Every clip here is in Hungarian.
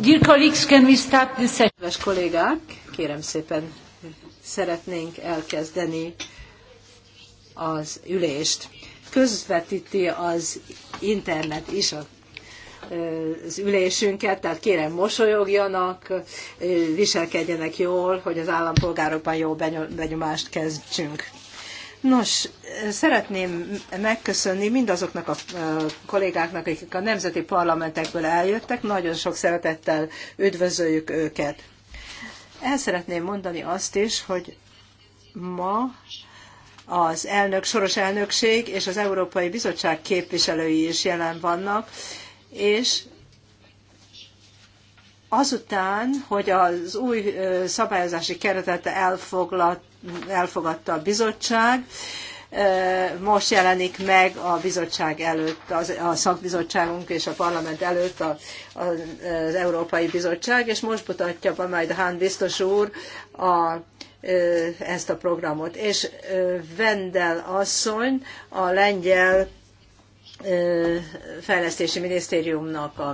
Dear colleagues, can we start this session? kollégák, kérem szépen, szeretnénk elkezdeni az ülést. Közvetíti az internet is a az ülésünket, tehát kérem mosolyogjanak, viselkedjenek jól, hogy az állampolgárokban jó benyomást kezdjünk. Nos, szeretném megköszönni mindazoknak a kollégáknak, akik a nemzeti parlamentekből eljöttek, nagyon sok szeretettel üdvözöljük őket. El szeretném mondani azt is, hogy ma az elnök, soros elnökség és az Európai Bizottság képviselői is jelen vannak, és azután, hogy az új szabályozási keretet elfoglalt elfogadta a bizottság. Most jelenik meg a bizottság előtt, az, a szakbizottságunk és a parlament előtt a, az Európai Bizottság, és most mutatja be majd Hán biztos úr a, ezt a programot. És Vendel asszony, a lengyel fejlesztési minisztériumnak a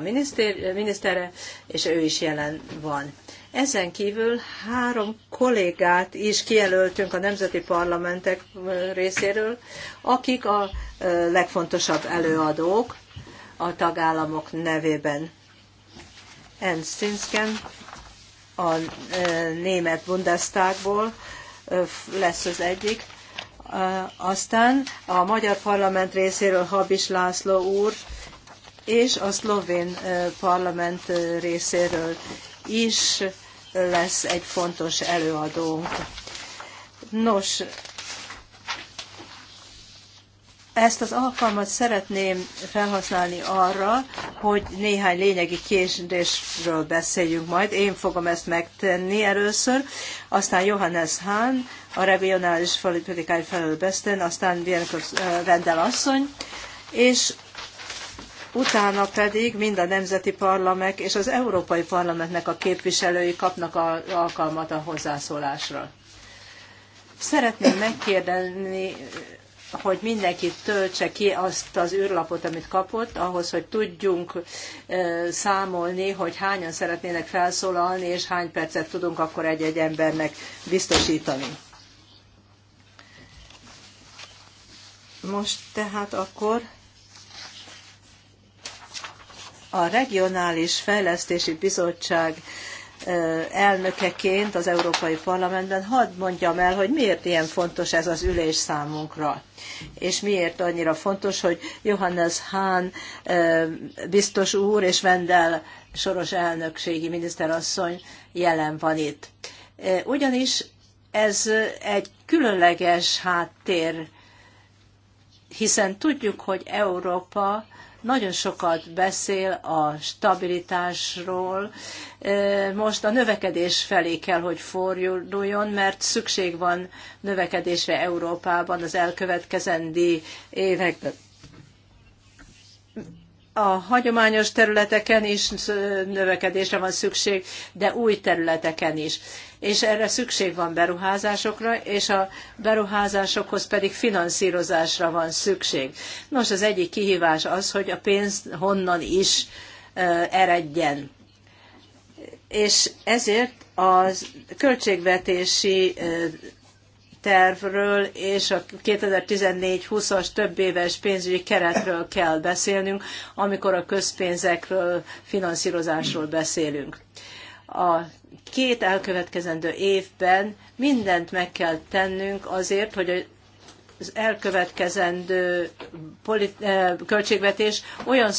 minisztere, és ő is jelen van. Ezen kívül három kollégát is kijelöltünk a nemzeti parlamentek részéről, akik a legfontosabb előadók a tagállamok nevében. Ernst Zinsken a német Bundestagból lesz az egyik, aztán a magyar parlament részéről Habis László úr, és a szlovén parlament részéről is lesz egy fontos előadónk. Nos, ezt az alkalmat szeretném felhasználni arra, hogy néhány lényegi kérdésről beszéljünk majd. Én fogom ezt megtenni először, aztán Johannes Hahn, a regionális politikai felelő aztán Vendel asszony, és utána pedig mind a nemzeti parlament és az Európai Parlamentnek a képviselői kapnak a, alkalmat a hozzászólásra. Szeretném megkérdezni, hogy mindenki töltse ki azt az űrlapot, amit kapott, ahhoz, hogy tudjunk számolni, hogy hányan szeretnének felszólalni, és hány percet tudunk akkor egy-egy embernek biztosítani. Most tehát akkor a Regionális Fejlesztési Bizottság elnökeként az Európai Parlamentben hadd mondjam el, hogy miért ilyen fontos ez az ülés számunkra, és miért annyira fontos, hogy Johannes Hahn biztos úr és Vendel soros elnökségi miniszterasszony jelen van itt. Ugyanis ez egy különleges háttér, hiszen tudjuk, hogy Európa nagyon sokat beszél a stabilitásról. Most a növekedés felé kell, hogy forduljon, mert szükség van növekedésre Európában az elkövetkezendő években. A hagyományos területeken is növekedésre van szükség, de új területeken is és erre szükség van beruházásokra, és a beruházásokhoz pedig finanszírozásra van szükség. Nos, az egyik kihívás az, hogy a pénz honnan is eredjen. És ezért a költségvetési tervről és a 2014-20-as több éves pénzügyi keretről kell beszélnünk, amikor a közpénzekről, finanszírozásról beszélünk a két elkövetkezendő évben mindent meg kell tennünk azért, hogy az elkövetkezendő eh, költségvetés olyan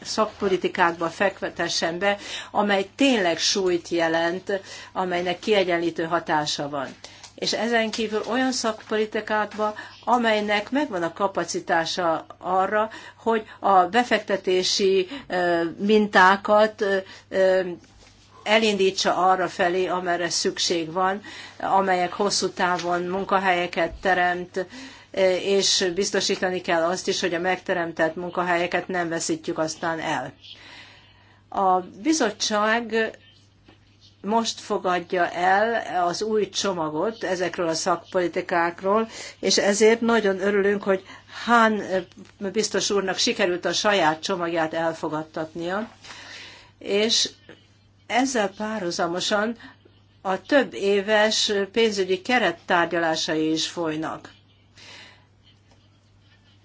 szakpolitikákba fektessen be, amely tényleg súlyt jelent, amelynek kiegyenlítő hatása van. És ezen kívül olyan szakpolitikákba, amelynek megvan a kapacitása arra, hogy a befektetési eh, mintákat eh, elindítsa arra felé, amerre szükség van, amelyek hosszú távon munkahelyeket teremt, és biztosítani kell azt is, hogy a megteremtett munkahelyeket nem veszítjük aztán el. A bizottság most fogadja el az új csomagot ezekről a szakpolitikákról, és ezért nagyon örülünk, hogy Hán biztos úrnak sikerült a saját csomagját elfogadtatnia, és ezzel párhuzamosan a több éves pénzügyi kerettárgyalásai is folynak.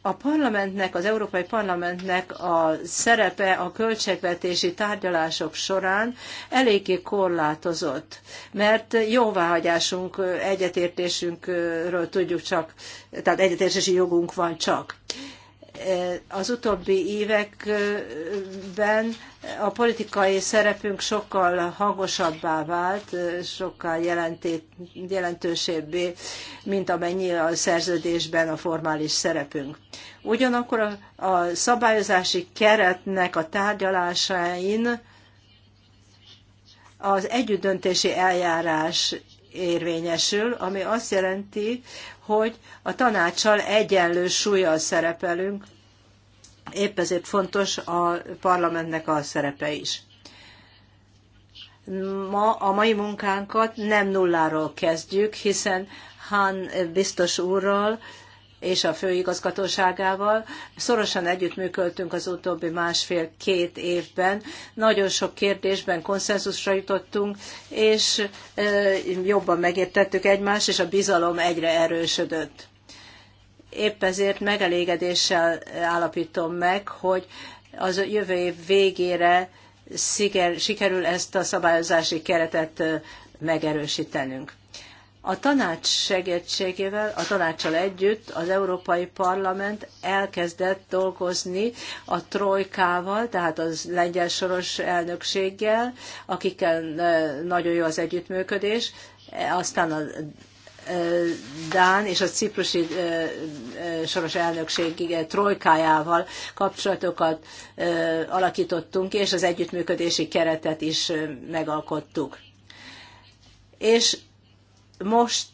A parlamentnek, az Európai Parlamentnek a szerepe a költségvetési tárgyalások során eléggé korlátozott, mert jóváhagyásunk, egyetértésünkről tudjuk csak, tehát egyetértési jogunk van csak az utóbbi években a politikai szerepünk sokkal hangosabbá vált, sokkal jelentősebbé, mint amennyi a szerződésben a formális szerepünk. Ugyanakkor a szabályozási keretnek a tárgyalásain az együttdöntési eljárás érvényesül, ami azt jelenti, hogy a tanácssal egyenlő súlyjal szerepelünk, épp ezért fontos a parlamentnek a szerepe is. Ma a mai munkánkat nem nulláról kezdjük, hiszen Hán biztos úrral és a főigazgatóságával. Szorosan együttműködtünk az utóbbi másfél-két évben. Nagyon sok kérdésben konszenzusra jutottunk, és e, jobban megértettük egymást, és a bizalom egyre erősödött. Épp ezért megelégedéssel állapítom meg, hogy az jövő év végére sikerül ezt a szabályozási keretet e, megerősítenünk. A tanács segítségével, a tanácsal együtt az Európai Parlament elkezdett dolgozni a trojkával, tehát az lengyel soros elnökséggel, akikkel e, nagyon jó az együttműködés, e, aztán a e, Dán és a ciprusi soros elnökség trojkájával kapcsolatokat alakítottunk, és az együttműködési keretet is megalkottuk. És most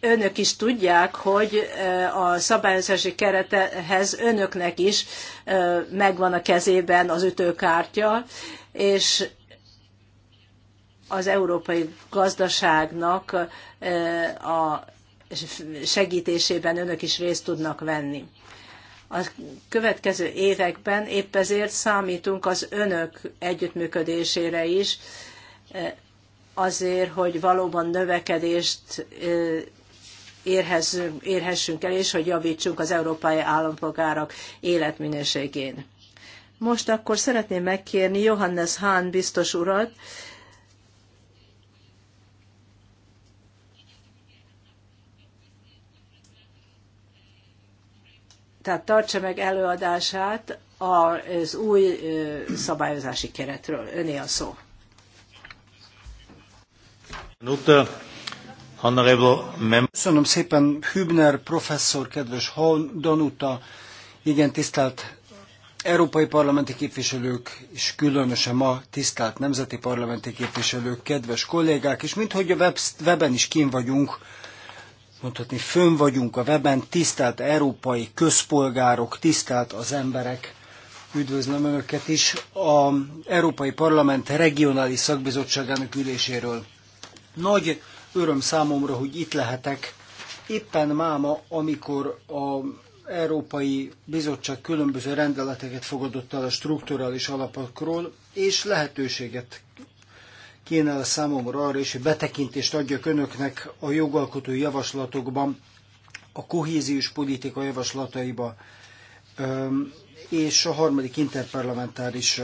önök is tudják, hogy a szabályozási keretehez önöknek is megvan a kezében az ütőkártya, és az európai gazdaságnak a segítésében önök is részt tudnak venni. A következő években épp ezért számítunk az önök együttműködésére is, azért, hogy valóban növekedést érhessünk el, és hogy javítsunk az európai állampolgárok életminőségén. Most akkor szeretném megkérni Johannes Hahn biztos urat, tehát tartsa meg előadását az új szabályozási keretről. Öné a szó. Köszönöm szépen, Hübner professzor, kedves Danuta, igen, tisztelt európai parlamenti képviselők, és különösen ma tisztelt nemzeti parlamenti képviselők, kedves kollégák, és minthogy a web, weben is kín vagyunk, mondhatni, fönn vagyunk a weben, tisztelt európai közpolgárok, tisztelt az emberek, üdvözlöm Önöket is, az Európai Parlament regionális szakbizottságának üléséről nagy öröm számomra, hogy itt lehetek. Éppen máma, amikor a Európai Bizottság különböző rendeleteket fogadott el a strukturális alapokról, és lehetőséget kínál számomra arra és hogy betekintést adjak önöknek a jogalkotó javaslatokban, a kohéziós politika javaslataiba, és a harmadik interparlamentáris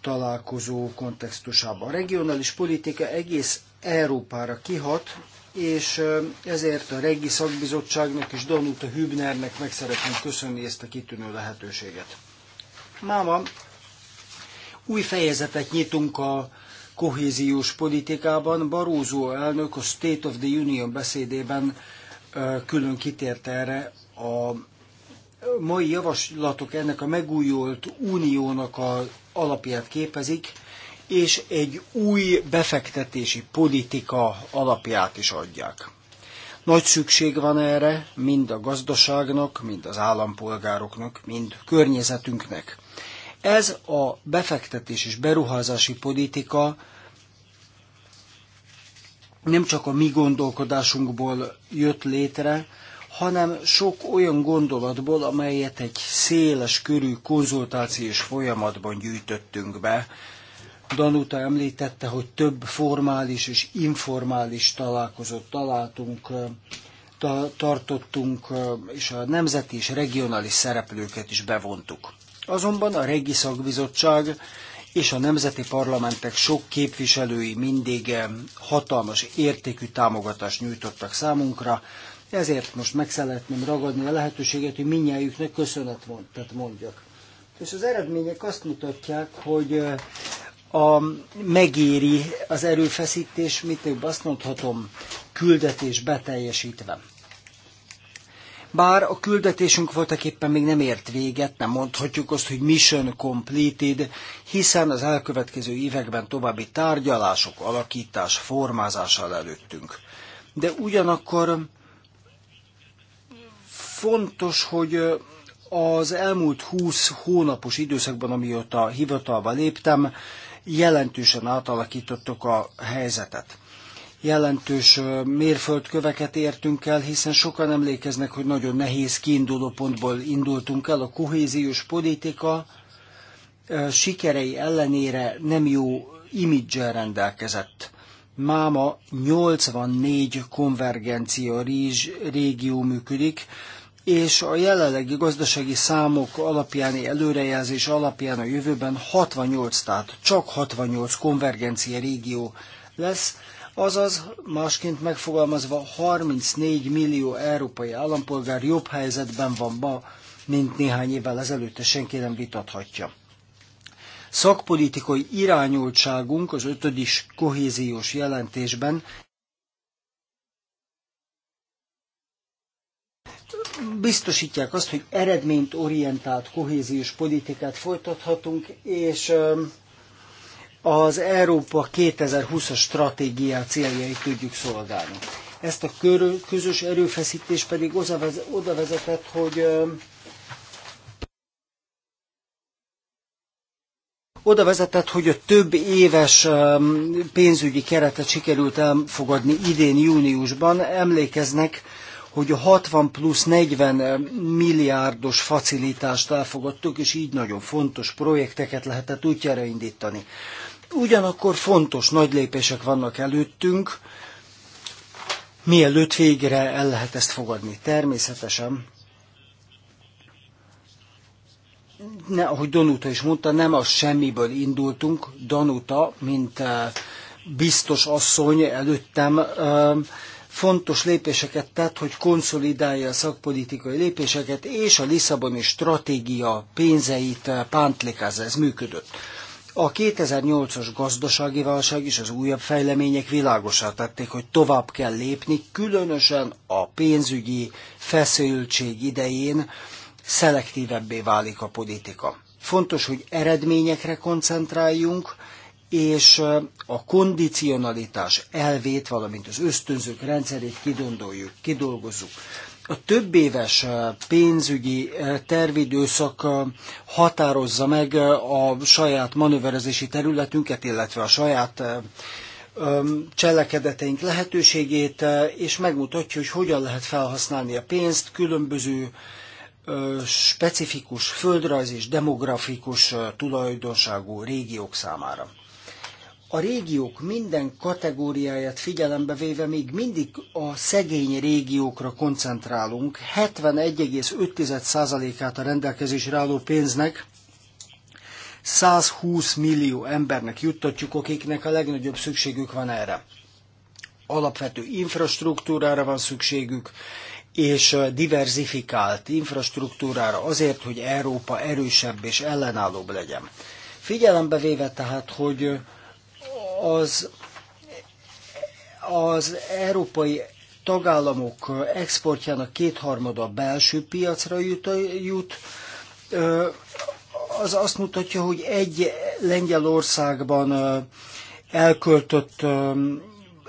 találkozó kontextusában. A regionális politika egész Európára kihat, és ezért a Regi Szakbizottságnak és Danuta Hübnernek meg szeretném köszönni ezt a kitűnő lehetőséget. Máma, új fejezetet nyitunk a kohéziós politikában. Barózó elnök a State of the Union beszédében külön kitért erre a mai javaslatok ennek a megújult uniónak a alapját képezik, és egy új befektetési politika alapját is adják. Nagy szükség van erre, mind a gazdaságnak, mind az állampolgároknak, mind környezetünknek. Ez a befektetés és beruházási politika nem csak a mi gondolkodásunkból jött létre, hanem sok olyan gondolatból, amelyet egy széles körű konzultációs folyamatban gyűjtöttünk be, Danuta említette, hogy több formális és informális találkozót találtunk, ta, tartottunk, és a nemzeti és regionális szereplőket is bevontuk. Azonban a Régi Szakbizottság és a nemzeti parlamentek sok képviselői mindig hatalmas értékű támogatást nyújtottak számunkra, ezért most meg szeretném ragadni a lehetőséget, hogy minnyájuknak köszönet mondjak. És az eredmények azt mutatják, hogy a, megéri az erőfeszítés, mit több azt mondhatom, küldetés beteljesítve. Bár a küldetésünk voltak éppen még nem ért véget, nem mondhatjuk azt, hogy mission completed, hiszen az elkövetkező években további tárgyalások, alakítás, formázással előttünk. De ugyanakkor fontos, hogy az elmúlt 20 hónapos időszakban, amióta hivatalba léptem, jelentősen átalakítottuk a helyzetet. Jelentős mérföldköveket értünk el, hiszen sokan emlékeznek, hogy nagyon nehéz kiinduló pontból indultunk el. A kohéziós politika sikerei ellenére nem jó imidzsel rendelkezett. Máma 84 konvergencia régió működik, és a jelenlegi gazdasági számok alapjáni előrejelzés alapján a jövőben 68, tehát csak 68 konvergencia régió lesz, azaz másként megfogalmazva 34 millió európai állampolgár jobb helyzetben van ma, mint néhány évvel ezelőtt, senki nem vitathatja. Szakpolitikai irányultságunk az ötödik kohéziós jelentésben biztosítják azt, hogy eredményt orientált kohéziós politikát folytathatunk, és az Európa 2020-as stratégia céljait tudjuk szolgálni. Ezt a közös erőfeszítés pedig oda vezetett, hogy oda vezetett, hogy a több éves pénzügyi keretet sikerült elfogadni idén júniusban. Emlékeznek, hogy a 60 plusz 40 eh, milliárdos facilitást elfogadtuk, és így nagyon fontos projekteket lehetett útjára indítani. Ugyanakkor fontos nagy lépések vannak előttünk, mielőtt végre el lehet ezt fogadni. Természetesen ne, ahogy Donuta is mondta, nem a semmiből indultunk. Danuta, mint eh, biztos asszony előttem eh, fontos lépéseket tett, hogy konszolidálja a szakpolitikai lépéseket, és a Lisszaboni stratégia pénzeit eh, pántlikázza, ez működött. A 2008-as gazdasági válság és az újabb fejlemények világosá tették, hogy tovább kell lépni, különösen a pénzügyi feszültség idején szelektívebbé válik a politika. Fontos, hogy eredményekre koncentráljunk, és a kondicionalitás elvét, valamint az ösztönzők rendszerét kidondoljuk, kidolgozzuk. A több éves pénzügyi tervidőszak határozza meg a saját manőverezési területünket, illetve a saját cselekedeteink lehetőségét, és megmutatja, hogy hogyan lehet felhasználni a pénzt különböző specifikus földrajz és demografikus tulajdonságú régiók számára a régiók minden kategóriáját figyelembe véve még mindig a szegény régiókra koncentrálunk. 71,5%-át a rendelkezésre álló pénznek 120 millió embernek juttatjuk, akiknek a legnagyobb szükségük van erre. Alapvető infrastruktúrára van szükségük, és diverzifikált infrastruktúrára azért, hogy Európa erősebb és ellenállóbb legyen. Figyelembe véve tehát, hogy az, az európai tagállamok exportjának kétharmada a belső piacra jut, jut az azt mutatja, hogy egy Lengyelországban elköltött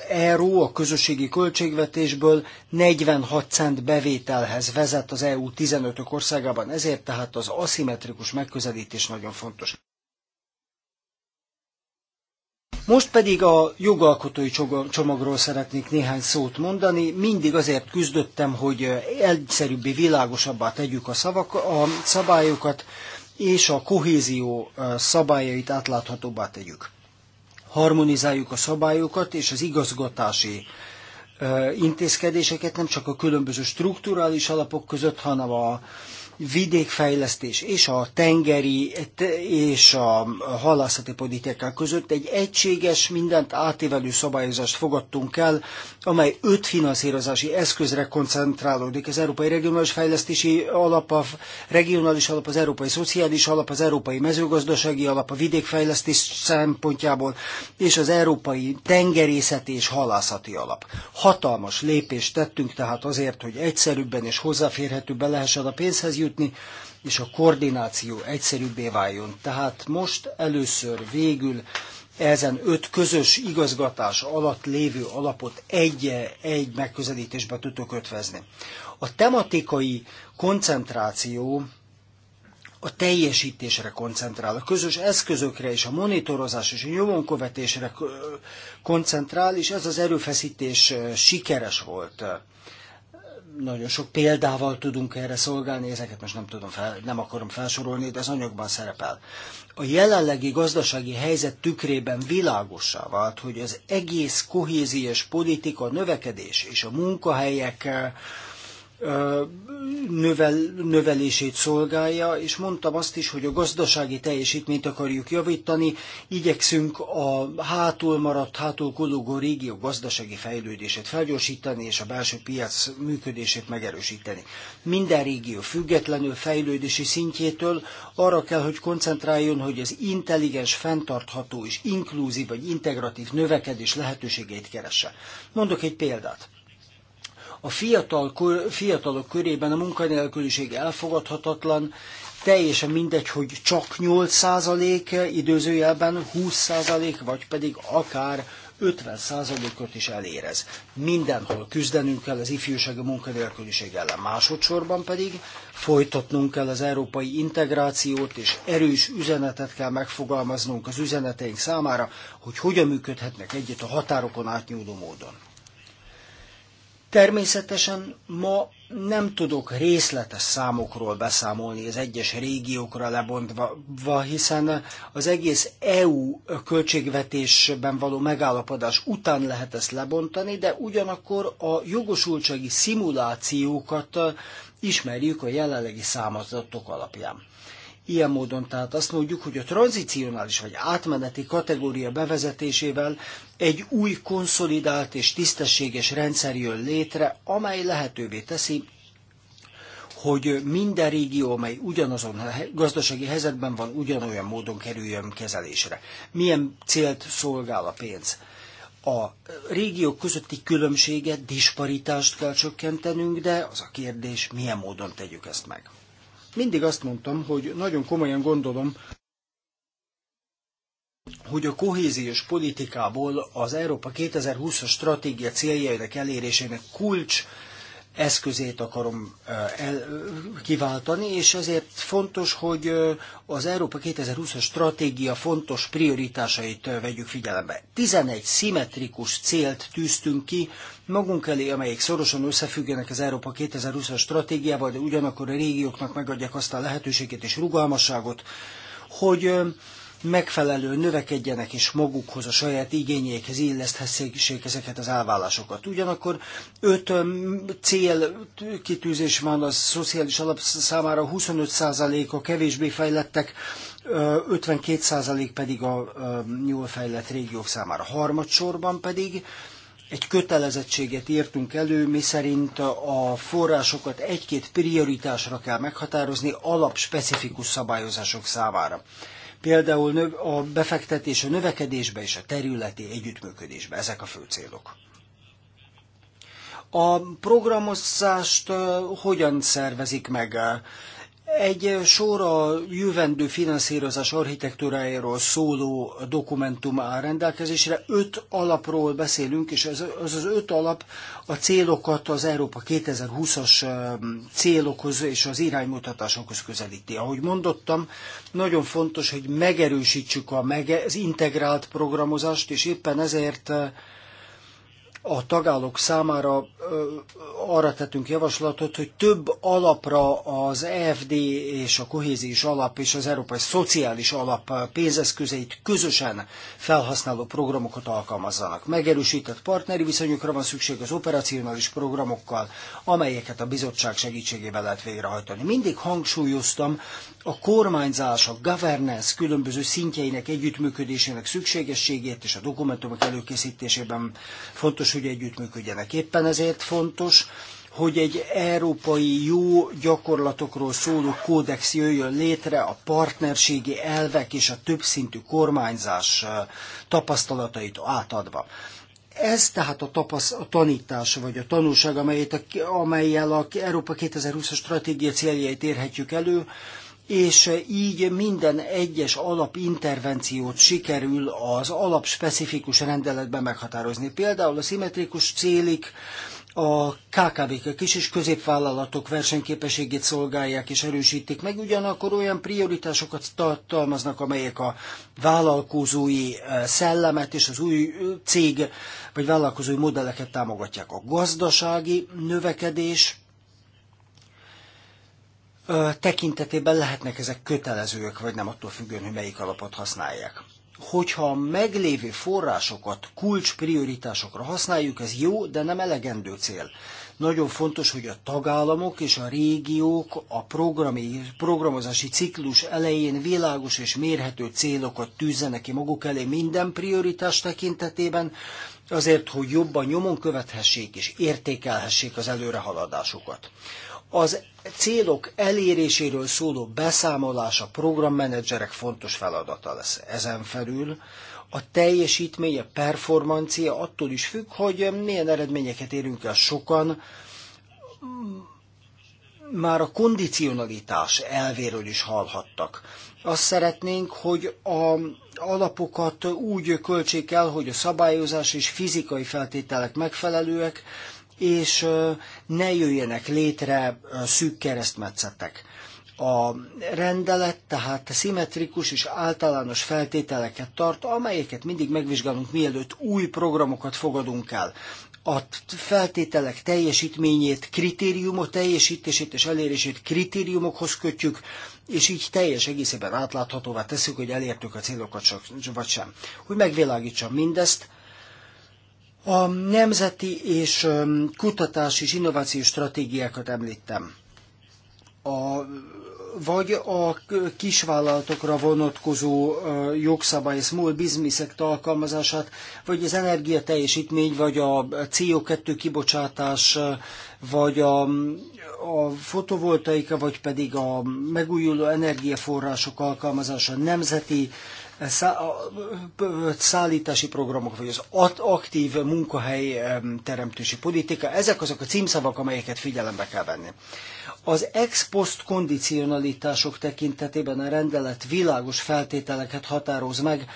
euró a közösségi költségvetésből 46 cent bevételhez vezet az EU 15 országában, ezért tehát az aszimmetrikus megközelítés nagyon fontos. Most pedig a jogalkotói csomagról szeretnék néhány szót mondani. Mindig azért küzdöttem, hogy egyszerűbbé, világosabbá tegyük a, szavak, a szabályokat, és a kohézió szabályait átláthatóbbá tegyük. Harmonizáljuk a szabályokat és az igazgatási intézkedéseket nem csak a különböző strukturális alapok között, hanem a vidékfejlesztés és a tengeri és a halászati politikák között egy egységes, mindent átívelő szabályozást fogadtunk el, amely öt finanszírozási eszközre koncentrálódik. Az Európai Regionális Fejlesztési Alap, a Regionális Alap, az Európai Szociális Alap, az Európai Mezőgazdasági Alap, a vidékfejlesztés szempontjából és az Európai Tengerészeti és Halászati Alap. Hatalmas lépést tettünk tehát azért, hogy egyszerűbben és hozzáférhetőbben lehessen a pénzhez jutni, lépni, és a koordináció egyszerűbbé váljon. Tehát most először végül ezen öt közös igazgatás alatt lévő alapot egy, egy megközelítésbe tudtuk ötvezni. A tematikai koncentráció a teljesítésre koncentrál, a közös eszközökre és a monitorozás és a nyomonkövetésre koncentrál, és ez az erőfeszítés sikeres volt nagyon sok példával tudunk erre szolgálni, ezeket most nem tudom fel, nem akarom felsorolni, de az anyagban szerepel. A jelenlegi gazdasági helyzet tükrében világosá vált, hogy az egész kohéziós politika, a növekedés és a munkahelyek növel, növelését szolgálja, és mondtam azt is, hogy a gazdasági teljesítményt akarjuk javítani, igyekszünk a hátul maradt, hátul kulogó régió gazdasági fejlődését felgyorsítani, és a belső piac működését megerősíteni. Minden régió függetlenül fejlődési szintjétől arra kell, hogy koncentráljon, hogy az intelligens, fenntartható és inkluzív vagy integratív növekedés lehetőségeit keresse. Mondok egy példát a fiatal, fiatalok körében a munkanélküliség elfogadhatatlan, teljesen mindegy, hogy csak 8% időzőjelben, 20% vagy pedig akár 50%-ot is elérez. Mindenhol küzdenünk kell az ifjúsági munkanélküliség ellen. Másodszorban pedig folytatnunk kell az európai integrációt, és erős üzenetet kell megfogalmaznunk az üzeneteink számára, hogy hogyan működhetnek együtt a határokon átnyúló módon. Természetesen ma nem tudok részletes számokról beszámolni az egyes régiókra lebontva, hiszen az egész EU költségvetésben való megállapodás után lehet ezt lebontani, de ugyanakkor a jogosultsági szimulációkat ismerjük a jelenlegi számadatok alapján. Ilyen módon tehát azt mondjuk, hogy a tranzicionális vagy átmeneti kategória bevezetésével egy új konszolidált és tisztességes rendszer jön létre, amely lehetővé teszi, hogy minden régió, amely ugyanazon gazdasági helyzetben van, ugyanolyan módon kerüljön kezelésre. Milyen célt szolgál a pénz? a régiók közötti különbséget, disparitást kell csökkentenünk, de az a kérdés, milyen módon tegyük ezt meg. Mindig azt mondtam, hogy nagyon komolyan gondolom, hogy a kohéziós politikából az Európa 2020-as stratégia céljainak elérésének kulcs eszközét akarom el, kiváltani, és ezért fontos, hogy az Európa 2020-as stratégia fontos prioritásait vegyük figyelembe. 11 szimmetrikus célt tűztünk ki magunk elé, amelyek szorosan összefüggenek az Európa 2020-as stratégiával, de ugyanakkor a régióknak megadják azt a lehetőséget és rugalmasságot, hogy megfelelő növekedjenek és magukhoz, a saját igényeikhez illeszthessék ezeket az elvállásokat. Ugyanakkor öt cél kitűzés van a szociális alap számára 25% a kevésbé fejlettek, 52% pedig a jól fejlett régiók számára. Harmadsorban pedig egy kötelezettséget írtunk elő, szerint a forrásokat egy-két prioritásra kell meghatározni alapspecifikus szabályozások számára például a befektetés a növekedésbe és a területi együttműködésbe. Ezek a fő célok. A programozást hogyan szervezik meg? Egy sor a jövendő finanszírozás architektúrájáról szóló dokumentum áll rendelkezésre. Öt alapról beszélünk, és ez, az az öt alap a célokat az Európa 2020-as célokhoz és az iránymutatásokhoz közelíti. Ahogy mondottam, nagyon fontos, hogy megerősítsük a, az integrált programozást, és éppen ezért a tagállók számára arra tettünk javaslatot, hogy több alapra az EFD és a kohéziós alap és az Európai Szociális Alap pénzeszközeit közösen felhasználó programokat alkalmazzanak. Megerősített partneri viszonyokra van szükség az operacionális programokkal, amelyeket a bizottság segítségével lehet végrehajtani. Mindig hangsúlyoztam a kormányzás, a governance különböző szintjeinek együttműködésének szükségességét és a dokumentumok előkészítésében fontos, hogy együttműködjenek. Éppen ezért fontos, hogy egy európai jó gyakorlatokról szóló kódex jöjjön létre a partnerségi elvek és a többszintű kormányzás tapasztalatait átadva. Ez tehát a, tapasz, a tanítás, vagy a tanulság, amelyet, amelyel a Európa 2020 stratégia céljait érhetjük elő, és így minden egyes alapintervenciót sikerül az alapspecifikus rendeletben meghatározni. Például a szimmetrikus célik a KKV-k, a kis és középvállalatok versenyképességét szolgálják és erősítik meg, ugyanakkor olyan prioritásokat tartalmaznak, amelyek a vállalkozói e, szellemet és az új cég vagy vállalkozói modelleket támogatják. A gazdasági növekedés tekintetében lehetnek ezek kötelezőek, vagy nem attól függően, hogy melyik alapot használják. Hogyha a meglévő forrásokat kulcs prioritásokra használjuk, ez jó, de nem elegendő cél. Nagyon fontos, hogy a tagállamok és a régiók a programi, programozási ciklus elején világos és mérhető célokat tűzzenek ki maguk elé minden prioritás tekintetében, azért, hogy jobban nyomon követhessék és értékelhessék az előrehaladásukat. Az célok eléréséről szóló beszámolás a programmenedzserek fontos feladata lesz. Ezen felül a teljesítmény, a performancia attól is függ, hogy milyen eredményeket érünk el sokan, már a kondicionalitás elvéről is hallhattak. Azt szeretnénk, hogy a alapokat úgy költsék el, hogy a szabályozás és fizikai feltételek megfelelőek, és ne jöjjenek létre szűk keresztmetszetek. A rendelet tehát szimmetrikus és általános feltételeket tart, amelyeket mindig megvizsgálunk, mielőtt új programokat fogadunk el. A feltételek teljesítményét, kritériumok teljesítését és elérését kritériumokhoz kötjük, és így teljes egészében átláthatóvá tesszük, hogy elértük a célokat vagy sem. Hogy megvilágítsam mindezt, a nemzeti és kutatási és innovációs stratégiákat említem. A, vagy a kisvállalatokra vonatkozó jogszabály, small business alkalmazását, vagy az energia teljesítmény, vagy a CO2 kibocsátás, vagy a, a fotovoltaika, vagy pedig a megújuló energiaforrások alkalmazása nemzeti szállítási programok, vagy az aktív munkahely teremtési politika, ezek azok a címszavak, amelyeket figyelembe kell venni. Az ex post kondicionalitások tekintetében a rendelet világos feltételeket határoz meg,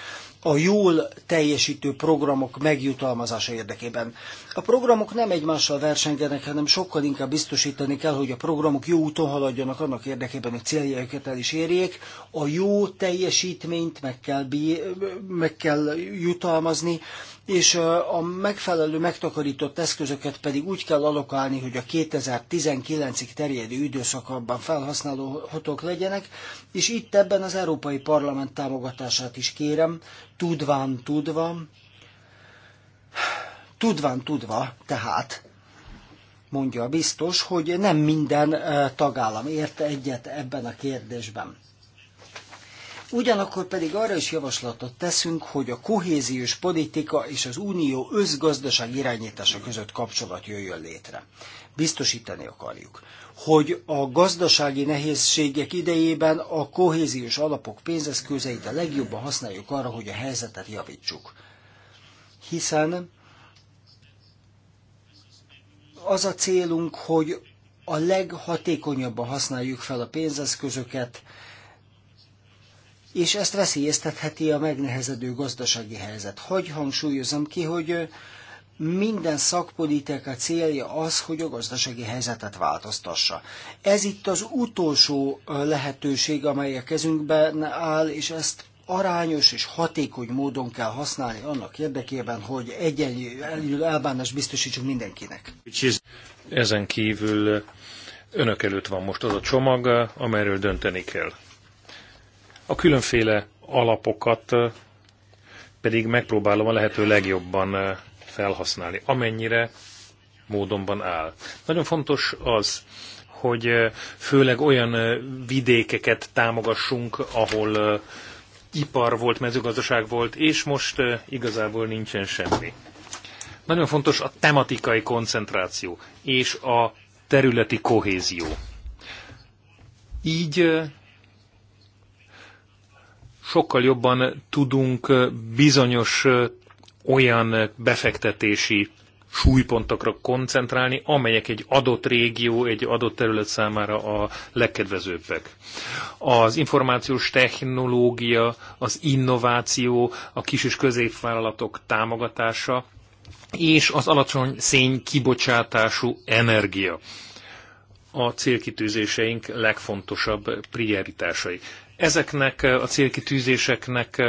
a jól teljesítő programok megjutalmazása érdekében. A programok nem egymással versengenek, hanem sokkal inkább biztosítani kell, hogy a programok jó úton haladjanak annak érdekében, hogy céljaikat el is érjék. A jó teljesítményt meg kell, bí- meg kell jutalmazni, és a megfelelő megtakarított eszközöket pedig úgy kell alokálni, hogy a 2019-ig terjedő időszakban felhasználhatók legyenek, és itt ebben az Európai Parlament támogatását is kérem, tudván tudva, tudván tudva, tehát mondja a biztos, hogy nem minden tagállam érte egyet ebben a kérdésben. Ugyanakkor pedig arra is javaslatot teszünk, hogy a kohéziós politika és az unió összgazdaság irányítása között kapcsolat jöjjön létre. Biztosítani akarjuk, hogy a gazdasági nehézségek idejében a kohéziós alapok pénzeszközeit a legjobban használjuk arra, hogy a helyzetet javítsuk. Hiszen az a célunk, hogy a leghatékonyabban használjuk fel a pénzeszközöket, és ezt veszélyeztetheti a megnehezedő gazdasági helyzet. Hogy hangsúlyozom ki, hogy minden szakpolitika célja az, hogy a gazdasági helyzetet változtassa. Ez itt az utolsó lehetőség, amely a kezünkben áll, és ezt arányos és hatékony módon kell használni annak érdekében, hogy egyenlő elbánás biztosítsunk mindenkinek. Ezen kívül önök előtt van most az a csomag, amelyről dönteni kell. A különféle alapokat pedig megpróbálom a lehető legjobban felhasználni, amennyire módonban áll. Nagyon fontos az, hogy főleg olyan vidékeket támogassunk, ahol ipar volt, mezőgazdaság volt, és most igazából nincsen semmi. Nagyon fontos a tematikai koncentráció és a területi kohézió. Így sokkal jobban tudunk bizonyos olyan befektetési súlypontokra koncentrálni, amelyek egy adott régió, egy adott terület számára a legkedvezőbbek. Az információs technológia, az innováció, a kis és középvállalatok támogatása, és az alacsony szény kibocsátású energia a célkitűzéseink legfontosabb prioritásai. Ezeknek a célkitűzéseknek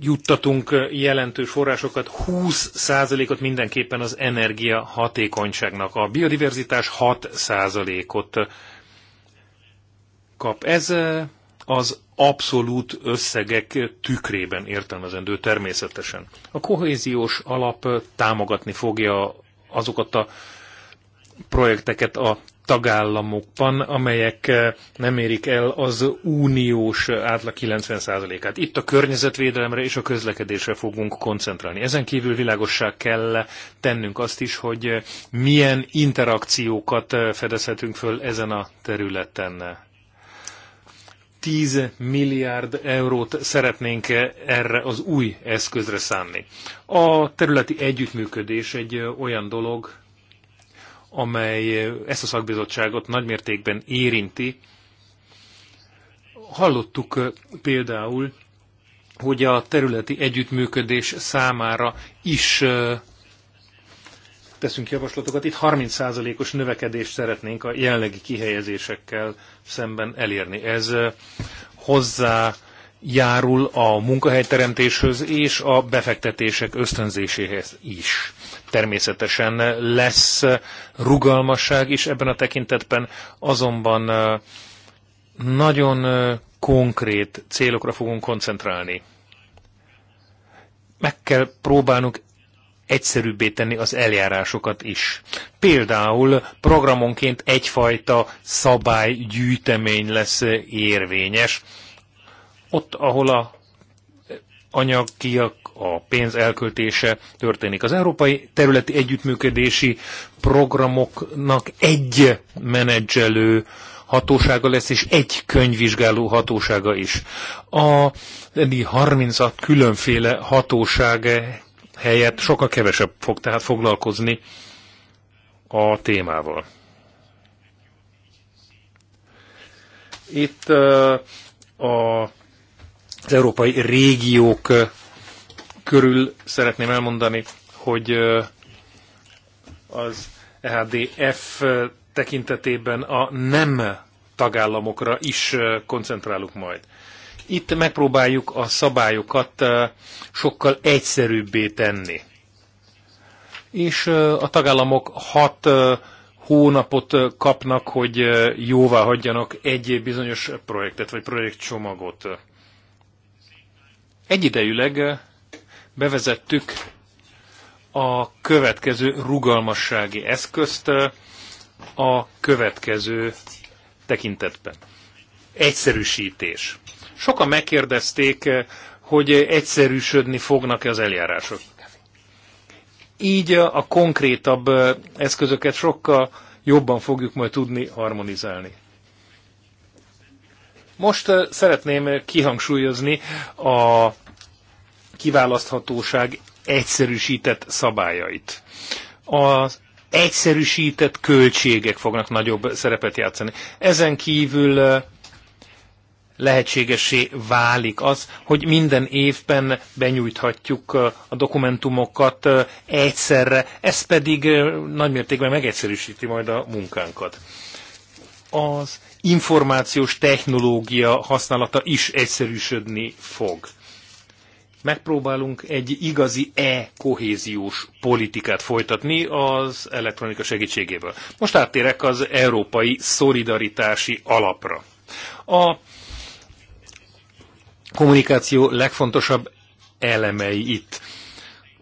juttatunk jelentős forrásokat, 20%-ot mindenképpen az energia hatékonyságnak. A biodiverzitás 6%-ot kap. Ez az abszolút összegek tükrében értelmezendő természetesen. A kohéziós alap támogatni fogja azokat a projekteket a tagállamokban, amelyek eh, nem érik el az uniós átlag 90%-át. Itt a környezetvédelemre és a közlekedésre fogunk koncentrálni. Ezen kívül világossá kell tennünk azt is, hogy milyen interakciókat eh, fedezhetünk föl ezen a területen. 10 milliárd eurót szeretnénk erre az új eszközre szánni. A területi együttműködés egy eh, olyan dolog, amely ezt a szakbizottságot nagymértékben érinti. Hallottuk például, hogy a területi együttműködés számára is teszünk javaslatokat. Itt 30%-os növekedést szeretnénk a jelenlegi kihelyezésekkel szemben elérni. Ez hozzá járul a munkahelyteremtéshöz és a befektetések ösztönzéséhez is természetesen lesz rugalmasság is ebben a tekintetben, azonban nagyon konkrét célokra fogunk koncentrálni. Meg kell próbálnunk egyszerűbbé tenni az eljárásokat is. Például programonként egyfajta szabálygyűjtemény lesz érvényes. Ott, ahol a anyagiak a pénz elköltése történik. Az európai területi együttműködési programoknak egy menedzselő hatósága lesz, és egy könyvvizsgáló hatósága is. A 36 különféle hatóság helyett sokkal kevesebb fog tehát foglalkozni a témával. Itt uh, a, az európai régiók körül szeretném elmondani, hogy az EHDF tekintetében a nem tagállamokra is koncentrálunk majd. Itt megpróbáljuk a szabályokat sokkal egyszerűbbé tenni. És a tagállamok hat hónapot kapnak, hogy jóvá hagyjanak egy bizonyos projektet vagy projektcsomagot. Egyidejűleg bevezettük a következő rugalmassági eszközt a következő tekintetben. Egyszerűsítés. Sokan megkérdezték, hogy egyszerűsödni fognak-e az eljárások. Így a konkrétabb eszközöket sokkal jobban fogjuk majd tudni harmonizálni. Most szeretném kihangsúlyozni a kiválaszthatóság egyszerűsített szabályait. Az egyszerűsített költségek fognak nagyobb szerepet játszani. Ezen kívül eh, lehetségesé válik az, hogy minden évben benyújthatjuk eh, a dokumentumokat eh, egyszerre, ez pedig nagymértékben megegyszerűsíti majd a munkánkat. Az információs technológia használata is egyszerűsödni fog megpróbálunk egy igazi e-kohéziós politikát folytatni az elektronika segítségével. Most áttérek az európai szolidaritási alapra. A kommunikáció legfontosabb elemei itt.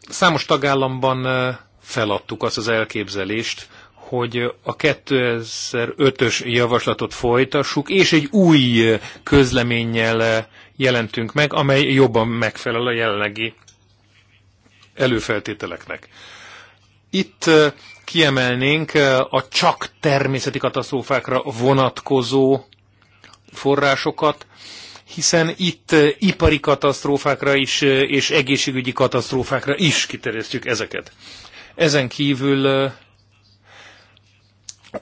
Számos tagállamban feladtuk azt az elképzelést, hogy a 2005-ös javaslatot folytassuk, és egy új közleménnyel jelentünk meg, amely jobban megfelel a jelenlegi előfeltételeknek. Itt kiemelnénk a csak természeti katasztrófákra vonatkozó forrásokat, hiszen itt ipari katasztrófákra is és egészségügyi katasztrófákra is kiterjesztjük ezeket. Ezen kívül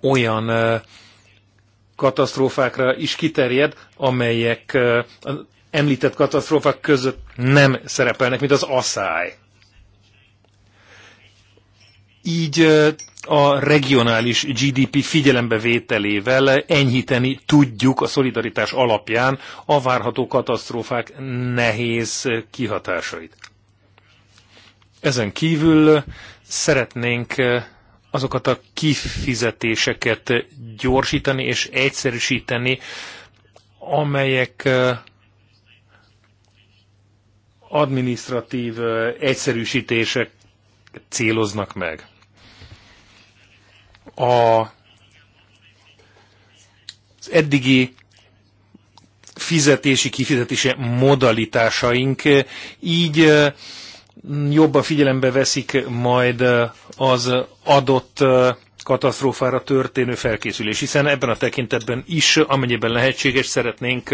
olyan katasztrófákra is kiterjed, amelyek említett katasztrófák között nem szerepelnek, mint az asszály. Így a regionális GDP vételével enyhíteni tudjuk a szolidaritás alapján a várható katasztrófák nehéz kihatásait. Ezen kívül szeretnénk azokat a kifizetéseket gyorsítani és egyszerűsíteni, amelyek administratív egyszerűsítések céloznak meg. A, az eddigi fizetési kifizetési modalitásaink így jobban figyelembe veszik majd az adott katasztrófára történő felkészülés, hiszen ebben a tekintetben is, amennyiben lehetséges, szeretnénk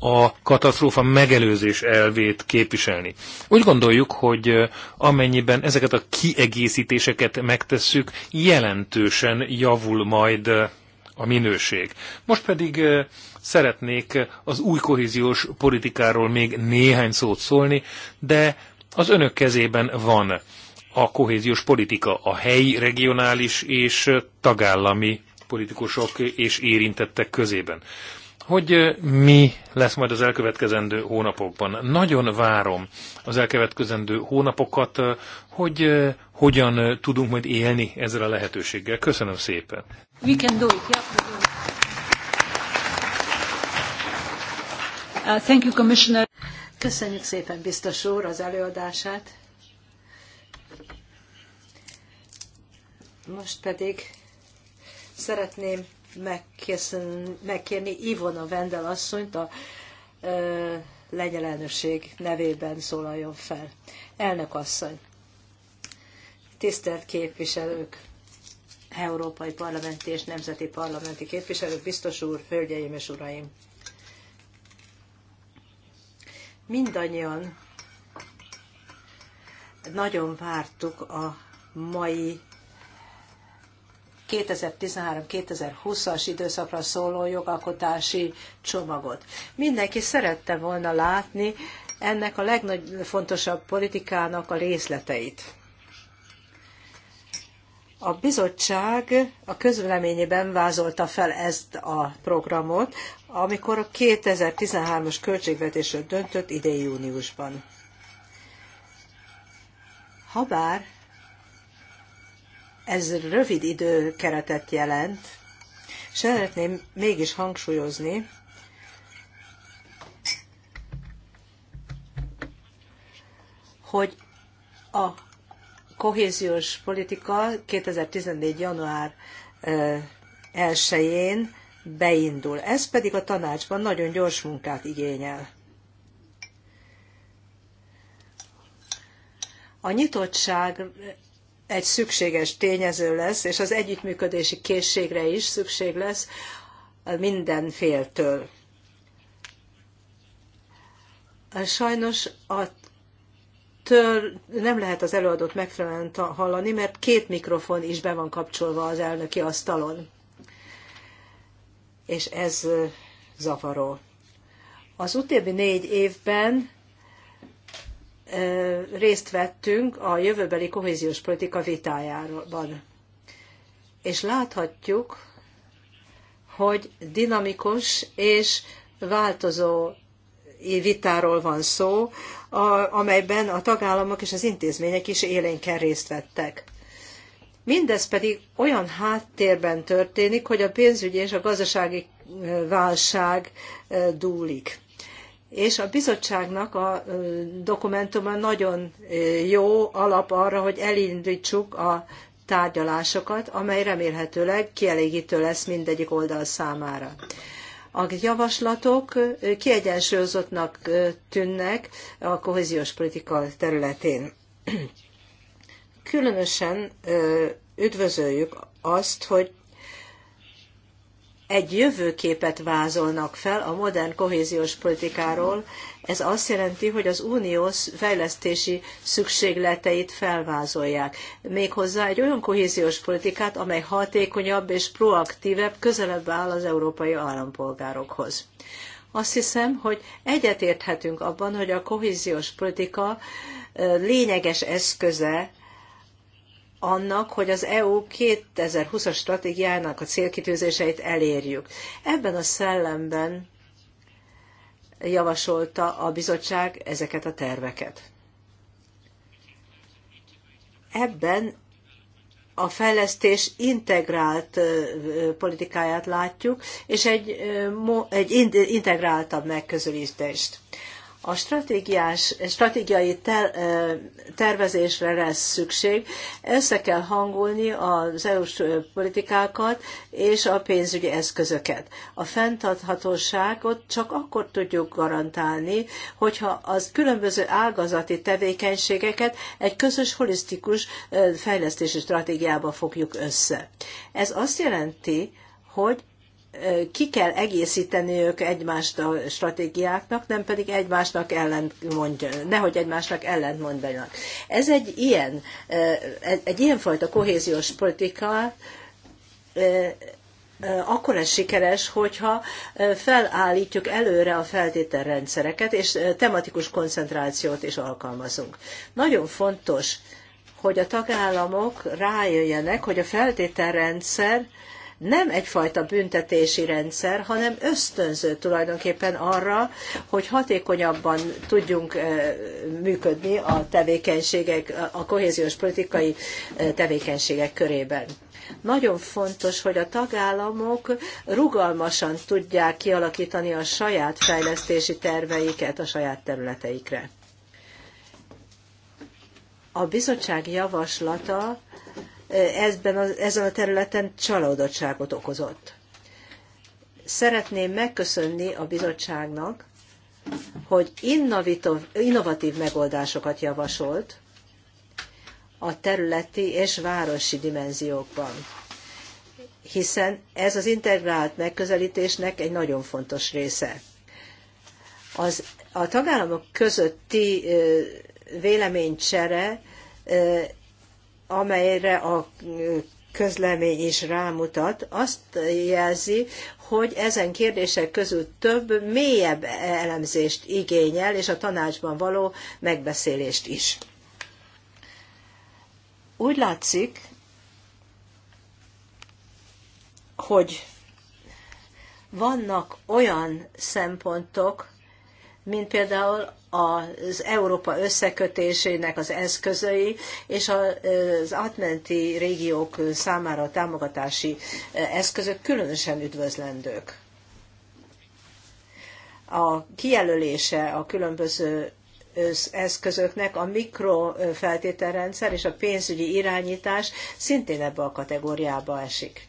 a katasztrófa megelőzés elvét képviselni. Úgy gondoljuk, hogy amennyiben ezeket a kiegészítéseket megtesszük, jelentősen javul majd a minőség. Most pedig szeretnék az új kohéziós politikáról még néhány szót szólni, de az önök kezében van a kohéziós politika, a helyi, regionális és tagállami politikusok és érintettek közében hogy mi lesz majd az elkövetkezendő hónapokban. Nagyon várom az elkövetkezendő hónapokat, hogy hogyan tudunk majd élni ezzel a lehetőséggel. Köszönöm szépen. We can do it. Yeah, uh, thank you, Commissioner. Köszönjük szépen, biztos úr, az előadását. Most pedig szeretném megkérni Ivona Vendel asszonyt a ö, lengyel elnökség nevében szólaljon fel. Elnök asszony, tisztelt képviselők, európai parlamenti és nemzeti parlamenti képviselők, biztos úr, hölgyeim és uraim! Mindannyian nagyon vártuk a mai 2013-2020-as időszakra szóló jogalkotási csomagot. Mindenki szerette volna látni ennek a legfontosabb politikának a részleteit. A bizottság a közleményében vázolta fel ezt a programot, amikor a 2013-as költségvetésről döntött idei júniusban. Habár ez rövid időkeretet jelent, szeretném mégis hangsúlyozni, hogy a kohéziós politika 2014. január 1-én beindul. Ez pedig a tanácsban nagyon gyors munkát igényel. A nyitottság egy szükséges tényező lesz, és az együttműködési készségre is szükség lesz minden féltől. Sajnos a től nem lehet az előadót megfelelően hallani, mert két mikrofon is be van kapcsolva az elnöki asztalon. És ez zavaró. Az utóbbi négy évben részt vettünk a jövőbeli kohéziós politika vitájában. És láthatjuk, hogy dinamikus és változó vitáról van szó, amelyben a tagállamok és az intézmények is élénken részt vettek. Mindez pedig olyan háttérben történik, hogy a pénzügyi és a gazdasági válság dúlik és a bizottságnak a dokumentuma nagyon jó alap arra, hogy elindítsuk a tárgyalásokat, amely remélhetőleg kielégítő lesz mindegyik oldal számára. A javaslatok kiegyensúlyozottnak tűnnek a kohéziós politika területén. Különösen üdvözöljük azt, hogy egy jövőképet vázolnak fel a modern kohéziós politikáról. Ez azt jelenti, hogy az unió fejlesztési szükségleteit felvázolják. Méghozzá egy olyan kohéziós politikát, amely hatékonyabb és proaktívebb, közelebb áll az európai állampolgárokhoz. Azt hiszem, hogy egyetérthetünk abban, hogy a kohéziós politika lényeges eszköze annak, hogy az EU 2020-as stratégiának a célkitűzéseit elérjük. Ebben a szellemben javasolta a bizottság ezeket a terveket. Ebben a fejlesztés integrált politikáját látjuk, és egy, egy integráltabb megközelítést. A stratégiás, stratégiai ter, tervezésre lesz szükség. Össze kell hangolni az EU-s politikákat és a pénzügyi eszközöket. A fenntarthatóságot csak akkor tudjuk garantálni, hogyha az különböző ágazati tevékenységeket egy közös holisztikus fejlesztési stratégiába fogjuk össze. Ez azt jelenti, hogy ki kell egészíteni ők egymást a stratégiáknak, nem pedig egymásnak ellent mondja, nehogy egymásnak ellent mondjanak. Ez egy ilyen, eh, egy ilyenfajta kohéziós politika, eh, eh, akkor ez sikeres, hogyha felállítjuk előre a feltételrendszereket, és tematikus koncentrációt is alkalmazunk. Nagyon fontos, hogy a tagállamok rájöjjenek, hogy a feltételrendszer nem egyfajta büntetési rendszer, hanem ösztönző tulajdonképpen arra, hogy hatékonyabban tudjunk működni a tevékenységek, a kohéziós politikai tevékenységek körében. Nagyon fontos, hogy a tagállamok rugalmasan tudják kialakítani a saját fejlesztési terveiket a saját területeikre. A bizottság javaslata ezben a, ezen a területen csalódottságot okozott. Szeretném megköszönni a bizottságnak, hogy innovatív megoldásokat javasolt a területi és városi dimenziókban, hiszen ez az integrált megközelítésnek egy nagyon fontos része. Az, a tagállamok közötti véleménycsere amelyre a közlemény is rámutat, azt jelzi, hogy ezen kérdések közül több mélyebb elemzést igényel, és a tanácsban való megbeszélést is. Úgy látszik, hogy vannak olyan szempontok, mint például az Európa összekötésének az eszközei és az atmenti régiók számára a támogatási eszközök különösen üdvözlendők. A kijelölése a különböző eszközöknek a mikrofeltételrendszer és a pénzügyi irányítás szintén ebbe a kategóriába esik.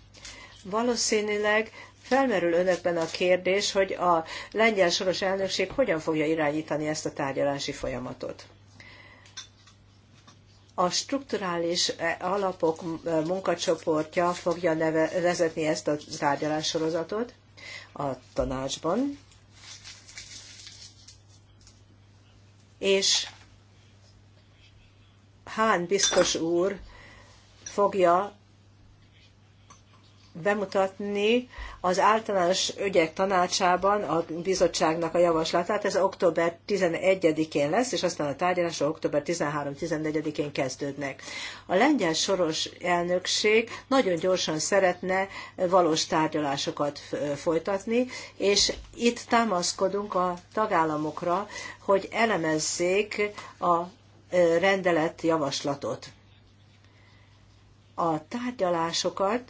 Valószínűleg Felmerül önökben a kérdés, hogy a lengyel soros elnökség hogyan fogja irányítani ezt a tárgyalási folyamatot a strukturális e, alapok e, munkacsoportja fogja neve, vezetni ezt a sorozatot a tanácsban, és Hán biztos úr fogja bemutatni az általános ügyek tanácsában a bizottságnak a javaslatát, ez október 11-én lesz, és aztán a tárgyalások október 13-14-én kezdődnek. A lengyel soros elnökség nagyon gyorsan szeretne valós tárgyalásokat folytatni, és itt támaszkodunk a tagállamokra, hogy elemezzék a rendelet javaslatot. A tárgyalásokat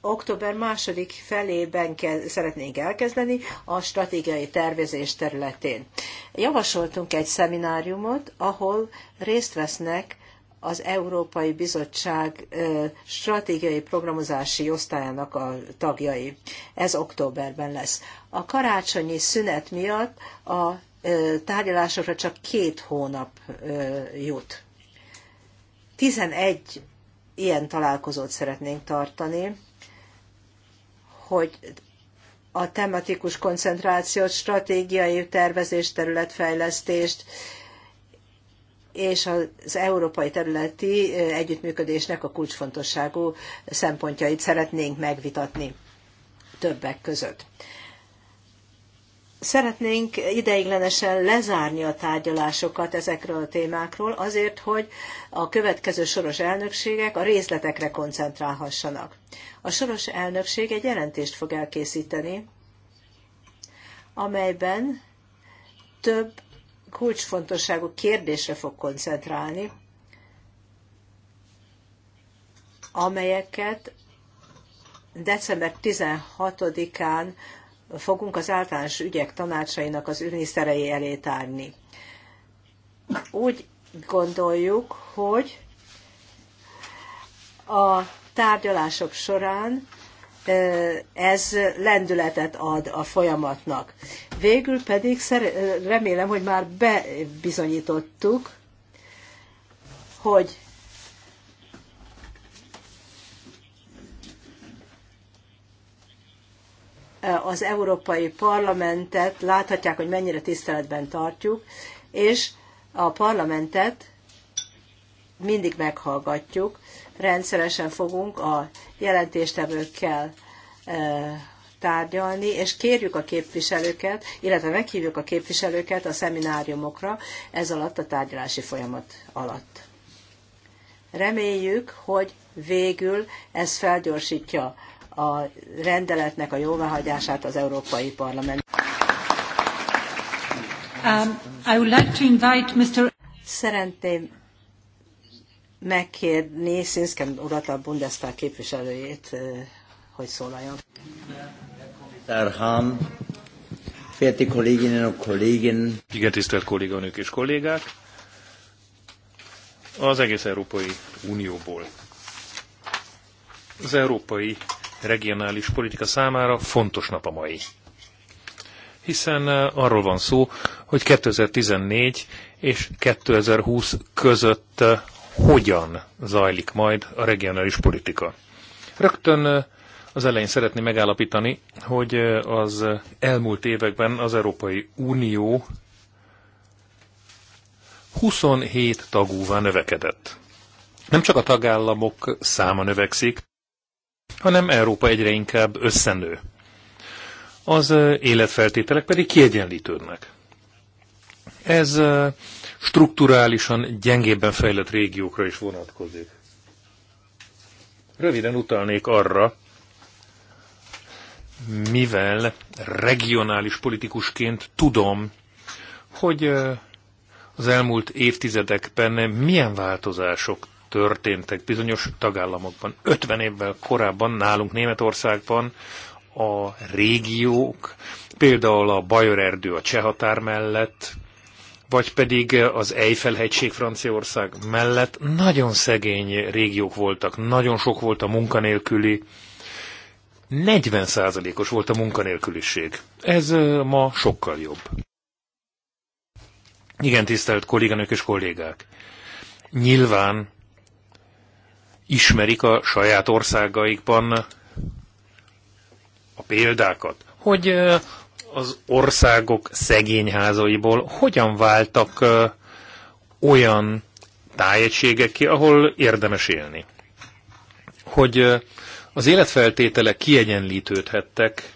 október második felében kell, szeretnénk elkezdeni a stratégiai tervezés területén. Javasoltunk egy szemináriumot, ahol részt vesznek az Európai Bizottság stratégiai programozási osztályának a tagjai. Ez októberben lesz. A karácsonyi szünet miatt a tárgyalásokra csak két hónap jut. 11 ilyen találkozót szeretnénk tartani hogy a tematikus koncentrációt, stratégiai tervezést, területfejlesztést és az európai területi együttműködésnek a kulcsfontosságú szempontjait szeretnénk megvitatni többek között. Szeretnénk ideiglenesen lezárni a tárgyalásokat ezekről a témákról, azért, hogy a következő soros elnökségek a részletekre koncentrálhassanak. A soros elnökség egy jelentést fog elkészíteni, amelyben több kulcsfontosságú kérdésre fog koncentrálni, amelyeket december 16-án fogunk az általános ügyek tanácsainak az üniszerei elé tárni. Úgy gondoljuk, hogy a tárgyalások során ez lendületet ad a folyamatnak. Végül pedig remélem, hogy már bebizonyítottuk, hogy az Európai Parlamentet láthatják, hogy mennyire tiszteletben tartjuk, és a parlamentet mindig meghallgatjuk, rendszeresen fogunk a jelentéstevőkkel e, tárgyalni, és kérjük a képviselőket, illetve meghívjuk a képviselőket a szemináriumokra ez alatt a tárgyalási folyamat alatt. Reméljük, hogy végül ez felgyorsítja a rendeletnek a jóváhagyását az Európai Parlament. Um, I would like to invite Mr. Szeretném megkérni Szinszken urat a Bundestag képviselőjét, eh, hogy szólaljon. Igen, tisztelt kolléganők és kollégák! Az egész Európai Unióból. Az Európai regionális politika számára fontos nap a mai. Hiszen eh, arról van szó, hogy 2014 és 2020 között eh, hogyan zajlik majd a regionális politika. Rögtön eh, az elején szeretném megállapítani, hogy az elmúlt években az Európai Unió 27 tagúvá növekedett. Nem csak a tagállamok száma növekszik, hanem Európa egyre inkább összenő. Az életfeltételek pedig kiegyenlítődnek. Ez strukturálisan gyengébben fejlett régiókra is vonatkozik. Röviden utalnék arra, mivel regionális politikusként tudom, hogy az elmúlt évtizedekben milyen változások történtek bizonyos tagállamokban. 50 évvel korábban nálunk Németországban a régiók, például a Bajor erdő a cseh határ mellett, vagy pedig az Eiffel-hegység Franciaország mellett nagyon szegény régiók voltak, nagyon sok volt a munkanélküli, 40%-os volt a munkanélküliség. Ez ma sokkal jobb. Igen, tisztelt kolléganők és kollégák! Nyilván ismerik a saját országaikban a példákat, hogy az országok szegényházaiból hogyan váltak olyan tájegységek ki, ahol érdemes élni. Hogy az életfeltételek kiegyenlítődhettek,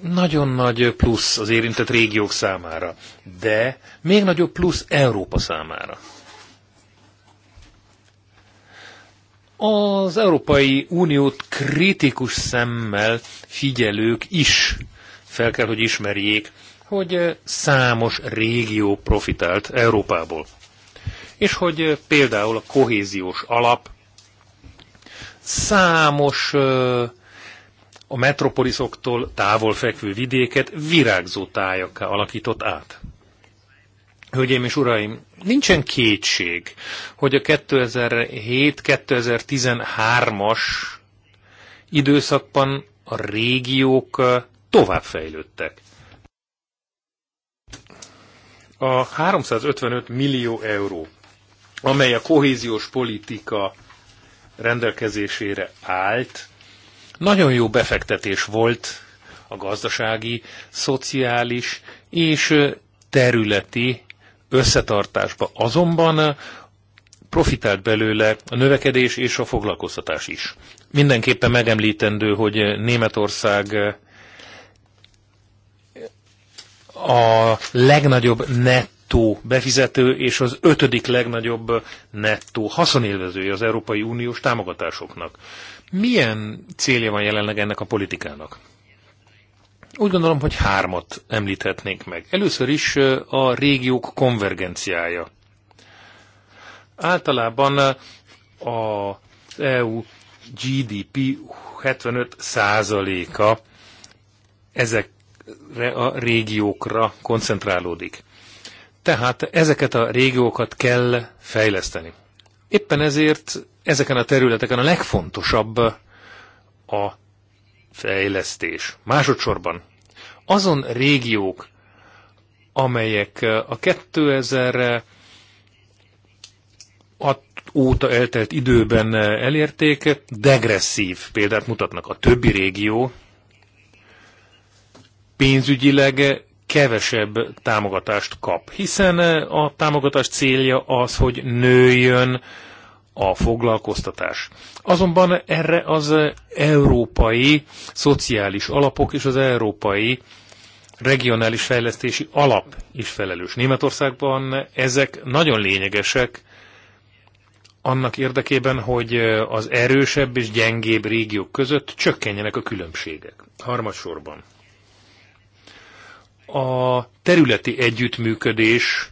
nagyon nagy plusz az érintett régiók számára, de még nagyobb plusz Európa számára. az Európai Uniót kritikus szemmel figyelők is fel kell, hogy ismerjék, hogy számos régió profitált Európából. És hogy például a kohéziós alap számos a metropoliszoktól távol fekvő vidéket virágzó tájakká alakított át. Hölgyeim és uraim, nincsen kétség, hogy a 2007-2013-as időszakban a régiók továbbfejlődtek. A 355 millió euró, amely a kohéziós politika rendelkezésére állt, nagyon jó befektetés volt a gazdasági, szociális és területi összetartásba. Azonban eh, profitált belőle a növekedés és a foglalkoztatás is. Mindenképpen megemlítendő, hogy Németország eh, a legnagyobb nettó befizető és az ötödik legnagyobb nettó haszonélvezője az Európai Uniós támogatásoknak. Milyen célja van jelenleg ennek a politikának? Úgy gondolom, hogy hármat említhetnénk meg. Először is a régiók konvergenciája. Általában a EU GDP 75%-a ezekre a régiókra koncentrálódik. Tehát ezeket a régiókat kell fejleszteni. Éppen ezért ezeken a területeken a legfontosabb a fejlesztés. Másodszorban azon régiók, amelyek eh, a 2000 óta eltelt időben eh, elérték, degresszív példát mutatnak. A többi régió pénzügyileg kevesebb támogatást kap, hiszen eh, a támogatás célja az, hogy nőjön a foglalkoztatás. Azonban erre az európai szociális alapok és az európai regionális fejlesztési alap is felelős. Németországban ezek nagyon lényegesek annak érdekében, hogy az erősebb és gyengébb régiók között csökkenjenek a különbségek. Harmadsorban. A területi együttműködés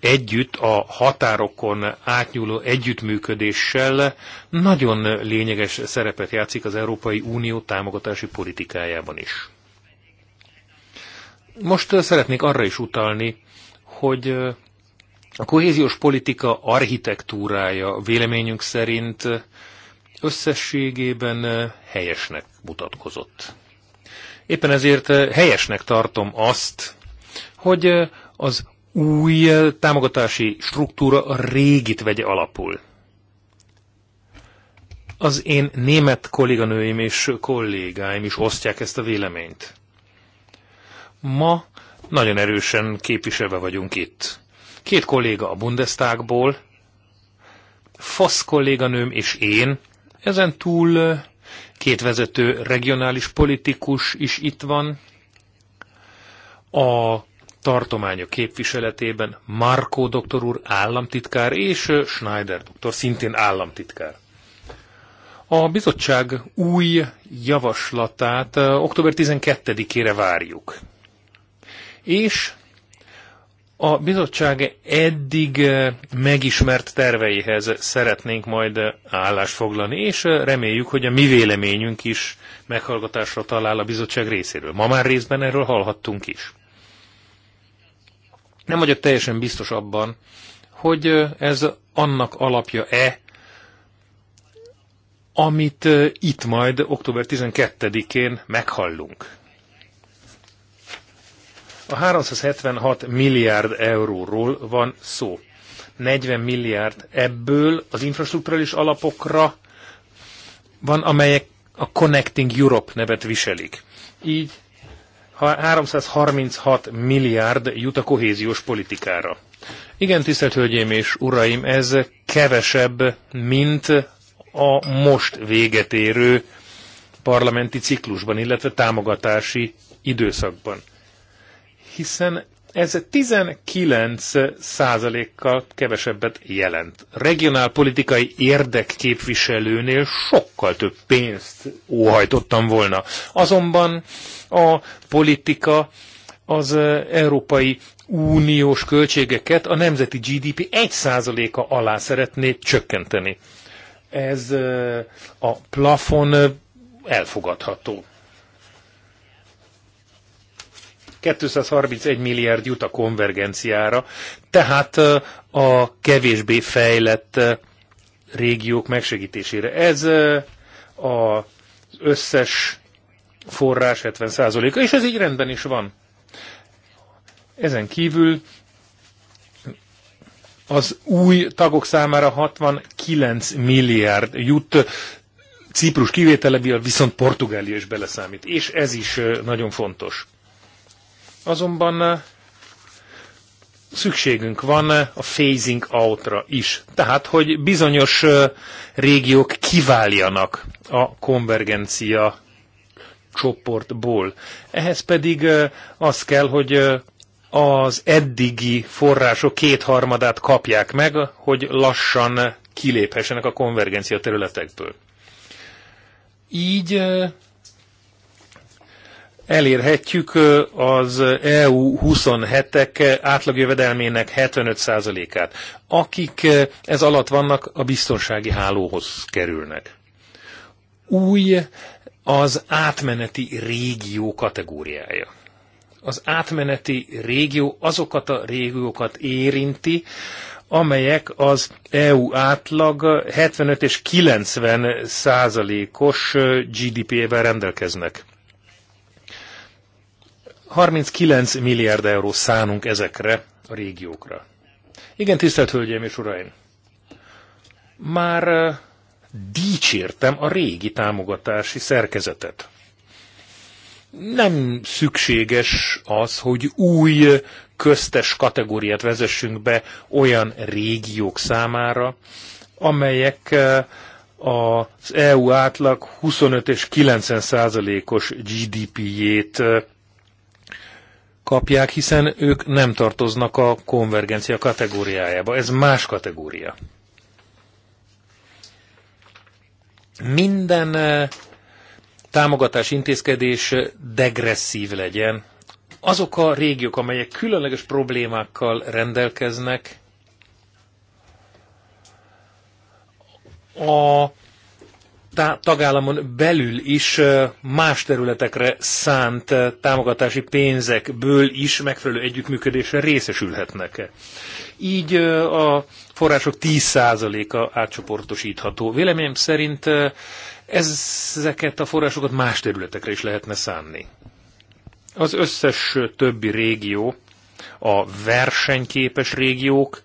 együtt a határokon átnyúló együttműködéssel nagyon lényeges szerepet játszik az Európai Unió támogatási politikájában is. Most szeretnék arra is utalni, hogy a kohéziós politika architektúrája véleményünk szerint összességében helyesnek mutatkozott. Éppen ezért helyesnek tartom azt, hogy az új eh, támogatási struktúra a régit vegye alapul. Az én német kolléganőim és kollégáim is osztják ezt a véleményt. Ma nagyon erősen képviselve vagyunk itt. Két kolléga a Bundestagból, FASZ kolléganőm és én, ezen túl eh, két vezető regionális politikus is itt van, a tartománya képviseletében Markó doktor úr államtitkár és Schneider doktor szintén államtitkár. A bizottság új javaslatát október 12-ére várjuk. És a bizottság eddig megismert terveihez szeretnénk majd állást foglalni, és reméljük, hogy a mi véleményünk is meghallgatásra talál a bizottság részéről. Ma már részben erről hallhattunk is. Nem vagyok teljesen biztos abban, hogy ez annak alapja-e, amit itt majd október 12-én meghallunk. A 376 milliárd euróról van szó. 40 milliárd ebből az infrastruktúrális alapokra van, amelyek a Connecting Europe nevet viselik. Így 336 milliárd jut a kohéziós politikára. Igen, tisztelt Hölgyeim és Uraim, ez kevesebb, mint a most véget érő parlamenti ciklusban, illetve támogatási időszakban. Hiszen ez 19 százalékkal kevesebbet jelent. Regionálpolitikai érdekképviselőnél sokkal több pénzt óhajtottam volna. Azonban a politika az európai uniós költségeket a nemzeti GDP 1%-a alá szeretné csökkenteni. Ez a plafon elfogadható. 231 milliárd jut a konvergenciára, tehát a kevésbé fejlett régiók megsegítésére. Ez az összes forrás 70%-a, és ez így rendben is van. Ezen kívül az új tagok számára 69 milliárd jut, Ciprus kivételebből viszont Portugália is beleszámít, és ez is nagyon fontos. Azonban eh, szükségünk van eh, a phasing outra is. Tehát, hogy bizonyos eh, régiók kiváljanak a konvergencia csoportból. Ehhez pedig az kell, hogy az eddigi források kétharmadát kapják meg, hogy lassan kiléphessenek a konvergencia területekből. Így elérhetjük az EU 27-ek átlagjövedelmének 75%-át. Akik ez alatt vannak, a biztonsági hálóhoz kerülnek. Új az átmeneti régió kategóriája. Az átmeneti régió azokat a régiókat érinti, amelyek az EU átlag 75 és 90 százalékos GDP-vel rendelkeznek. 39 milliárd euró szánunk ezekre a régiókra. Igen, tisztelt Hölgyeim és Uraim! Már dicsértem a régi támogatási szerkezetet. Nem szükséges az, hogy új köztes kategóriát vezessünk be olyan régiók számára, amelyek az EU átlag 25 és 90 százalékos GDP-jét kapják, hiszen ők nem tartoznak a konvergencia kategóriájába. Ez más kategória. Minden eh, támogatás intézkedés degresszív legyen. Azok a régiók, amelyek különleges problémákkal rendelkeznek, a tagállamon belül is más területekre szánt támogatási pénzekből is megfelelő együttműködésre részesülhetnek. Így a források 10%-a átcsoportosítható. Véleményem szerint ezeket a forrásokat más területekre is lehetne szánni. Az összes többi régió, a versenyképes régiók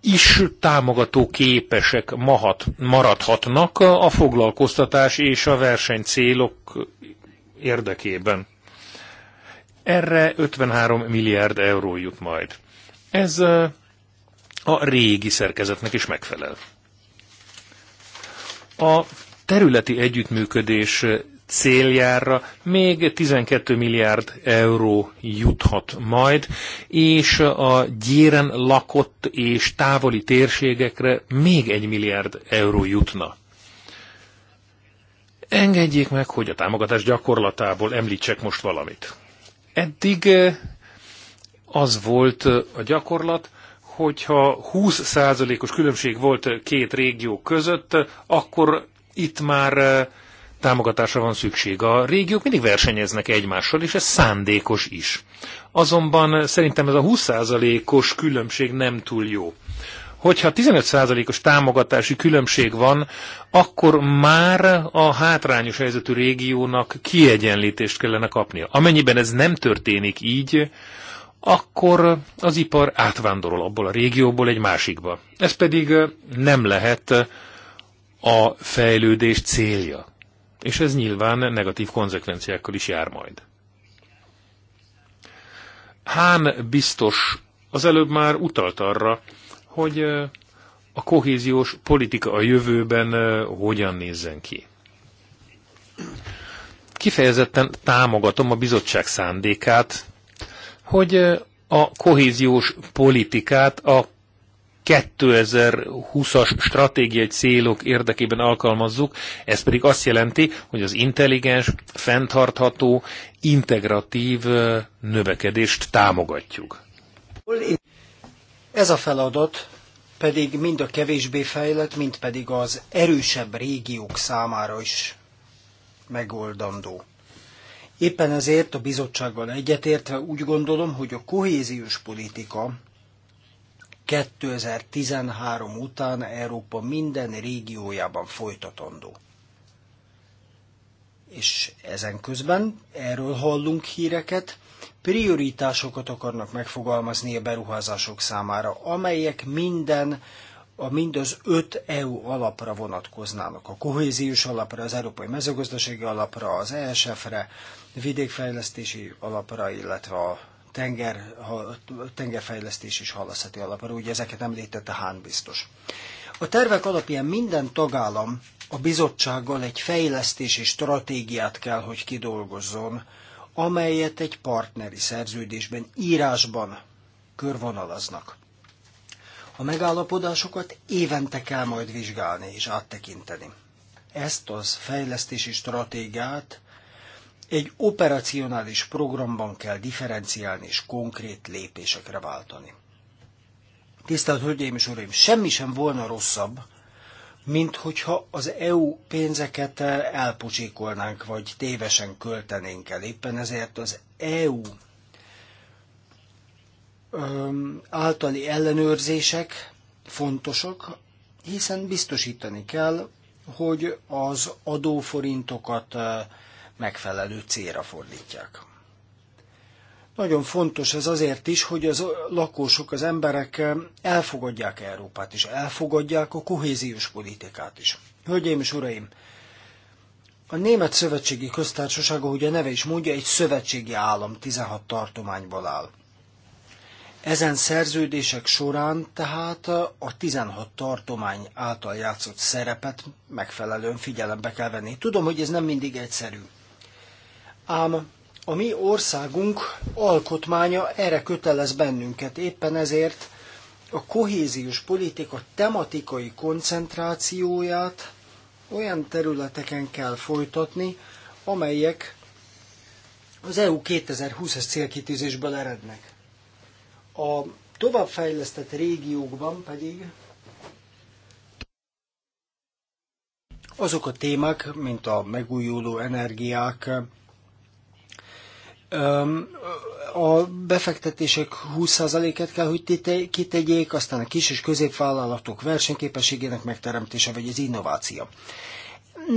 is támogató képesek mahat, maradhatnak a foglalkoztatás és a verseny célok érdekében. Erre 53 milliárd euró jut majd. Ez a régi szerkezetnek is megfelel. A területi együttműködés céljára még 12 milliárd euró juthat majd, és a gyéren lakott és távoli térségekre még 1 milliárd euró jutna. Engedjék meg, hogy a támogatás gyakorlatából említsek most valamit. Eddig eh, az volt eh, a gyakorlat, hogyha 20%-os különbség volt eh, két régió között, akkor itt már támogatásra van szükség. A régiók mindig versenyeznek egymással, és ez szándékos is. Azonban szerintem ez a 20%-os különbség nem túl jó. Hogyha 15%-os támogatási különbség van, akkor már a hátrányos helyzetű régiónak kiegyenlítést kellene kapnia. Amennyiben ez nem történik így, akkor az ipar átvándorol abból a régióból egy másikba. Ez pedig nem lehet a fejlődés célja. És ez nyilván negatív konzekvenciákkal is jár majd. Hán biztos az előbb már utalt arra, hogy a kohéziós politika a jövőben hogyan nézzen ki. Kifejezetten támogatom a bizottság szándékát, hogy a kohéziós politikát a 2020-as stratégiai célok érdekében alkalmazzuk, ez pedig azt jelenti, hogy az intelligens, fenntartható, integratív növekedést támogatjuk. Ez a feladat pedig mind a kevésbé fejlett, mind pedig az erősebb régiók számára is megoldandó. Éppen ezért a bizottsággal egyetértve úgy gondolom, hogy a kohéziós politika 2013 után Európa minden régiójában folytatandó. És ezen közben erről hallunk híreket, prioritásokat akarnak megfogalmazni a beruházások számára, amelyek minden a az öt EU alapra vonatkoznának. A kohéziós alapra, az Európai Mezőgazdasági Alapra, az ESF-re, vidékfejlesztési alapra, illetve a tenger, tengerfejlesztés és halászati alapra. Ugye ezeket említette Hán biztos. A tervek alapján minden tagállam a bizottsággal egy fejlesztési stratégiát kell, hogy kidolgozzon, amelyet egy partneri szerződésben, írásban körvonalaznak. A megállapodásokat évente kell majd vizsgálni és áttekinteni. Ezt az fejlesztési stratégiát egy operacionális programban kell differenciálni és konkrét lépésekre váltani. Tisztelt Hölgyeim és Uraim, semmi sem volna rosszabb, mint hogyha az EU pénzeket elpocsékolnánk, vagy tévesen költenénk el. Éppen ezért az EU általi ellenőrzések fontosak, hiszen biztosítani kell, hogy az adóforintokat megfelelő célra fordítják. Nagyon fontos ez azért is, hogy az lakosok, az emberek eh, elfogadják Európát is, elfogadják a kohéziós politikát is. Hölgyeim és uraim, a Német Szövetségi Köztársaság, ahogy a neve is mondja, egy szövetségi állam 16 tartományból áll. Ezen szerződések során tehát a 16 tartomány által játszott szerepet megfelelően figyelembe kell venni. Tudom, hogy ez nem mindig egyszerű. Ám a mi országunk alkotmánya erre kötelez bennünket. Éppen ezért a kohéziós politika tematikai koncentrációját olyan területeken kell folytatni, amelyek az EU 2020 es célkitűzésből erednek. A továbbfejlesztett régiókban pedig azok a témák, mint a megújuló energiák, a befektetések 20%-et kell, hogy kitegyék, aztán a kis és középvállalatok versenyképességének megteremtése, vagy az innováció.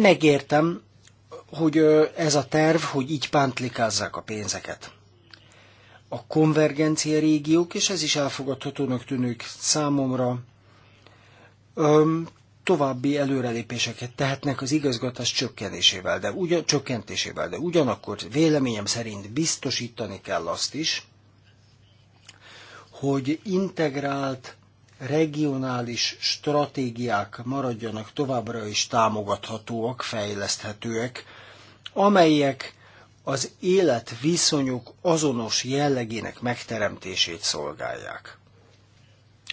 Megértem, hogy ez a terv, hogy így pántlikázzák a pénzeket. A konvergencia régiók, és ez is elfogadhatónak tűnik számomra, további előrelépéseket tehetnek az igazgatás csökkentésével, de ugyan, csökkentésével, de ugyanakkor véleményem szerint biztosítani kell azt is, hogy integrált regionális stratégiák maradjanak továbbra is támogathatóak, fejleszthetőek, amelyek az életviszonyok azonos jellegének megteremtését szolgálják.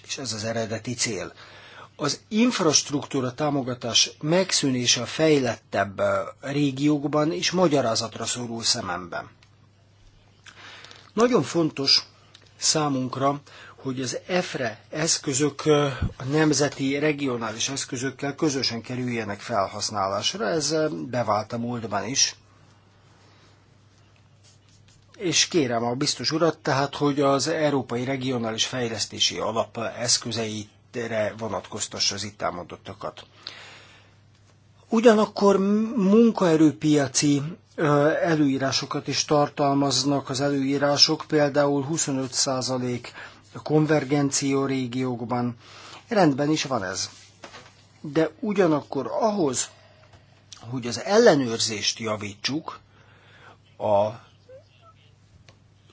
És ez az eredeti cél az infrastruktúra támogatás megszűnése a fejlettebb régiókban is magyarázatra szorul szememben. Nagyon fontos számunkra, hogy az EFRE eszközök a nemzeti regionális eszközökkel közösen kerüljenek felhasználásra. Ez bevált a múltban is. És kérem a biztos urat tehát, hogy az Európai Regionális Fejlesztési Alap eszközeit re vonatkoztassa az itt elmondottakat. Ugyanakkor munkaerőpiaci előírásokat is tartalmaznak az előírások, például 25% konvergenció régiókban. Rendben is van ez. De ugyanakkor ahhoz, hogy az ellenőrzést javítsuk, a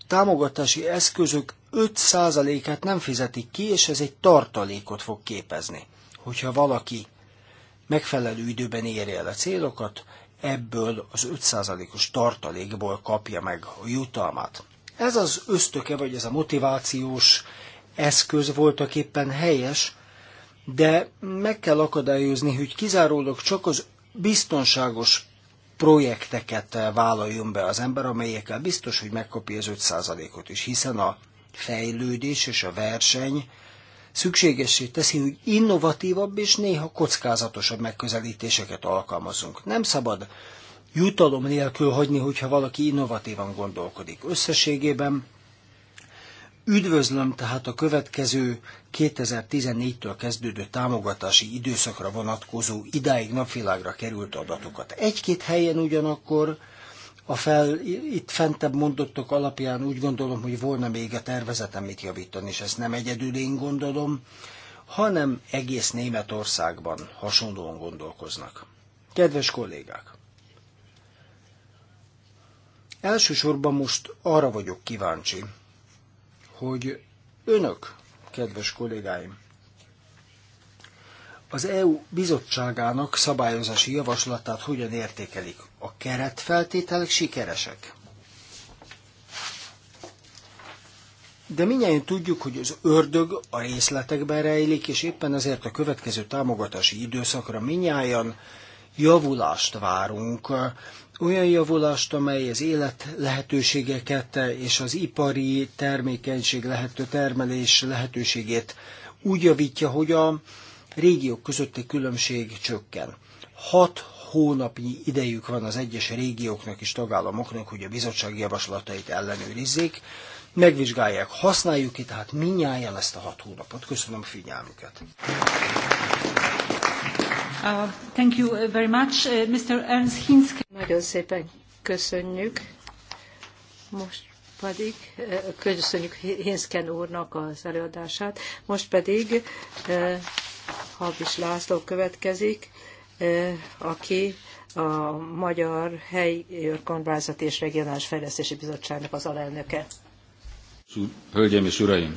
támogatási eszközök 5%-át nem fizetik ki, és ez egy tartalékot fog képezni. Hogyha valaki megfelelő időben érje el a célokat, ebből az 5%-os tartalékból kapja meg a jutalmat. Ez az ösztöke, vagy ez a motivációs eszköz voltak éppen helyes, de meg kell akadályozni, hogy kizárólag csak az biztonságos projekteket vállaljon be az ember, amelyekkel biztos, hogy megkapja az 5%-ot is, hiszen a fejlődés és a verseny szükségessé teszi, hogy innovatívabb és néha kockázatosabb megközelítéseket alkalmazunk. Nem szabad jutalom nélkül hagyni, hogyha valaki innovatívan gondolkodik. Összességében üdvözlöm tehát a következő 2014-től kezdődő támogatási időszakra vonatkozó idáig napvilágra került adatokat. Egy-két helyen ugyanakkor a fel, itt fentebb mondottok alapján úgy gondolom, hogy volna még a tervezetem mit javítani, és ezt nem egyedül én gondolom, hanem egész Németországban hasonlóan gondolkoznak. Kedves kollégák! Elsősorban most arra vagyok kíváncsi, hogy önök, kedves kollégáim, az EU bizottságának szabályozási javaslatát hogyan értékelik? a keretfeltételek sikeresek. De minnyáján tudjuk, hogy az ördög a részletekben rejlik, és éppen ezért a következő támogatási időszakra minnyáján javulást várunk. Olyan javulást, amely az élet lehetőségeket és az ipari termékenység lehető termelés lehetőségét úgy javítja, hogy a régiók közötti különbség csökken. Hat hónapnyi idejük van az egyes régióknak és tagállamoknak, hogy a bizottság javaslatait ellenőrizzék, megvizsgálják, használjuk itt, tehát minnyáján ezt a hat hónapot. Köszönöm figyelmüket. Uh, thank you very much, uh, Mr. Ernst Hinske. Nagyon szépen köszönjük. Most pedig uh, köszönjük Hinsken úrnak az előadását. Most pedig uh, Habis László következik, aki a Magyar Helyi Önkormányzat és Regionális Fejlesztési Bizottságnak az alelnöke. Hölgyeim és Uraim!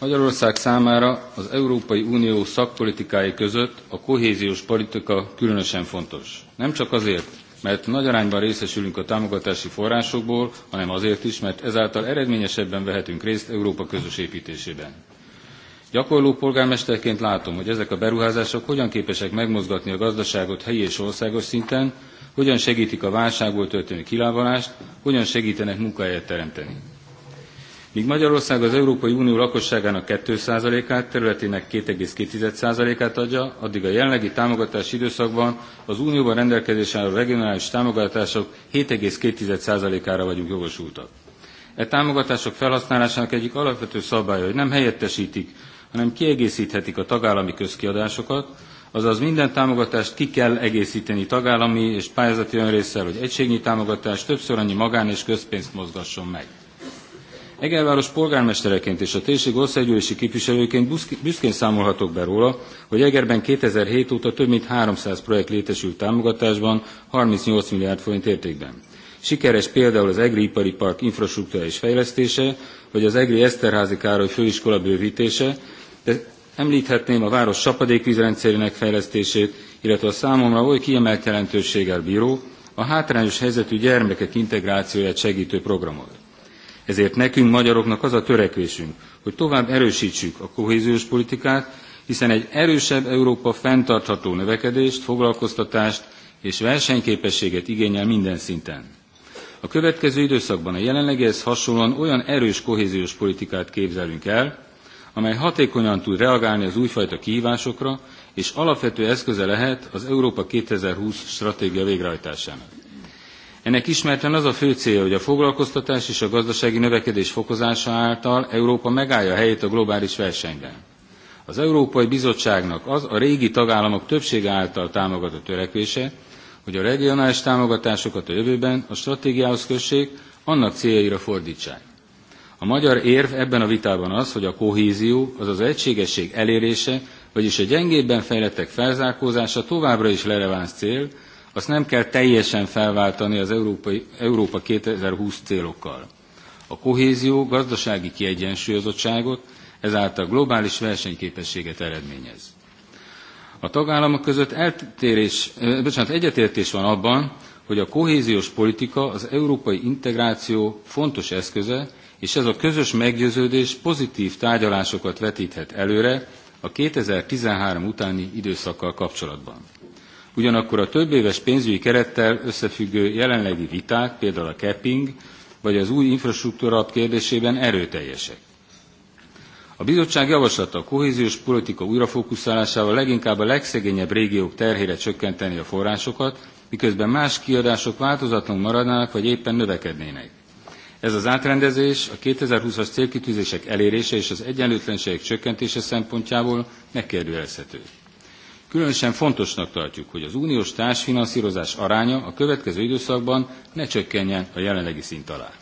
Magyarország számára az Európai Unió szakpolitikái között a kohéziós politika különösen fontos. Nem csak azért, mert nagy arányban részesülünk a támogatási forrásokból, hanem azért is, mert ezáltal eredményesebben vehetünk részt Európa közös építésében. Gyakorló polgármesterként látom, hogy ezek a beruházások hogyan képesek megmozgatni a gazdaságot helyi és országos szinten, hogyan segítik a válságból történő kilábalást, hogyan segítenek munkahelyet teremteni. Míg Magyarország az Európai Unió lakosságának 2%-át, területének 2,2%-át adja, addig a jelenlegi támogatási időszakban az Unióban rendelkezésre álló regionális támogatások 7,2%-ára vagyunk jogosultak. E támogatások felhasználásának egyik alapvető szabálya, hogy nem helyettesítik hanem kiegészíthetik a tagállami közkiadásokat, azaz minden támogatást ki kell egészíteni tagállami és pályázati önrészsel, hogy egységnyi támogatás többször annyi magán és közpénzt mozgasson meg. Egerváros polgármestereként és a térség országgyűlési képviselőként büszkén számolhatok be róla, hogy Egerben 2007 óta több mint 300 projekt létesült támogatásban 38 milliárd forint értékben. Sikeres például az EGRI Ipari Park és fejlesztése, vagy az EGRI Eszterházi Károly Főiskola bővítése, de említhetném a város csapadékvízrendszerének fejlesztését, illetve a számomra oly kiemelt jelentőséggel bíró, a hátrányos helyzetű gyermekek integrációját segítő programot. Ezért nekünk, magyaroknak az a törekvésünk, hogy tovább erősítsük a kohéziós politikát, hiszen egy erősebb Európa fenntartható növekedést, foglalkoztatást és versenyképességet igényel minden szinten. A következő időszakban a jelenlegihez hasonlóan olyan erős kohéziós politikát képzelünk el, amely hatékonyan tud reagálni az újfajta kihívásokra, és alapvető eszköze lehet az Európa 2020 stratégia végrehajtásának. Ennek ismerten az a fő célja, hogy a foglalkoztatás és a gazdasági növekedés fokozása által Európa megállja a helyét a globális versenyben. Az Európai Bizottságnak az a régi tagállamok többsége által támogatott törekvése, hogy a regionális támogatásokat a jövőben a stratégiához kössék, annak céljaira fordítsák. A magyar érv ebben a vitában az, hogy a kohézió, azaz egységesség elérése, vagyis a gyengébben fejlettek felzárkózása továbbra is releváns cél, azt nem kell teljesen felváltani az Európai, Európa 2020 célokkal. A kohézió gazdasági kiegyensúlyozottságot, ezáltal globális versenyképességet eredményez. A tagállamok között eltérés, bocsánat, egyetértés van abban, hogy a kohéziós politika az európai integráció fontos eszköze, és ez a közös meggyőződés pozitív tárgyalásokat vetíthet előre a 2013 utáni időszakkal kapcsolatban. Ugyanakkor a többéves pénzügyi kerettel összefüggő jelenlegi viták, például a capping vagy az új infrastruktúra kérdésében erőteljesek. A bizottság javaslata a kohéziós politika újrafókuszálásával leginkább a legszegényebb régiók terhére csökkenteni a forrásokat, miközben más kiadások változatlanul maradnának vagy éppen növekednének. Ez az átrendezés a 2020-as célkitűzések elérése és az egyenlőtlenségek csökkentése szempontjából megkérdőjelezhető. Különösen fontosnak tartjuk, hogy az uniós társfinanszírozás aránya a következő időszakban ne csökkenjen a jelenlegi szint alá.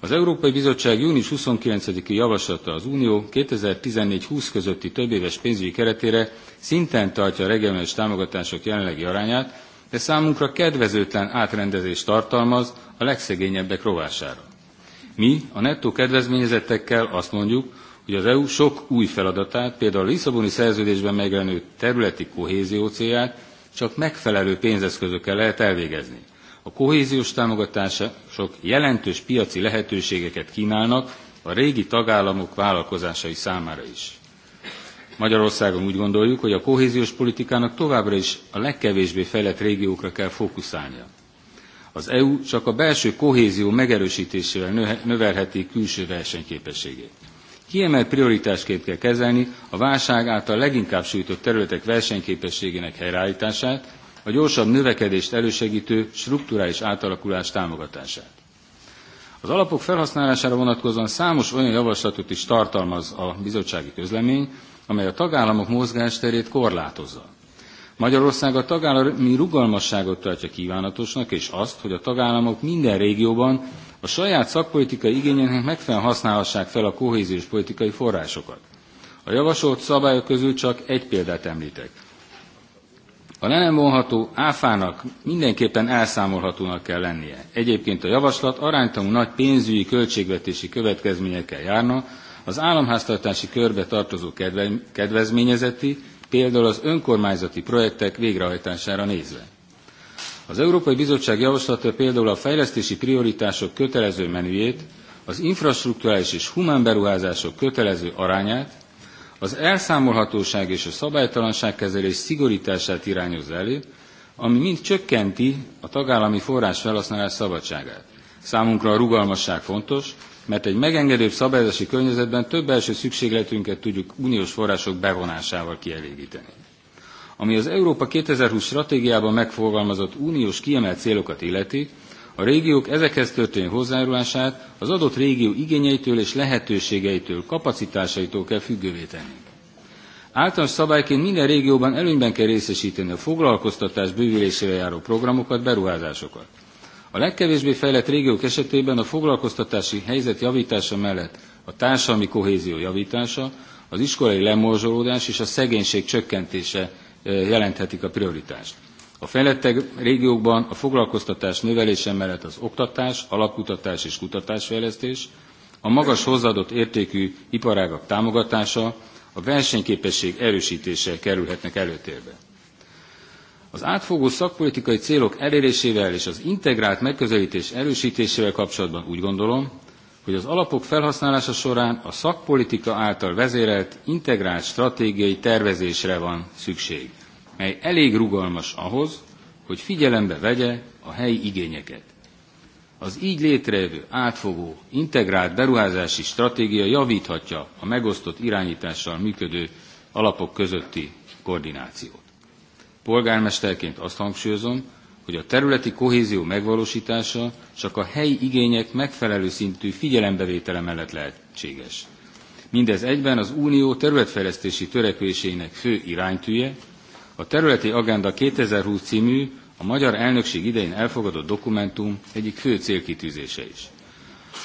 Az Európai Bizottság június 29-i javaslata az Unió 2014-20 közötti többéves pénzügyi keretére szinten tartja a regionális támogatások jelenlegi arányát de számunkra kedvezőtlen átrendezést tartalmaz a legszegényebbek rovására. Mi, a nettó kedvezményezettekkel azt mondjuk, hogy az EU sok új feladatát, például a Lisszaboni szerződésben megjelenő területi kohézió célját csak megfelelő pénzeszközökkel lehet elvégezni. A kohéziós támogatások jelentős piaci lehetőségeket kínálnak a régi tagállamok vállalkozásai számára is. Magyarországon úgy gondoljuk, hogy a kohéziós politikának továbbra is a legkevésbé fejlett régiókra kell fókuszálnia. Az EU csak a belső kohézió megerősítésével növelheti külső versenyképességét. Kiemelt prioritásként kell kezelni a válság által leginkább sújtott területek versenyképességének helyreállítását, a gyorsabb növekedést elősegítő strukturális átalakulás támogatását. Az alapok felhasználására vonatkozóan számos olyan javaslatot is tartalmaz a bizottsági közlemény, amely a tagállamok mozgásterét korlátozza. Magyarország a tagállami rugalmasságot tartja kívánatosnak, és azt, hogy a tagállamok minden régióban a saját szakpolitikai igényeknek megfelelően használhassák fel a kohéziós politikai forrásokat. A javasolt szabályok közül csak egy példát említek. A le nem vonható áfának mindenképpen elszámolhatónak kell lennie. Egyébként a javaslat aránytalanul nagy pénzügyi költségvetési következményekkel járna, az államháztartási körbe tartozó kedvezményezetti, például az önkormányzati projektek végrehajtására nézve. Az Európai Bizottság javaslata például a fejlesztési prioritások kötelező menüjét, az infrastrukturális és humán beruházások kötelező arányát, az elszámolhatóság és a szabálytalanság kezelés szigorítását irányoz elő, ami mind csökkenti a tagállami forrás felhasználás szabadságát. Számunkra a rugalmasság fontos, mert egy megengedőbb szabályozási környezetben több első szükségletünket tudjuk uniós források bevonásával kielégíteni. Ami az Európa 2020 stratégiában megfogalmazott uniós kiemelt célokat illeti, a régiók ezekhez történő hozzájárulását az adott régió igényeitől és lehetőségeitől, kapacitásaitól kell függővé tenni. Általános szabályként minden régióban előnyben kell részesíteni a foglalkoztatás bővülésére járó programokat, beruházásokat. A legkevésbé fejlett régiók esetében a foglalkoztatási helyzet javítása mellett a társadalmi kohézió javítása, az iskolai lemorzsolódás és a szegénység csökkentése jelenthetik a prioritást. A fejlettebb régiókban a foglalkoztatás növelése mellett az oktatás, alapkutatás és kutatásfejlesztés, a magas hozzáadott értékű iparágak támogatása, a versenyképesség erősítése kerülhetnek előtérbe. Az átfogó szakpolitikai célok elérésével és az integrált megközelítés erősítésével kapcsolatban úgy gondolom, hogy az alapok felhasználása során a szakpolitika által vezérelt integrált stratégiai tervezésre van szükség, mely elég rugalmas ahhoz, hogy figyelembe vegye a helyi igényeket. Az így létrejövő átfogó, integrált beruházási stratégia javíthatja a megosztott irányítással működő alapok közötti koordinációt. Polgármesterként azt hangsúlyozom, hogy a területi kohézió megvalósítása csak a helyi igények megfelelő szintű figyelembevétele mellett lehetséges. Mindez egyben az Unió területfejlesztési törekvéseinek fő iránytűje, a Területi Agenda 2020 című a magyar elnökség idején elfogadott dokumentum egyik fő célkitűzése is.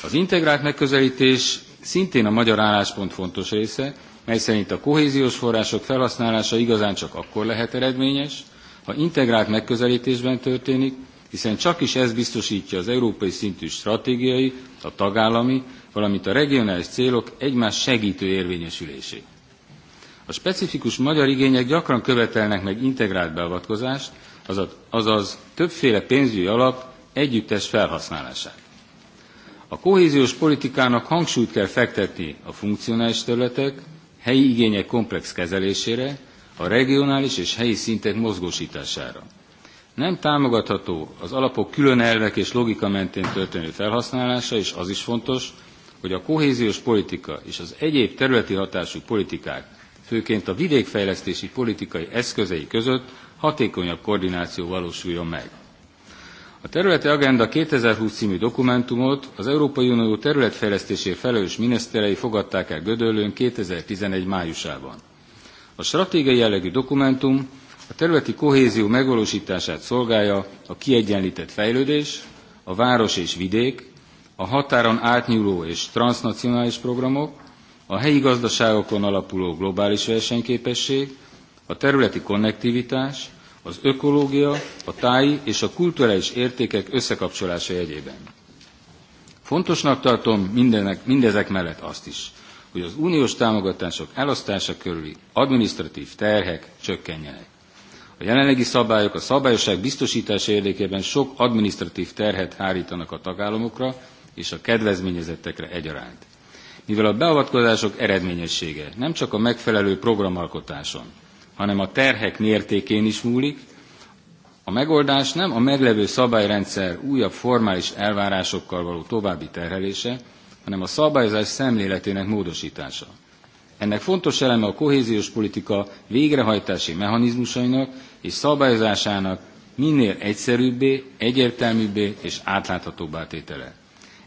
Az integrált megközelítés szintén a magyar álláspont fontos része, mely szerint a kohéziós források felhasználása igazán csak akkor lehet eredményes, ha integrált megközelítésben történik, hiszen csak is ez biztosítja az európai szintű stratégiai, a tagállami, valamint a regionális célok egymás segítő érvényesülését. A specifikus magyar igények gyakran követelnek meg integrált beavatkozást, azaz, azaz többféle pénzügyi alap együttes felhasználását. A kohéziós politikának hangsúlyt kell fektetni a funkcionális területek, helyi igények komplex kezelésére, a regionális és helyi szintek mozgósítására. Nem támogatható az alapok külön elvek és logika mentén történő felhasználása, és az is fontos, hogy a kohéziós politika és az egyéb területi hatású politikák, főként a vidékfejlesztési politikai eszközei között hatékonyabb koordináció valósuljon meg. A Területi Agenda 2020 című dokumentumot az Európai Unió területfejlesztésé felelős miniszterei fogadták el Gödöllőn 2011. májusában. A stratégiai jellegű dokumentum a területi kohézió megvalósítását szolgálja a kiegyenlített fejlődés, a város és vidék, a határon átnyúló és transnacionális programok, a helyi gazdaságokon alapuló globális versenyképesség, a területi konnektivitás, az ökológia, a táji és a kulturális értékek összekapcsolása jegyében. Fontosnak tartom mindenek, mindezek mellett azt is, hogy az uniós támogatások elosztása körüli adminisztratív terhek csökkenjenek. A jelenlegi szabályok a szabályosság biztosítása érdekében sok adminisztratív terhet hárítanak a tagállamokra és a kedvezményezettekre egyaránt. Mivel a beavatkozások eredményessége nem csak a megfelelő programalkotáson, hanem a terhek mértékén is múlik. A megoldás nem a meglevő szabályrendszer újabb formális elvárásokkal való további terhelése, hanem a szabályozás szemléletének módosítása. Ennek fontos eleme a kohéziós politika végrehajtási mechanizmusainak és szabályozásának minél egyszerűbbé, egyértelműbbé és átláthatóbbá tétele.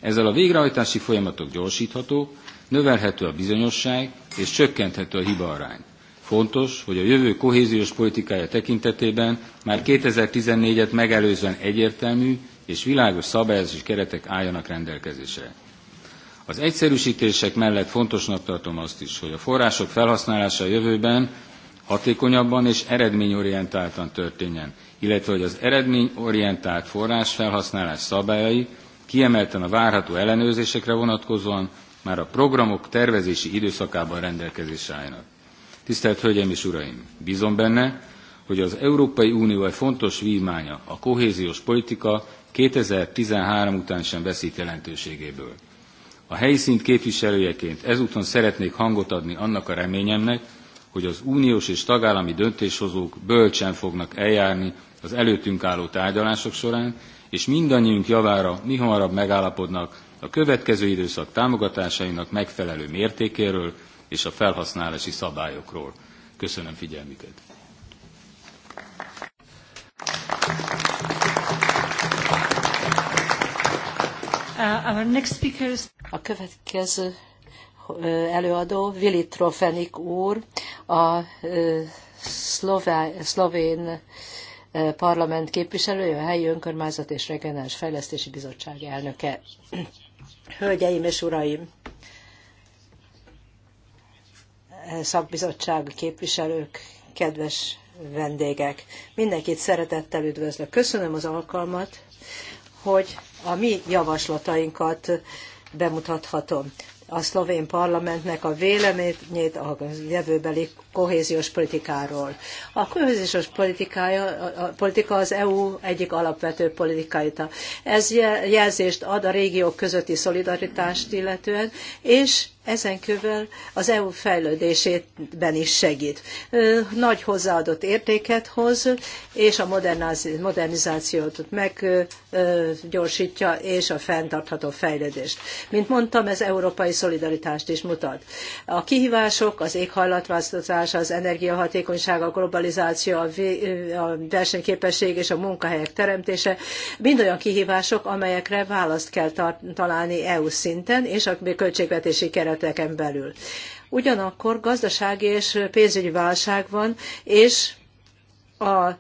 Ezzel a végrehajtási folyamatok gyorsítható, növelhető a bizonyosság és csökkenthető a hibaarány. Fontos, hogy a jövő kohéziós politikája tekintetében már 2014-et megelőzően egyértelmű és világos szabályozási keretek álljanak rendelkezésre. Az egyszerűsítések mellett fontosnak tartom azt is, hogy a források felhasználása a jövőben hatékonyabban és eredményorientáltan történjen, illetve hogy az eredményorientált forrás felhasználás szabályai kiemelten a várható ellenőrzésekre vonatkozóan már a programok tervezési időszakában rendelkezésre álljanak. Tisztelt Hölgyeim és Uraim! Bízom benne, hogy az Európai Unió egy fontos vívmánya, a kohéziós politika 2013 után sem veszít jelentőségéből. A helyi szint képviselőjeként ezúton szeretnék hangot adni annak a reményemnek, hogy az uniós és tagállami döntéshozók bölcsen fognak eljárni az előttünk álló tárgyalások során, és mindannyiunk javára mi hamarabb megállapodnak a következő időszak támogatásainak megfelelő mértékéről, és a felhasználási szabályokról. Köszönöm figyelmüket! Uh, a következő uh, előadó Vili Trofenik úr, a uh, szlovén parlament képviselője, a helyi önkormányzat és regionális fejlesztési bizottság elnöke. Hölgyeim és uraim! szakbizottság képviselők, kedves vendégek. Mindenkit szeretettel üdvözlök. Köszönöm az alkalmat, hogy a mi javaslatainkat bemutathatom. A szlovén parlamentnek a véleményét a jövőbeli kohéziós politikáról. A kohéziós politikája, a politika az EU egyik alapvető politikája. Ez jelzést ad a régiók közötti szolidaritást illetően, és ezen kívül az EU fejlődésében is segít. Nagy hozzáadott értéket hoz, és a modernizációt meggyorsítja, és a fenntartható fejlődést. Mint mondtam, ez európai szolidaritást is mutat. A kihívások, az éghajlatváltozás, az energiahatékonyság, a globalizáció, a versenyképesség és a munkahelyek teremtése mind olyan kihívások, amelyekre választ kell találni EU szinten, és a költségvetési keret kereteken belül. Ugyanakkor gazdasági és pénzügyi válság van, és a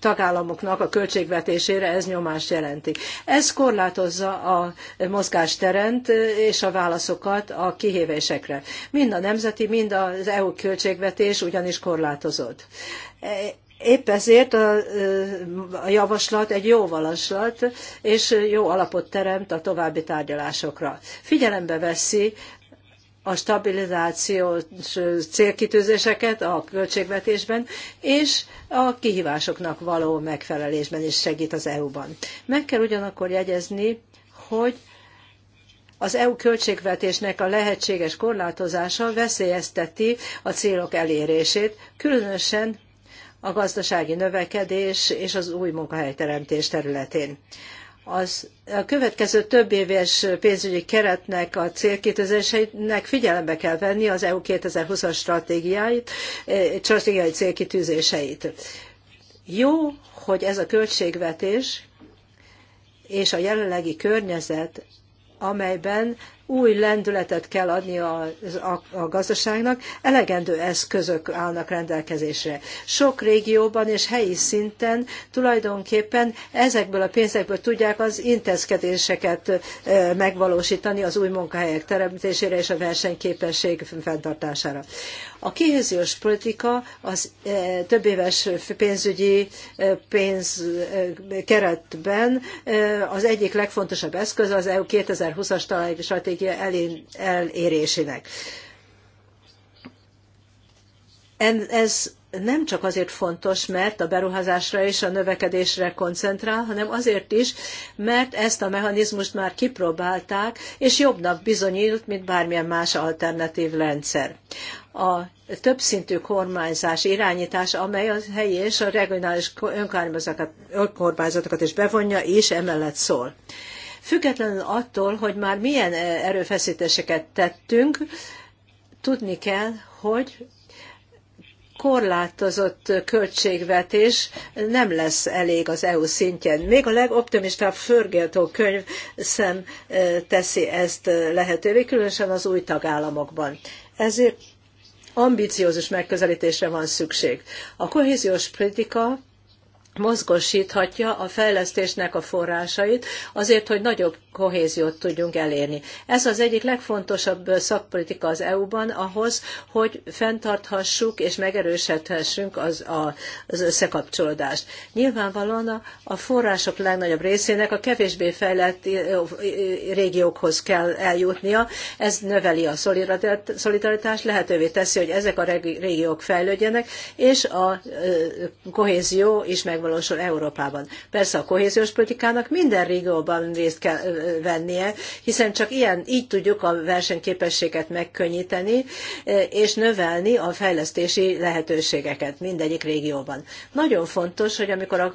tagállamoknak a költségvetésére ez nyomást jelenti. Ez korlátozza a mozgásterent és a válaszokat a kihívésekre. Mind a nemzeti, mind az EU költségvetés ugyanis korlátozott. E, épp ezért a, a javaslat egy jó javaslat, és jó alapot teremt a további tárgyalásokra. Figyelembe veszi a stabilizációs célkitűzéseket a költségvetésben, és a kihívásoknak való megfelelésben is segít az EU-ban. Meg kell ugyanakkor jegyezni, hogy az EU költségvetésnek a lehetséges korlátozása veszélyezteti a célok elérését, különösen a gazdasági növekedés és az új munkahelyteremtés területén az a következő több éves pénzügyi keretnek a célkitűzéseinek figyelembe kell venni az EU 2020-as stratégiáit, eh, stratégiai célkitűzéseit. Jó, hogy ez a költségvetés és a jelenlegi környezet, amelyben új lendületet kell adni a, a, a gazdaságnak, elegendő eszközök állnak rendelkezésre. Sok régióban és helyi szinten tulajdonképpen ezekből a pénzekből tudják az intézkedéseket megvalósítani az új munkahelyek teremtésére és a versenyképesség fenntartására. A kihéziós politika az e, több éves pénzügyi e, pénz e, keretben az egyik legfontosabb eszköz az EU 2020-as stratégia elérésének. Ez nem csak azért fontos, mert a beruházásra és a növekedésre koncentrál, hanem azért is, mert ezt a mechanizmust már kipróbálták, és jobbnak bizonyult, mint bármilyen más alternatív rendszer. A többszintű kormányzás, irányítás, amely a helyi és a regionális önkormányzatokat is bevonja, és emellett szól. Függetlenül attól, hogy már milyen eh, erőfeszítéseket tettünk, tudni kell, hogy korlátozott költségvetés nem lesz elég az EU szintjén. Még a legoptimistább Förgeltó könyv sem e, teszi ezt e, lehetővé, különösen az új tagállamokban. Ezért ambiciózus megközelítésre van szükség. A kohéziós politika mozgosíthatja a fejlesztésnek a forrásait azért, hogy nagyobb kohéziót tudjunk elérni. Ez az egyik legfontosabb szakpolitika az EU-ban ahhoz, hogy fenntarthassuk és megerősíthessünk az, a, az összekapcsolódást. Nyilvánvalóan a, a források legnagyobb részének a kevésbé fejlett régiókhoz kell eljutnia. Ez növeli a szolidaritást, lehetővé teszi, hogy ezek a régiók fejlődjenek, és a kohézió is megvan megvalósul Európában. Persze a kohéziós politikának minden régióban részt kell vennie, hiszen csak ilyen, így tudjuk a versenyképességet megkönnyíteni, és növelni a fejlesztési lehetőségeket mindegyik régióban. Nagyon fontos, hogy amikor a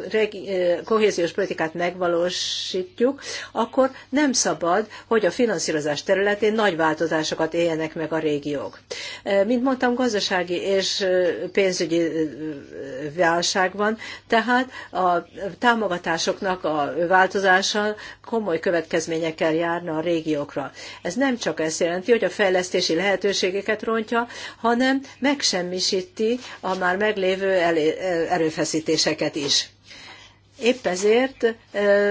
kohéziós politikát megvalósítjuk, akkor nem szabad, hogy a finanszírozás területén nagy változásokat éljenek meg a régiók. Mint mondtam, gazdasági és pénzügyi válság van, tehát tehát a támogatásoknak a változása komoly következményekkel járna a régiókra. Ez nem csak ezt jelenti, hogy a fejlesztési lehetőségeket rontja, hanem megsemmisíti a már meglévő erőfeszítéseket is. Épp ezért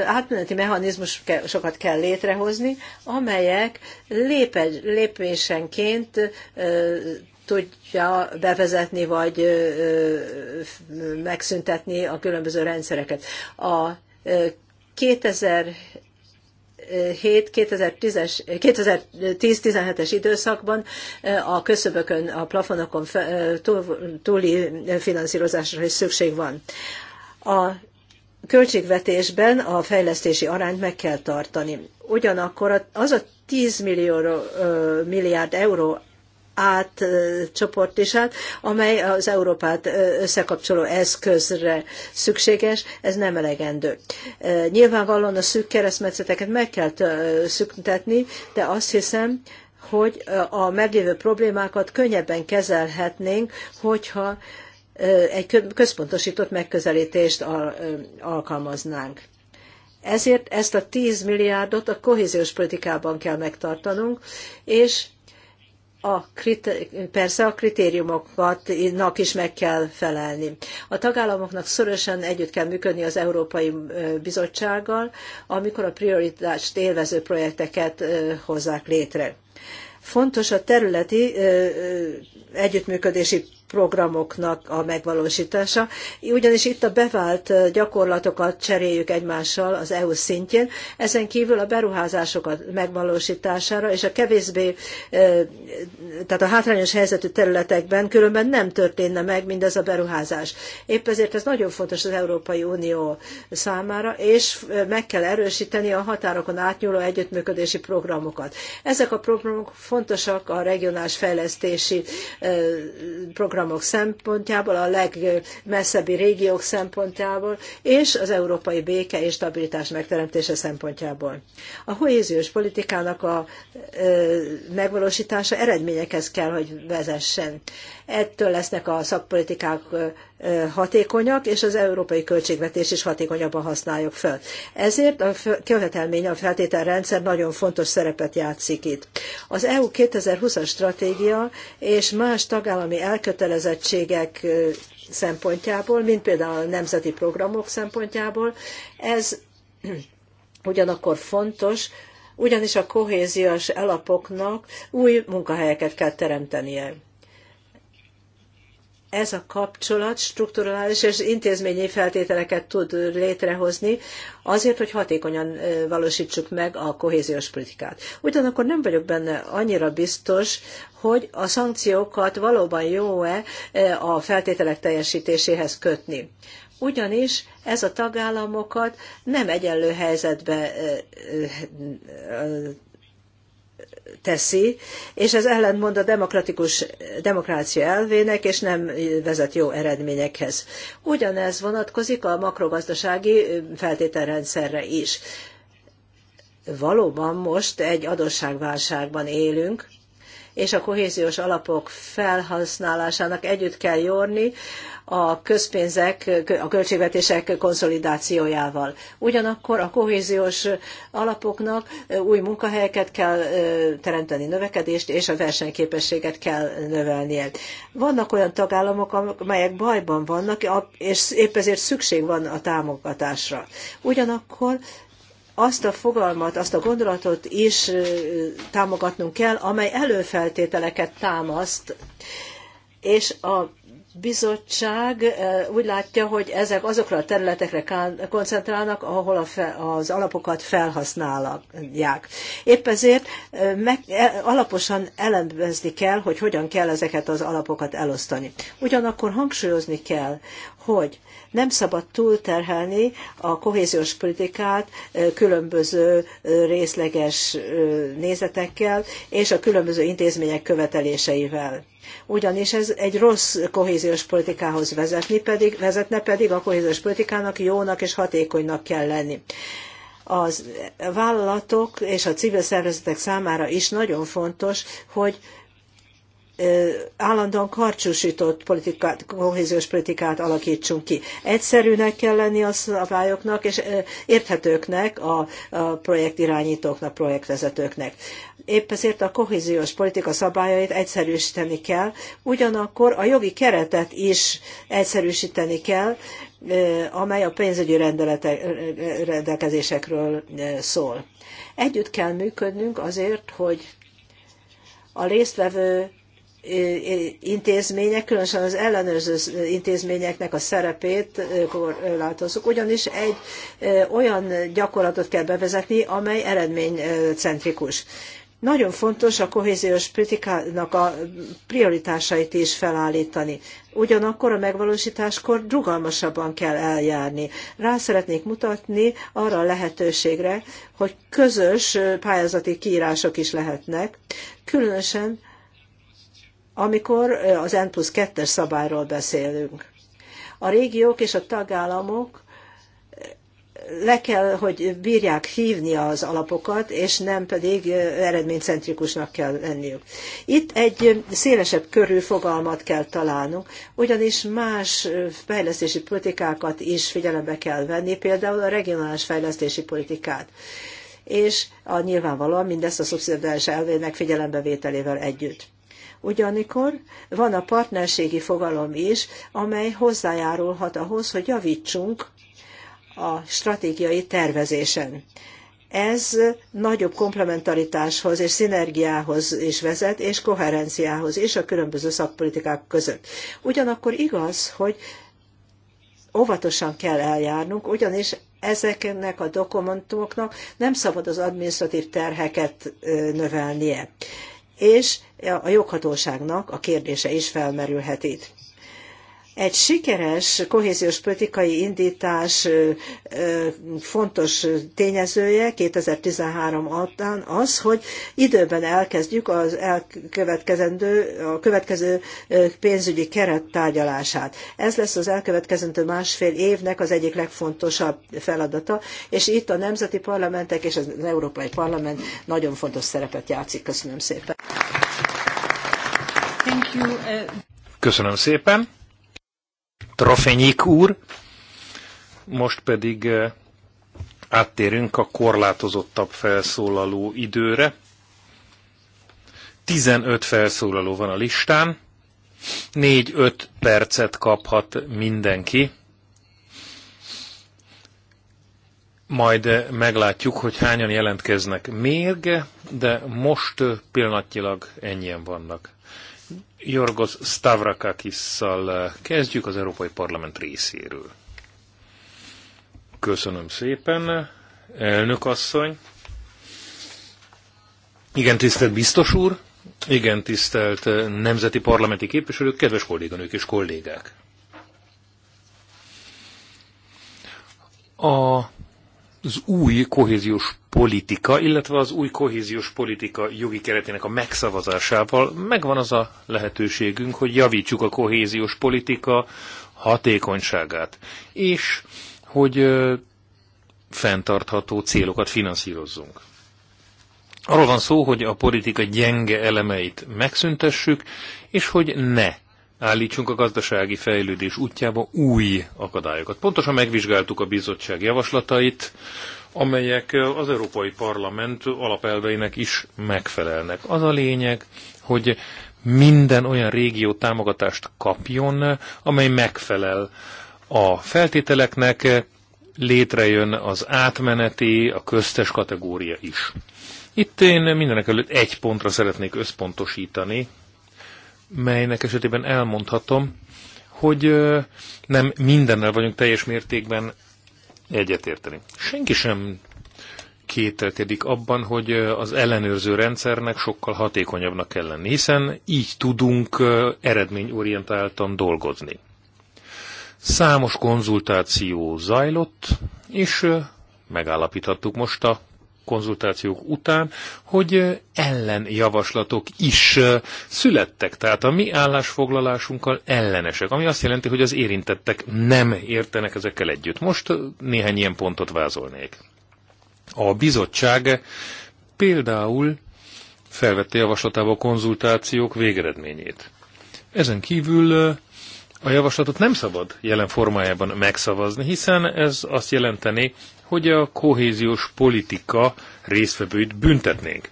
átmeneti mechanizmusokat kell létrehozni, amelyek lépe, lépésenként tudja bevezetni vagy megszüntetni a különböző rendszereket. A 2000 2010-17-es időszakban a köszöbökön, a plafonokon túli finanszírozásra is szükség van. A költségvetésben a fejlesztési arányt meg kell tartani. Ugyanakkor az a 10 millió, milliárd euró, átcsoportisát, amely az Európát összekapcsoló eszközre szükséges, ez nem elegendő. Nyilvánvalóan a szűk keresztmetszeteket meg kell szüntetni, de azt hiszem, hogy a meglévő problémákat könnyebben kezelhetnénk, hogyha egy központosított megközelítést alkalmaznánk. Ezért ezt a 10 milliárdot a kohéziós politikában kell megtartanunk, és a persze a kritériumoknak is meg kell felelni. A tagállamoknak szorosan együtt kell működni az Európai Bizottsággal, amikor a prioritást élvező projekteket hozzák létre. Fontos a területi együttműködési programoknak a megvalósítása, ugyanis itt a bevált gyakorlatokat cseréljük egymással az EU szintjén, ezen kívül a beruházásokat megvalósítására és a kevésbé, tehát a hátrányos helyzetű területekben különben nem történne meg mindez a beruházás. Épp ezért ez nagyon fontos az Európai Unió számára, és meg kell erősíteni a határokon átnyúló együttműködési programokat. Ezek a programok fontosak a regionális fejlesztési programok programok szempontjából, a legmesszebbi régiók szempontjából, és az európai béke és stabilitás megteremtése szempontjából. A kohéziós politikának a megvalósítása eredményekhez kell, hogy vezessen Ettől lesznek a szakpolitikák hatékonyak, és az európai költségvetés is hatékonyabban használjuk fel. Ezért a követelmény, a feltételrendszer nagyon fontos szerepet játszik itt. Az EU 2020-as stratégia és más tagállami elkötelezettségek szempontjából, mint például a nemzeti programok szempontjából, ez ugyanakkor fontos, ugyanis a kohéziós alapoknak új munkahelyeket kell teremtenie ez a kapcsolat strukturális és intézményi feltételeket tud létrehozni azért, hogy hatékonyan valósítsuk meg a kohéziós politikát. Ugyanakkor nem vagyok benne annyira biztos, hogy a szankciókat valóban jó-e a feltételek teljesítéséhez kötni. Ugyanis ez a tagállamokat nem egyenlő helyzetbe teszi, és ez ellentmond a demokratikus demokrácia elvének, és nem vezet jó eredményekhez. Ugyanez vonatkozik a makrogazdasági feltételrendszerre is. Valóban most egy adósságválságban élünk, és a kohéziós alapok felhasználásának együtt kell jórni a közpénzek, a költségvetések konszolidációjával. Ugyanakkor a kohéziós alapoknak új munkahelyeket kell teremteni, növekedést és a versenyképességet kell növelnie. Vannak olyan tagállamok, amelyek bajban vannak, és épp ezért szükség van a támogatásra. Ugyanakkor azt a fogalmat, azt a gondolatot is támogatnunk kell, amely előfeltételeket támaszt, és a bizottság eh, úgy látja, hogy ezek azokra a területekre koncentrálnak, ahol a fe, az alapokat felhasználják. Épp ezért eh, meg, eh, alaposan elemezni kell, hogy hogyan kell ezeket az alapokat elosztani. Ugyanakkor hangsúlyozni kell, hogy nem szabad túlterhelni a kohéziós politikát különböző részleges nézetekkel és a különböző intézmények követeléseivel ugyanis ez egy rossz kohéziós politikához vezetni pedig, vezetne pedig a kohéziós politikának jónak és hatékonynak kell lenni. Az vállalatok és a civil szervezetek számára is nagyon fontos, hogy állandóan karcsúsított politikát, kohéziós politikát alakítsunk ki. Egyszerűnek kell lenni a szabályoknak, és érthetőknek a, a projektirányítóknak, projektvezetőknek. Épp ezért a kohéziós politika szabályait egyszerűsíteni kell, ugyanakkor a jogi keretet is egyszerűsíteni kell, amely a pénzügyi rendelkezésekről szól. Együtt kell működnünk azért, hogy a résztvevő intézmények, különösen az ellenőrző intézményeknek a szerepét korlátozzuk, ugyanis egy olyan gyakorlatot kell bevezetni, amely eredménycentrikus. Nagyon fontos a kohéziós politikának a prioritásait is felállítani. Ugyanakkor a megvalósításkor rugalmasabban kell eljárni. Rá szeretnék mutatni arra a lehetőségre, hogy közös pályázati kiírások is lehetnek, különösen amikor az N plusz 2-es szabályról beszélünk. A régiók és a tagállamok le kell, hogy bírják hívni az alapokat, és nem pedig eredménycentrikusnak kell lenniük. Itt egy szélesebb körű fogalmat kell találnunk, ugyanis más fejlesztési politikákat is figyelembe kell venni, például a regionális fejlesztési politikát és a nyilvánvalóan mindezt a szubszidiális elvének vételével együtt. Ugyanikor van a partnerségi fogalom is, amely hozzájárulhat ahhoz, hogy javítsunk a stratégiai tervezésen. Ez nagyobb komplementaritáshoz és szinergiához is vezet, és koherenciához is a különböző szakpolitikák között. Ugyanakkor igaz, hogy óvatosan kell eljárnunk, ugyanis ezeknek a dokumentumoknak nem szabad az administratív terheket növelnie. És a joghatóságnak a kérdése is felmerülhet itt. Egy sikeres kohéziós politikai indítás fontos tényezője 2013 után az, hogy időben elkezdjük az elkövetkezendő, a következő pénzügyi keret tárgyalását. Ez lesz az elkövetkezendő másfél évnek az egyik legfontosabb feladata, és itt a nemzeti parlamentek és az Európai Parlament nagyon fontos szerepet játszik. Köszönöm szépen. Uh, Köszönöm szépen. Trofenyik úr. Most pedig eh, áttérünk a korlátozottabb felszólaló időre. 15 felszólaló van a listán, 4-5 percet kaphat mindenki. Majd eh, meglátjuk, hogy hányan jelentkeznek még, de most eh, pillanatnyilag ennyien vannak. Jorgos Stavrakakis-szal kezdjük az Európai Parlament részéről. Köszönöm szépen, elnök asszony. Igen, tisztelt biztos úr, igen, tisztelt nemzeti parlamenti képviselők, kedves kolléganők és kollégák. A az új kohéziós politika, illetve az új kohéziós politika jogi keretének a megszavazásával megvan az a lehetőségünk, hogy javítsuk a kohéziós politika hatékonyságát, és hogy fenntartható célokat finanszírozzunk. Arról van szó, hogy a politika gyenge elemeit megszüntessük, és hogy ne állítsunk a gazdasági fejlődés útjába új akadályokat. Pontosan megvizsgáltuk a bizottság javaslatait, amelyek az Európai Parlament alapelveinek is megfelelnek. Az a lényeg, hogy minden olyan régió támogatást kapjon, amely megfelel a feltételeknek, létrejön az átmeneti, a köztes kategória is. Itt én mindenek előtt egy pontra szeretnék összpontosítani, melynek esetében elmondhatom, hogy nem mindennel vagyunk teljes mértékben egyetérteni. Senki sem kételkedik abban, hogy az ellenőrző rendszernek sokkal hatékonyabbnak kell lenni, hiszen így tudunk eredményorientáltan dolgozni. Számos konzultáció zajlott, és megállapíthattuk most a konzultációk után, hogy ellenjavaslatok is születtek, tehát a mi állásfoglalásunkkal ellenesek, ami azt jelenti, hogy az érintettek nem értenek ezekkel együtt. Most néhány ilyen pontot vázolnék. A bizottság például felvette javaslatába a konzultációk végeredményét. Ezen kívül a javaslatot nem szabad jelen formájában megszavazni, hiszen ez azt jelenteni, hogy a kohéziós politika résztvevőit büntetnénk.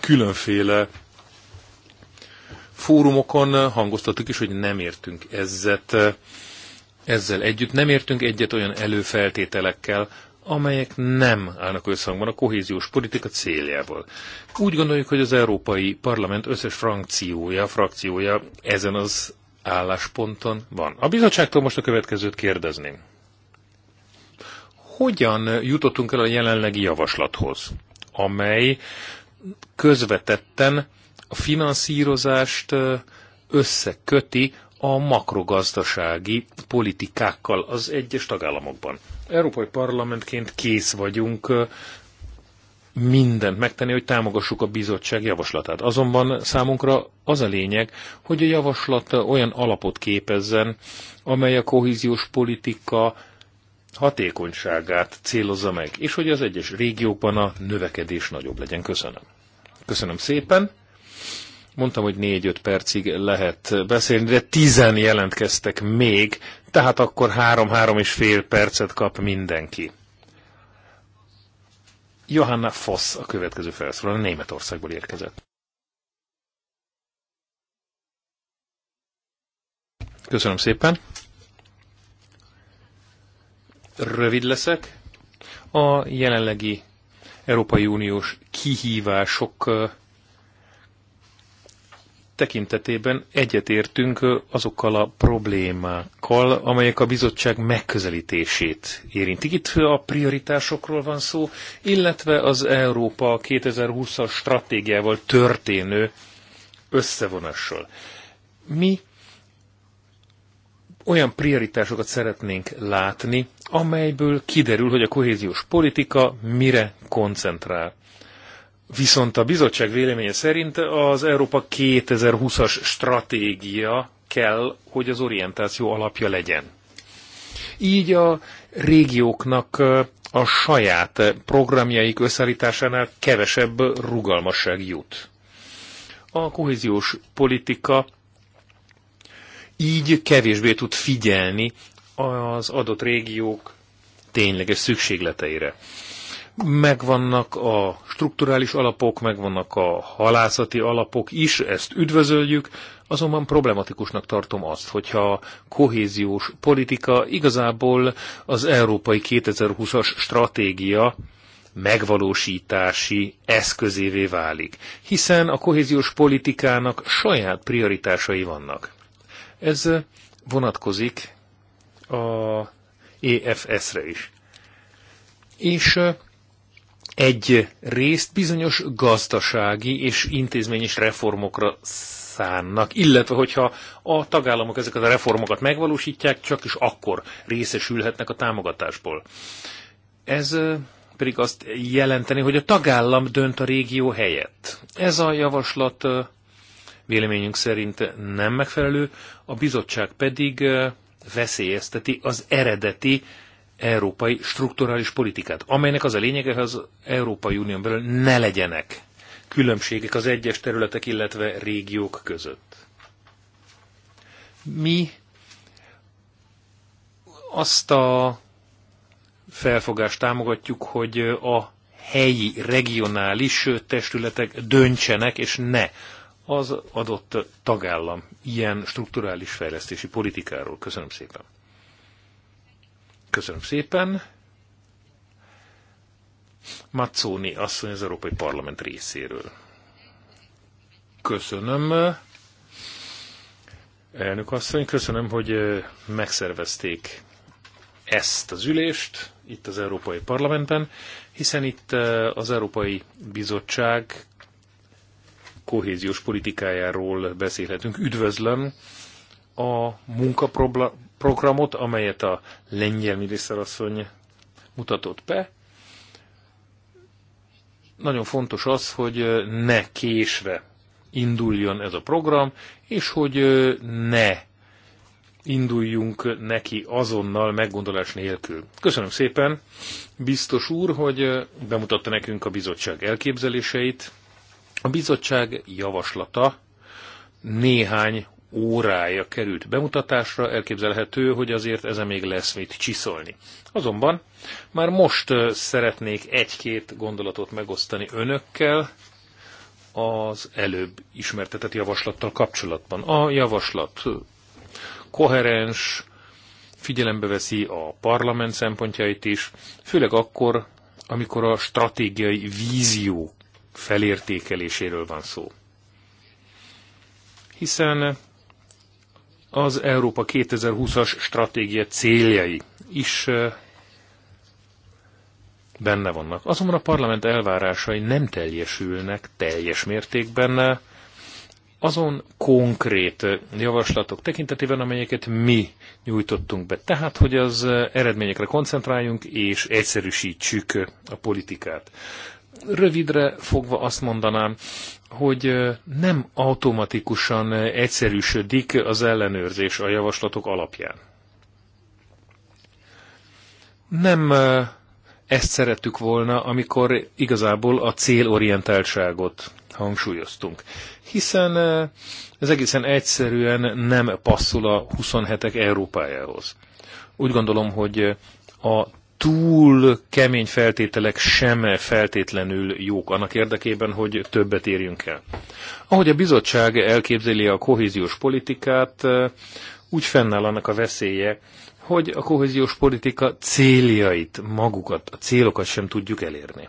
Különféle fórumokon hangoztattuk is, hogy nem értünk ezzel, ezzel együtt, nem értünk egyet olyan előfeltételekkel, amelyek nem állnak összhangban a kohéziós politika céljával. Úgy gondoljuk, hogy az Európai Parlament összes frakciója, frakciója ezen az állásponton van. A bizottságtól most a következőt kérdezném hogyan jutottunk el a jelenlegi javaslathoz, amely közvetetten a finanszírozást összeköti a makrogazdasági politikákkal az egyes tagállamokban. Európai Parlamentként kész vagyunk mindent megtenni, hogy támogassuk a bizottság javaslatát. Azonban számunkra az a lényeg, hogy a javaslat olyan alapot képezzen, amely a kohéziós politika hatékonyságát célozza meg, és hogy az egyes régióban a növekedés nagyobb legyen. Köszönöm. Köszönöm szépen. Mondtam, hogy 4-5 percig lehet beszélni, de tizen jelentkeztek még, tehát akkor 3-3 és fél percet kap mindenki. Johanna Foss a következő felszólaló Németországból érkezett. Köszönöm szépen. Rövid leszek. A jelenlegi Európai Uniós kihívások tekintetében egyetértünk azokkal a problémákkal, amelyek a bizottság megközelítését érintik. Itt a prioritásokról van szó, illetve az Európa 2020-as stratégiával történő összevonással. Mi olyan prioritásokat szeretnénk látni, amelyből kiderül, hogy a kohéziós politika mire koncentrál. Viszont a bizottság véleménye szerint az Európa 2020-as stratégia kell, hogy az orientáció alapja legyen. Így a régióknak a saját programjaik összeállításánál kevesebb rugalmasság jut. A kohéziós politika így kevésbé tud figyelni az adott régiók tényleges szükségleteire. Megvannak a strukturális alapok, megvannak a halászati alapok is, ezt üdvözöljük, azonban problematikusnak tartom azt, hogyha a kohéziós politika igazából az Európai 2020-as stratégia megvalósítási eszközévé válik, hiszen a kohéziós politikának saját prioritásai vannak. Ez vonatkozik a EFS-re is. És egy részt bizonyos gazdasági és intézményes reformokra szánnak, illetve hogyha a tagállamok ezeket a reformokat megvalósítják, csak is akkor részesülhetnek a támogatásból. Ez pedig azt jelenteni, hogy a tagállam dönt a régió helyett. Ez a javaslat véleményünk szerint nem megfelelő, a bizottság pedig veszélyezteti az eredeti európai strukturális politikát, amelynek az a lényege, hogy az Európai Unión belül ne legyenek különbségek az egyes területek, illetve régiók között. Mi azt a felfogást támogatjuk, hogy a helyi, regionális testületek döntsenek, és ne az adott tagállam ilyen strukturális fejlesztési politikáról. Köszönöm szépen. Köszönöm szépen. Mazzoni asszony az Európai Parlament részéről. Köszönöm. Elnök asszony, köszönöm, hogy megszervezték ezt az ülést itt az Európai Parlamentben, hiszen itt az Európai Bizottság kohéziós politikájáról beszélhetünk. Üdvözlöm a munkaprogramot, amelyet a lengyel miniszterasszony mutatott be. Nagyon fontos az, hogy ne késve induljon ez a program, és hogy ne induljunk neki azonnal meggondolás nélkül. Köszönöm szépen, biztos úr, hogy bemutatta nekünk a bizottság elképzeléseit, a bizottság javaslata néhány órája került bemutatásra, elképzelhető, hogy azért ezen még lesz mit csiszolni. Azonban már most szeretnék egy-két gondolatot megosztani önökkel az előbb ismertetett javaslattal kapcsolatban. A javaslat koherens, figyelembe veszi a parlament szempontjait is, főleg akkor, amikor a stratégiai vízió felértékeléséről van szó. Hiszen az Európa 2020-as stratégia céljai is benne vannak. Azonban a parlament elvárásai nem teljesülnek teljes mértékben azon konkrét javaslatok tekintetében, amelyeket mi nyújtottunk be. Tehát, hogy az eredményekre koncentráljunk és egyszerűsítsük a politikát rövidre fogva azt mondanám, hogy nem automatikusan egyszerűsödik az ellenőrzés a javaslatok alapján. Nem ezt szerettük volna, amikor igazából a célorientáltságot hangsúlyoztunk. Hiszen ez egészen egyszerűen nem passzol a 27-ek Európájához. Úgy gondolom, hogy a túl kemény feltételek sem feltétlenül jók annak érdekében, hogy többet érjünk el. Ahogy a bizottság elképzeli a kohéziós politikát, eh, úgy fennáll annak a veszélye, hogy a kohéziós politika céljait, magukat, a célokat sem tudjuk elérni.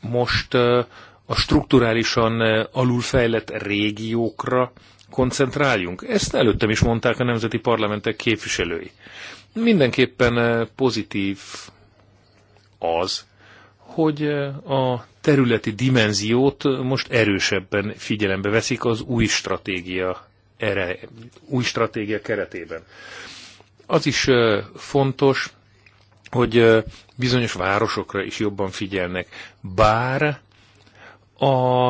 Most eh, a strukturálisan eh, alulfejlett régiókra koncentráljunk. Ezt előttem is mondták a nemzeti parlamentek képviselői. Mindenképpen eh, pozitív az, hogy eh, a területi dimenziót eh, most erősebben figyelembe veszik az új stratégia, ere, új stratégia keretében. Az is fontos, hogy bizonyos városokra is jobban figyelnek, bár a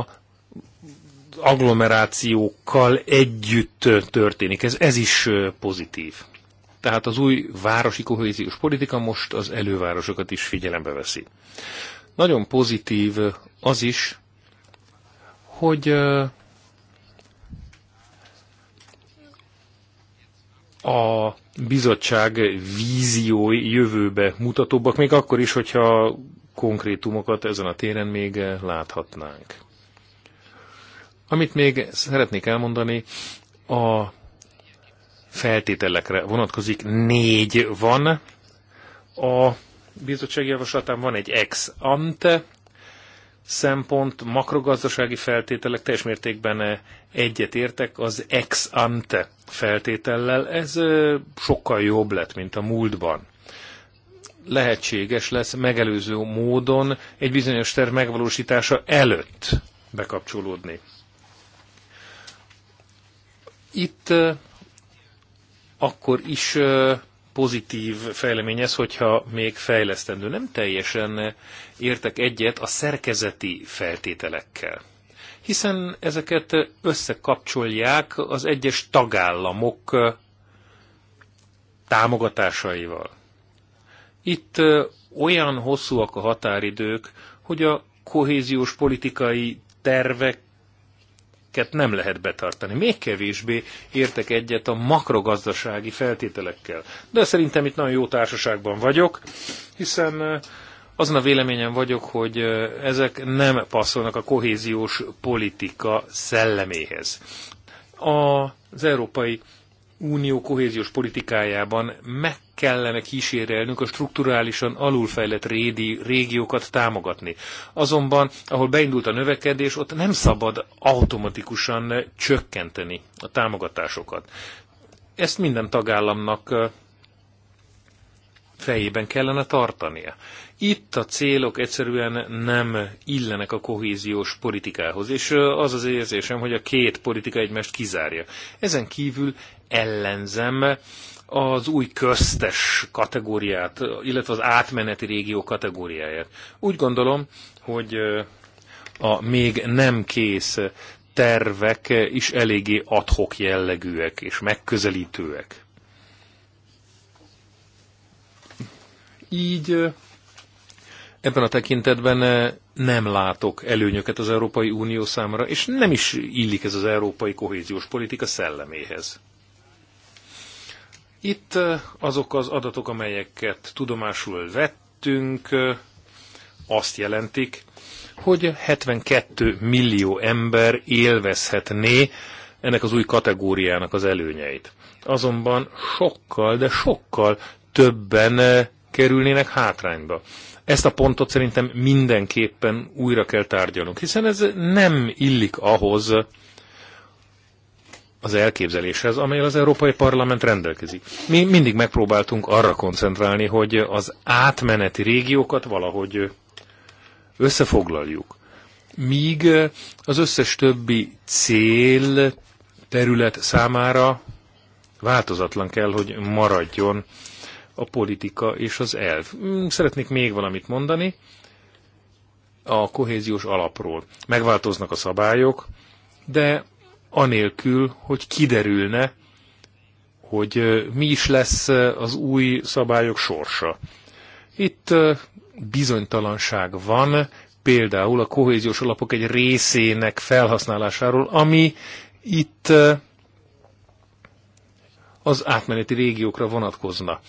agglomerációkkal együtt történik. Ez, ez is pozitív. Tehát az új városi kohéziós politika most az elővárosokat is figyelembe veszi. Nagyon pozitív az is, hogy a bizottság víziói jövőbe mutatóbbak, még akkor is, hogyha konkrétumokat ezen a téren még láthatnánk. Amit még szeretnék elmondani, a feltételekre vonatkozik, négy van. A bizottsági javaslatán van egy ex ante szempont, makrogazdasági feltételek teljes mértékben eh, értek az ex ante feltétellel. Ez eh, sokkal jobb lett, mint a múltban lehetséges lesz megelőző módon egy bizonyos terv megvalósítása előtt bekapcsolódni. Itt eh, akkor is pozitív fejlemény ez, hogyha még fejlesztendő. Nem teljesen értek egyet a szerkezeti feltételekkel, hiszen ezeket összekapcsolják az egyes tagállamok támogatásaival. Itt olyan hosszúak a határidők, hogy a kohéziós politikai tervek nem lehet betartani. Még kevésbé értek egyet a makrogazdasági feltételekkel. De szerintem itt nagyon jó társaságban vagyok, hiszen azon a véleményen vagyok, hogy ezek nem passzolnak a kohéziós politika szelleméhez. Az európai Unió kohéziós politikájában meg kellene kísérelnünk a strukturálisan alulfejlett rédi, régiókat támogatni. Azonban, ahol beindult a növekedés, ott nem szabad automatikusan csökkenteni a támogatásokat. Ezt minden tagállamnak fejében kellene tartania. Itt a célok egyszerűen nem illenek a kohéziós politikához, és az az érzésem, hogy a két politika egymást kizárja. Ezen kívül ellenzem az új köztes kategóriát, illetve az átmeneti régió kategóriáját. Úgy gondolom, hogy a még nem kész tervek is eléggé adhok jellegűek és megközelítőek. Így ebben a tekintetben nem látok előnyöket az Európai Unió számára, és nem is illik ez az európai kohéziós politika szelleméhez. Itt azok az adatok, amelyeket tudomásul vettünk, azt jelentik, hogy 72 millió ember élvezhetné ennek az új kategóriának az előnyeit. Azonban sokkal, de sokkal többen kerülnének hátrányba. Ezt a pontot szerintem mindenképpen újra kell tárgyalnunk, hiszen ez nem illik ahhoz, az elképzeléshez, amelyel az Európai Parlament rendelkezik. Mi mindig megpróbáltunk arra koncentrálni, hogy az átmeneti régiókat valahogy összefoglaljuk. Míg az összes többi cél terület számára változatlan kell, hogy maradjon a politika és az elv. Hmm, szeretnék még valamit mondani a kohéziós alapról. Megváltoznak a szabályok, de anélkül, hogy kiderülne, hogy mi is lesz az új szabályok sorsa. Itt bizonytalanság van, például a kohéziós alapok egy részének felhasználásáról, ami itt az átmeneti régiókra vonatkozna.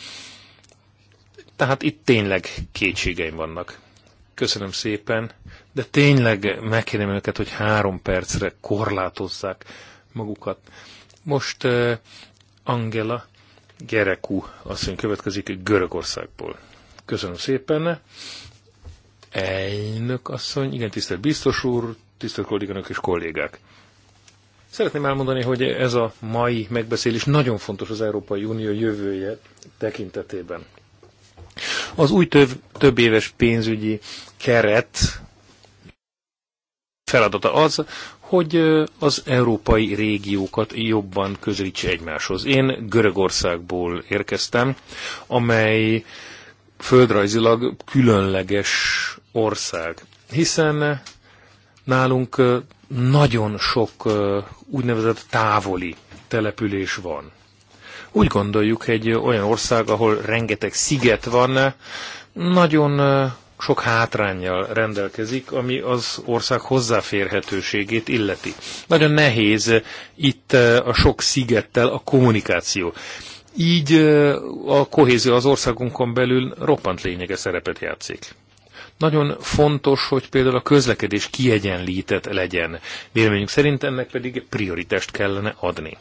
Tehát itt tényleg kétségeim vannak. Köszönöm szépen de tényleg megkérem őket, hogy három percre korlátozzák magukat. Most uh, Angela Gerekú asszony következik Görögországból. Köszönöm szépen. Elnök asszony, igen, tisztelt biztos úr, tisztelt kolléganök és kollégák. Szeretném elmondani, hogy ez a mai megbeszélés nagyon fontos az Európai Unió jövője tekintetében. Az új több, több éves pénzügyi keret feladata az, hogy az európai régiókat jobban közelítse egymáshoz. Én Görögországból érkeztem, amely földrajzilag különleges ország, hiszen nálunk nagyon sok úgynevezett távoli település van. Úgy gondoljuk, egy olyan ország, ahol rengeteg sziget van, nagyon sok hátrányjal rendelkezik, ami az ország hozzáférhetőségét illeti. Nagyon nehéz itt e, a sok szigettel a kommunikáció. Így e, a kohézió az országunkon belül roppant lényeges szerepet játszik. Nagyon fontos, hogy például a közlekedés kiegyenlített legyen. Véleményünk szerint ennek pedig prioritást kellene adni.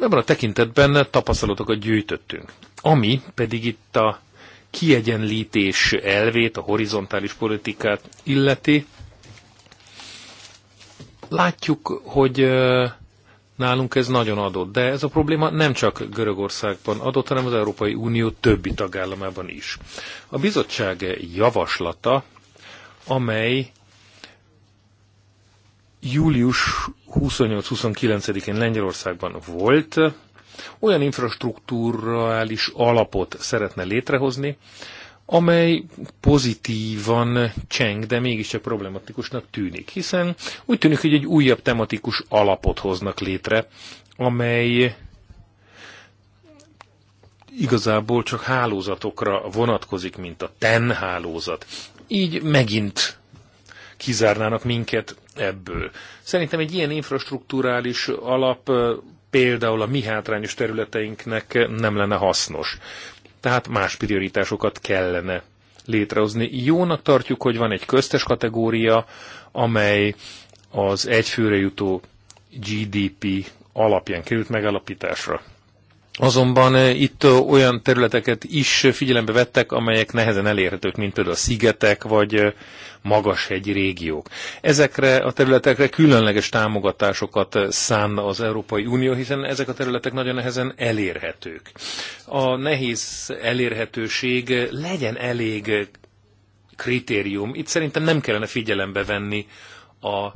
Ebben a tekintetben tapasztalatokat gyűjtöttünk. Ami pedig itt a kiegyenlítés elvét, a horizontális politikát illeti, látjuk, hogy nálunk ez nagyon adott, de ez a probléma nem csak Görögországban adott, hanem az Európai Unió többi tagállamában is. A bizottság javaslata, amely július 28-29-én Lengyelországban volt, olyan infrastruktúrális alapot szeretne létrehozni, amely pozitívan cseng, de mégiscsak problematikusnak tűnik, hiszen úgy tűnik, hogy egy újabb tematikus alapot hoznak létre, amely igazából csak hálózatokra vonatkozik, mint a TEN hálózat. Így megint kizárnának minket ebből. Szerintem egy ilyen infrastruktúrális alap például a mi hátrányos területeinknek nem lenne hasznos. Tehát más prioritásokat kellene létrehozni. Jónak tartjuk, hogy van egy köztes kategória, amely az egyfőre jutó GDP alapján került megalapításra. Azonban eh, itt eh, olyan területeket is figyelembe vettek, amelyek nehezen elérhetők, mint például a szigetek vagy eh, magashegyi régiók. Ezekre a területekre különleges támogatásokat szán az Európai Unió, hiszen ezek a területek nagyon nehezen elérhetők. A nehéz elérhetőség legyen elég kritérium. Itt szerintem nem kellene figyelembe venni a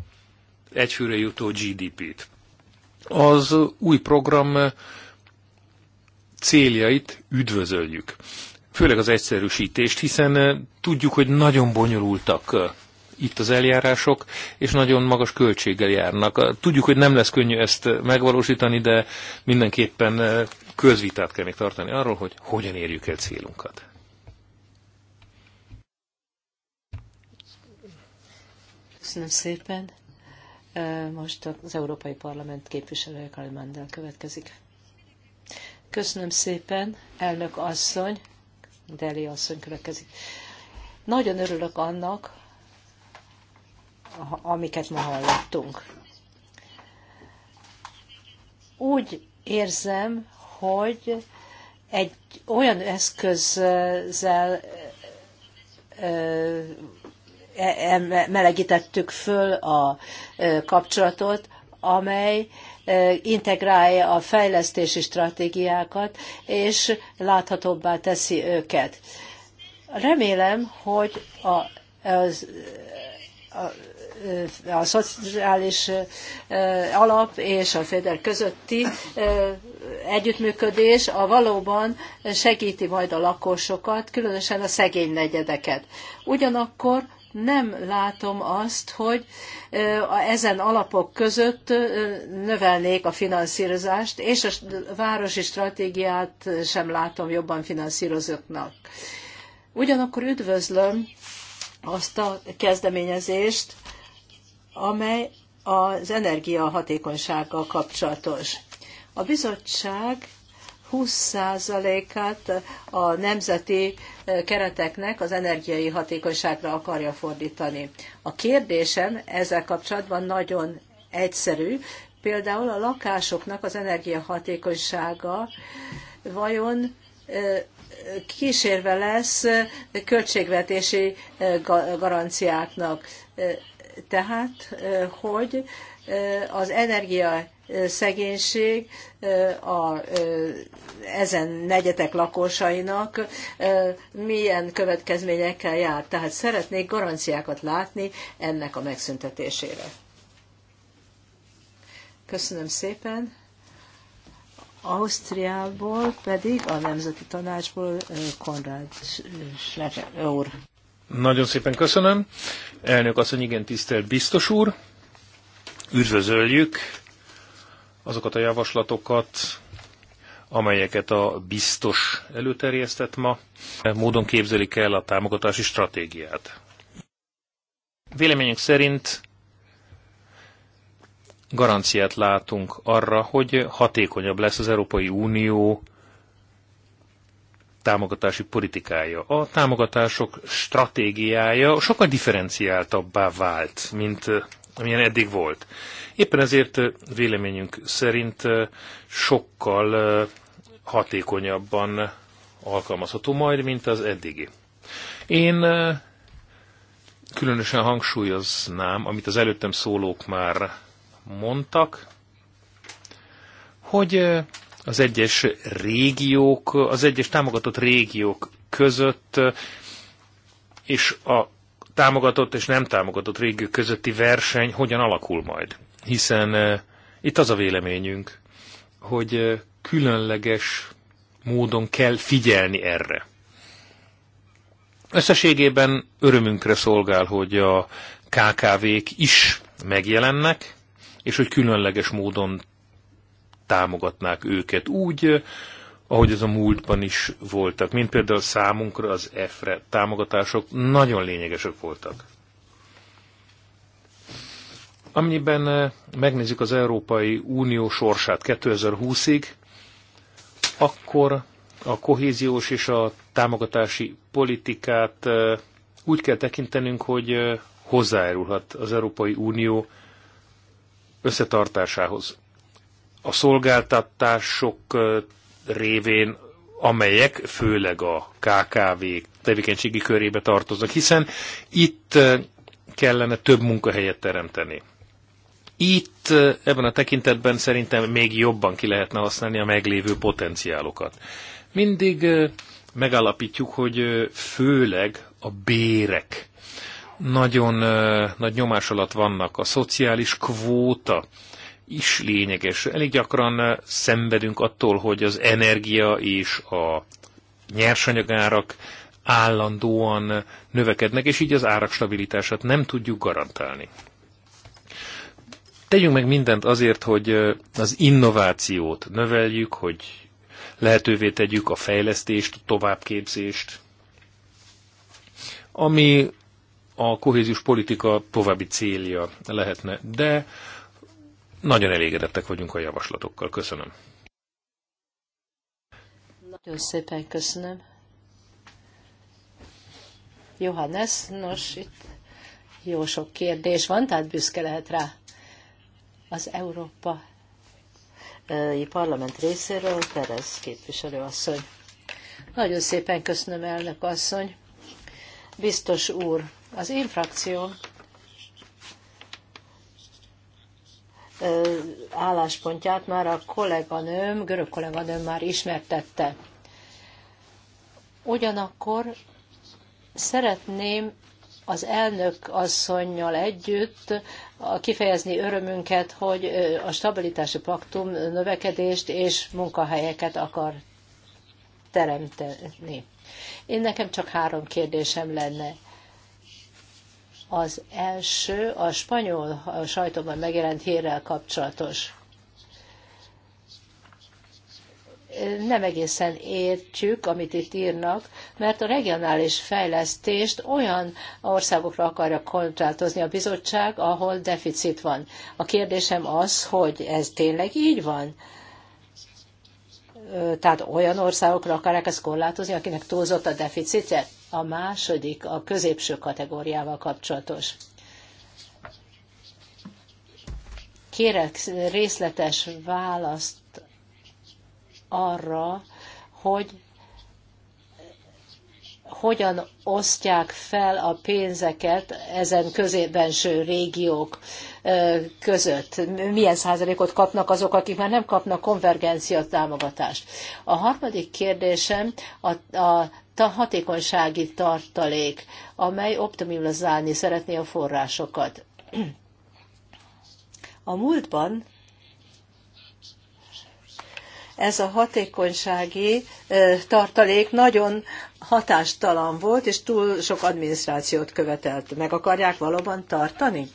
egyfőre jutó GDP-t. Az új program céljait üdvözöljük. Főleg az egyszerűsítést, hiszen eh, tudjuk, hogy nagyon bonyolultak eh, itt az eljárások, és nagyon magas költséggel járnak. Eh, tudjuk, hogy nem lesz könnyű ezt megvalósítani, de mindenképpen közvitát kell még tartani arról, hogy hogyan érjük el célunkat. Köszönöm szépen. Most az Európai Parlament képviselője Karl Mandel következik. Köszönöm szépen, elnök asszony, Deli asszony következik. Nagyon örülök annak, amiket ma hallottunk. Úgy érzem, hogy egy olyan eszközzel e- e- melegítettük föl a kapcsolatot, amely integrálja a fejlesztési stratégiákat, és láthatóbbá teszi őket. Remélem, hogy a, az, a, a szociális alap és a FEDER közötti együttműködés a valóban segíti majd a lakosokat, különösen a szegény negyedeket. Ugyanakkor nem látom azt, hogy ezen alapok között növelnék a finanszírozást, és a városi stratégiát sem látom jobban finanszírozóknak. Ugyanakkor üdvözlöm azt a kezdeményezést, amely az energiahatékonysággal kapcsolatos. A bizottság 20%-át a nemzeti e, kereteknek az energiai hatékonyságra akarja fordítani. A kérdésem ezzel kapcsolatban nagyon egyszerű. Például a lakásoknak az energiahatékonysága vajon e, kísérve lesz költségvetési e, garanciáknak. Tehát, hogy az energia szegénység a, ezen negyetek lakosainak milyen következményekkel jár. Tehát szeretnék garanciákat látni ennek a megszüntetésére. Köszönöm szépen. Ausztriából pedig a Nemzeti Tanácsból Konrad Schlecher úr. Nagyon szépen köszönöm. Elnök asszony, igen, tisztelt biztos úr. Üdvözöljük azokat a javaslatokat, amelyeket a biztos előterjesztett ma, módon képzelik el a támogatási stratégiát. Véleményünk szerint garanciát látunk arra, hogy hatékonyabb lesz az Európai Unió támogatási politikája. A támogatások stratégiája sokkal differenciáltabbá vált, mint amilyen eddig volt. Éppen ezért véleményünk szerint sokkal hatékonyabban alkalmazható majd, mint az eddigi. Én különösen hangsúlyoznám, amit az előttem szólók már mondtak, hogy az egyes régiók, az egyes támogatott régiók között és a támogatott és nem támogatott régiók közötti verseny hogyan alakul majd. Hiszen eh, itt az a véleményünk, hogy eh, különleges módon kell figyelni erre. Összességében örömünkre szolgál, hogy a KKV-k is megjelennek, és hogy különleges módon támogatnák őket úgy, eh, ahogy az a múltban is voltak, mint például számunkra az EFRE támogatások nagyon lényegesek voltak. Amennyiben eh, megnézzük az Európai Unió sorsát 2020-ig, akkor a kohéziós és a támogatási politikát eh, úgy kell tekintenünk, hogy eh, hozzájárulhat az Európai Unió összetartásához. A szolgáltatások révén, amelyek főleg a KKV tevékenységi körébe tartoznak, hiszen itt kellene több munkahelyet teremteni. Itt ebben a tekintetben szerintem még jobban ki lehetne használni a meglévő potenciálokat. Mindig megállapítjuk, hogy főleg a bérek nagyon nagy nyomás alatt vannak. A szociális kvóta is lényeges. Elég gyakran eh, szenvedünk attól, hogy az energia és a nyersanyagárak állandóan növekednek, és így az árak stabilitását nem tudjuk garantálni. Tegyünk meg mindent azért, hogy eh, az innovációt növeljük, hogy lehetővé tegyük a fejlesztést, a továbbképzést, ami a kohéziós politika további célja lehetne. De nagyon elégedettek vagyunk a javaslatokkal. Köszönöm. Nagyon szépen köszönöm. Johannes, nos, itt jó sok kérdés van, tehát büszke lehet rá. Az Európa parlament részéről Terez képviselő asszony. Nagyon szépen köszönöm, elnök asszony. Biztos úr, az én frakcióm álláspontját már a kolléganőm, görög kolléganőm már ismertette. Ugyanakkor szeretném az elnök asszonynal együtt kifejezni örömünket, hogy a stabilitási paktum növekedést és munkahelyeket akar teremteni. Én nekem csak három kérdésem lenne. Az első a spanyol a sajtóban megjelent hírrel kapcsolatos. Nem egészen értjük, amit itt írnak, mert a regionális fejlesztést olyan országokra akarja kontrátozni a bizottság, ahol deficit van. A kérdésem az, hogy ez tényleg így van? tehát olyan országokra akarják ezt korlátozni, akinek túlzott a deficitje? a második a középső kategóriával kapcsolatos. Kérek részletes választ arra, hogy hogyan osztják fel a pénzeket ezen középbenső régiók között. Milyen százalékot kapnak azok, akik már nem kapnak konvergenciát támogatást. A harmadik kérdésem a, a hatékonysági tartalék, amely optimizálni szeretné a forrásokat. A múltban ez a hatékonysági tartalék nagyon hatástalan volt, és túl sok adminisztrációt követelt. Meg akarják valóban tartani?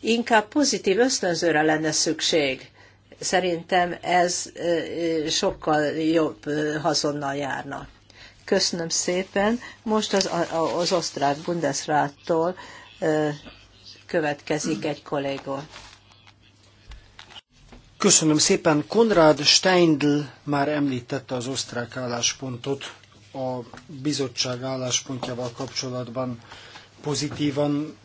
Inkább pozitív ösztönzőre lenne szükség. Szerintem ez sokkal jobb haszonnal járna. Köszönöm szépen. Most az, az osztrák Bundesráttól következik egy kollégó. Köszönöm szépen. Konrad Steindl már említette az osztrák álláspontot a bizottság álláspontjával kapcsolatban pozitívan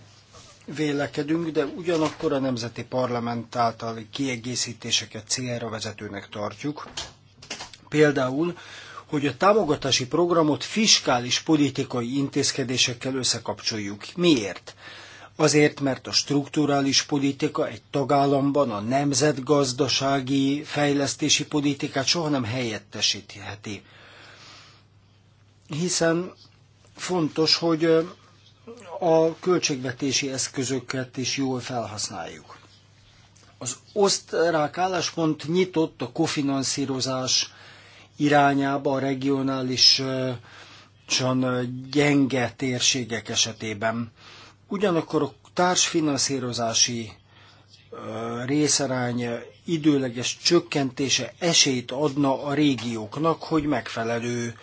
vélekedünk, de ugyanakkor a Nemzeti Parlament általi kiegészítéseket célra vezetőnek tartjuk. Például hogy a támogatási programot fiskális politikai intézkedésekkel összekapcsoljuk. Miért? Azért, mert a strukturális politika egy tagállamban a nemzetgazdasági fejlesztési politikát soha nem helyettesítheti. Hiszen fontos, hogy a költségvetési eszközöket is jól felhasználjuk. Az osztrák álláspont nyitott a kofinanszírozás irányába a regionális csan gyenge térségek esetében. Ugyanakkor a társfinanszírozási részarány időleges csökkentése esélyt adna a régióknak, hogy megfelelő,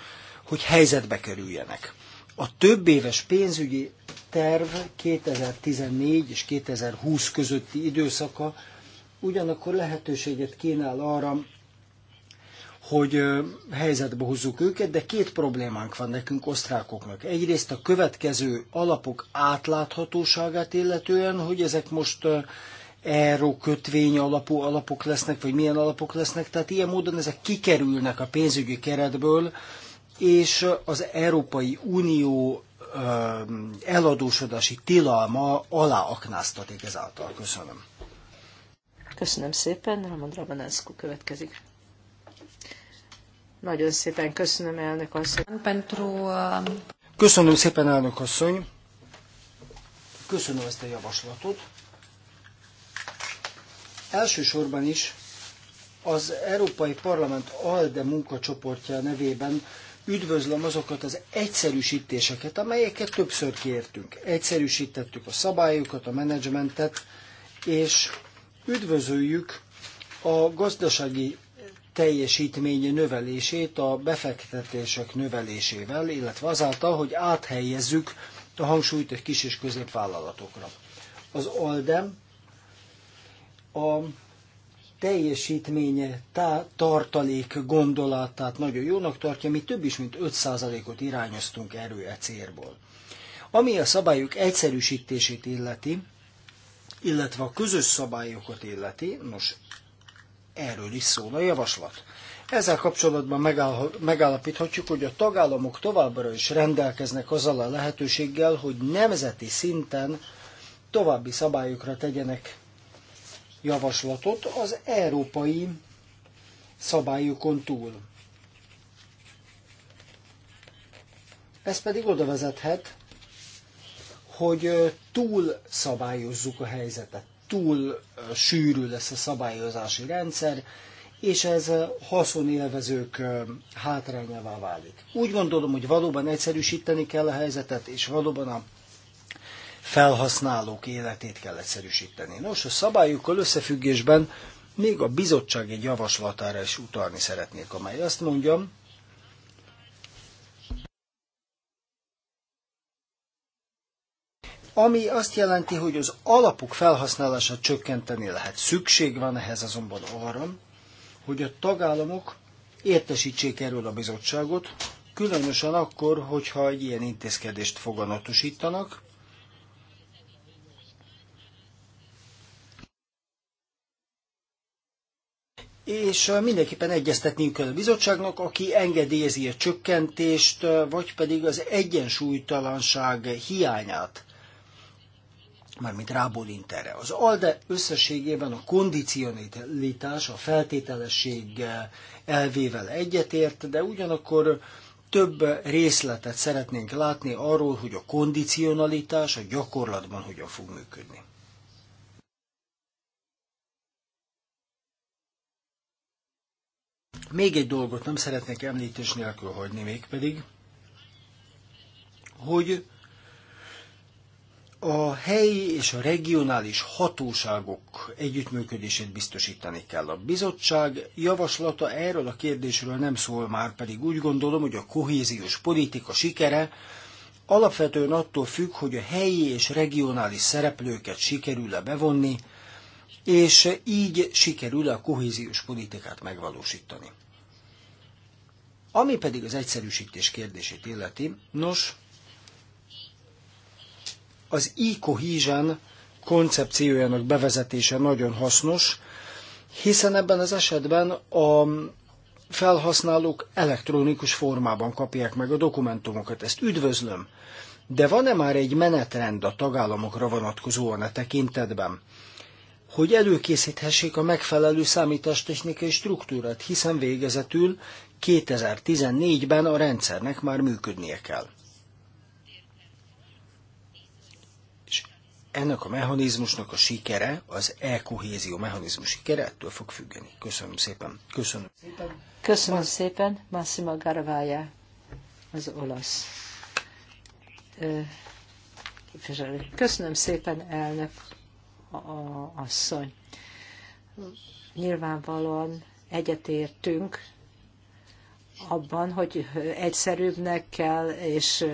hogy helyzetbe kerüljenek. A több éves pénzügyi terv 2014 és 2020 közötti időszaka ugyanakkor lehetőséget kínál arra, hogy helyzetbe hozzuk őket, de két problémánk van nekünk osztrákoknak. Egyrészt a következő alapok átláthatóságát illetően, hogy ezek most euró kötvény alapú alapok lesznek, vagy milyen alapok lesznek, tehát ilyen módon ezek kikerülnek a pénzügyi keretből, és az Európai Unió eladósodási tilalma alá aknáztatik ezáltal. Köszönöm. Köszönöm szépen, Ramon Rabanánszkó következik. Nagyon szépen köszönöm, elnök asszony. Uh, köszönöm szépen, elnök asszony. Köszönöm ezt a javaslatot. Elsősorban is az Európai Parlament ALDE munkacsoportja nevében üdvözlöm azokat az egyszerűsítéseket, amelyeket többször kértünk. Egyszerűsítettük a szabályokat, a menedzsmentet, és üdvözöljük a gazdasági teljesítmény növelését a befektetések növelésével, illetve azáltal, hogy áthelyezzük a hangsúlyt a kis és középvállalatokra. Az ALDEM a teljesítménye tá, tartalék gondolatát nagyon jónak tartja, mi több is, mint 5%-ot irányoztunk erő e célból. Ami a szabályok egyszerűsítését illeti, illetve a közös szabályokat illeti, nos, Erről is szól a javaslat. Ezzel kapcsolatban megállapíthatjuk, hogy a tagállamok továbbra is rendelkeznek azzal a lehetőséggel, hogy nemzeti szinten további szabályokra tegyenek javaslatot az európai szabályokon túl. Ez pedig oda vezethet, hogy túl szabályozzuk a helyzetet túl sűrű lesz a szabályozási rendszer, és ez haszonélvezők hátrányává válik. Úgy gondolom, hogy valóban egyszerűsíteni kell a helyzetet, és valóban a felhasználók életét kell egyszerűsíteni. Nos, a szabályokkal összefüggésben még a bizottság egy javaslatára is utalni szeretnék, amely azt mondjam. ami azt jelenti, hogy az alapok felhasználását csökkenteni lehet. Szükség van ehhez azonban arra, hogy a tagállamok értesítsék erről a bizottságot, különösen akkor, hogyha egy ilyen intézkedést foganatosítanak, és mindenképpen egyeztetniük kell a bizottságnak, aki engedélyezi a csökkentést, vagy pedig az egyensúlytalanság hiányát mármint rábólint erre. Az ALDE összességében a kondicionalitás, a feltételesség elvével egyetért, de ugyanakkor több részletet szeretnénk látni arról, hogy a kondicionalitás a gyakorlatban hogyan fog működni. Még egy dolgot nem szeretnék említés nélkül hagyni, mégpedig, hogy a helyi és a regionális hatóságok együttműködését biztosítani kell. A bizottság javaslata erről a kérdésről nem szól már, pedig úgy gondolom, hogy a kohéziós politika sikere alapvetően attól függ, hogy a helyi és regionális szereplőket sikerül-e bevonni, és így sikerül-e a kohéziós politikát megvalósítani. Ami pedig az egyszerűsítés kérdését illeti, nos, az e-cohesion koncepciójának bevezetése nagyon hasznos, hiszen ebben az esetben a felhasználók elektronikus formában kapják meg a dokumentumokat. Ezt üdvözlöm. De van-e már egy menetrend a tagállamokra vonatkozóan a e tekintetben? hogy előkészíthessék a megfelelő számítástechnikai struktúrát, hiszen végezetül 2014-ben a rendszernek már működnie kell. ennek a mechanizmusnak a sikere, az e-kohézió mechanizmus sikere ettől fog függeni. Köszönöm szépen. Köszönöm szépen. Köszönöm Mas- szépen, Massimo Garavaglia, az olasz. Köszönöm szépen, elnök A asszony. Nyilvánvalóan egyetértünk abban, hogy egyszerűbbnek kell és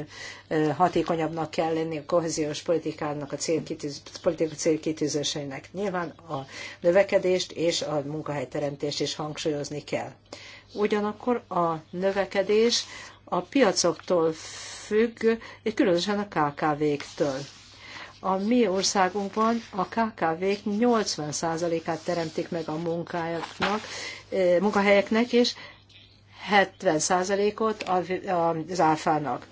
hatékonyabbnak kell lenni a kohéziós politikának, a célkitűz, politika célkitűzéseinek. Nyilván a növekedést és a munkahelyteremtést is hangsúlyozni kell. Ugyanakkor a növekedés a piacoktól függ, és különösen a kkv ktől A mi országunkban a KKV-k 80%-át teremtik meg a munkahelyeknek, és 70%-ot az áfának.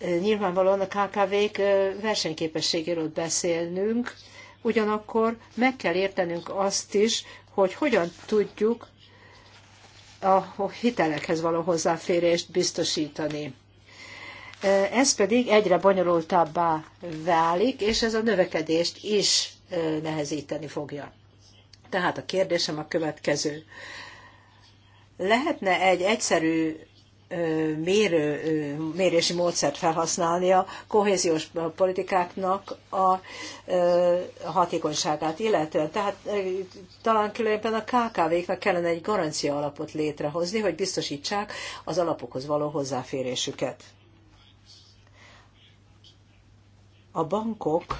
Nyilvánvalóan a KKV-k versenyképességéről beszélnünk, ugyanakkor meg kell értenünk azt is, hogy hogyan tudjuk a hitelekhez való hozzáférést biztosítani. Ez pedig egyre bonyolultabbá válik, és ez a növekedést is nehezíteni fogja. Tehát a kérdésem a következő lehetne egy egyszerű mérő, mérési módszert felhasználni a kohéziós politikáknak a hatékonyságát illetően. Tehát talán különben a KKV-knak kellene egy garancia alapot létrehozni, hogy biztosítsák az alapokhoz való hozzáférésüket. A bankok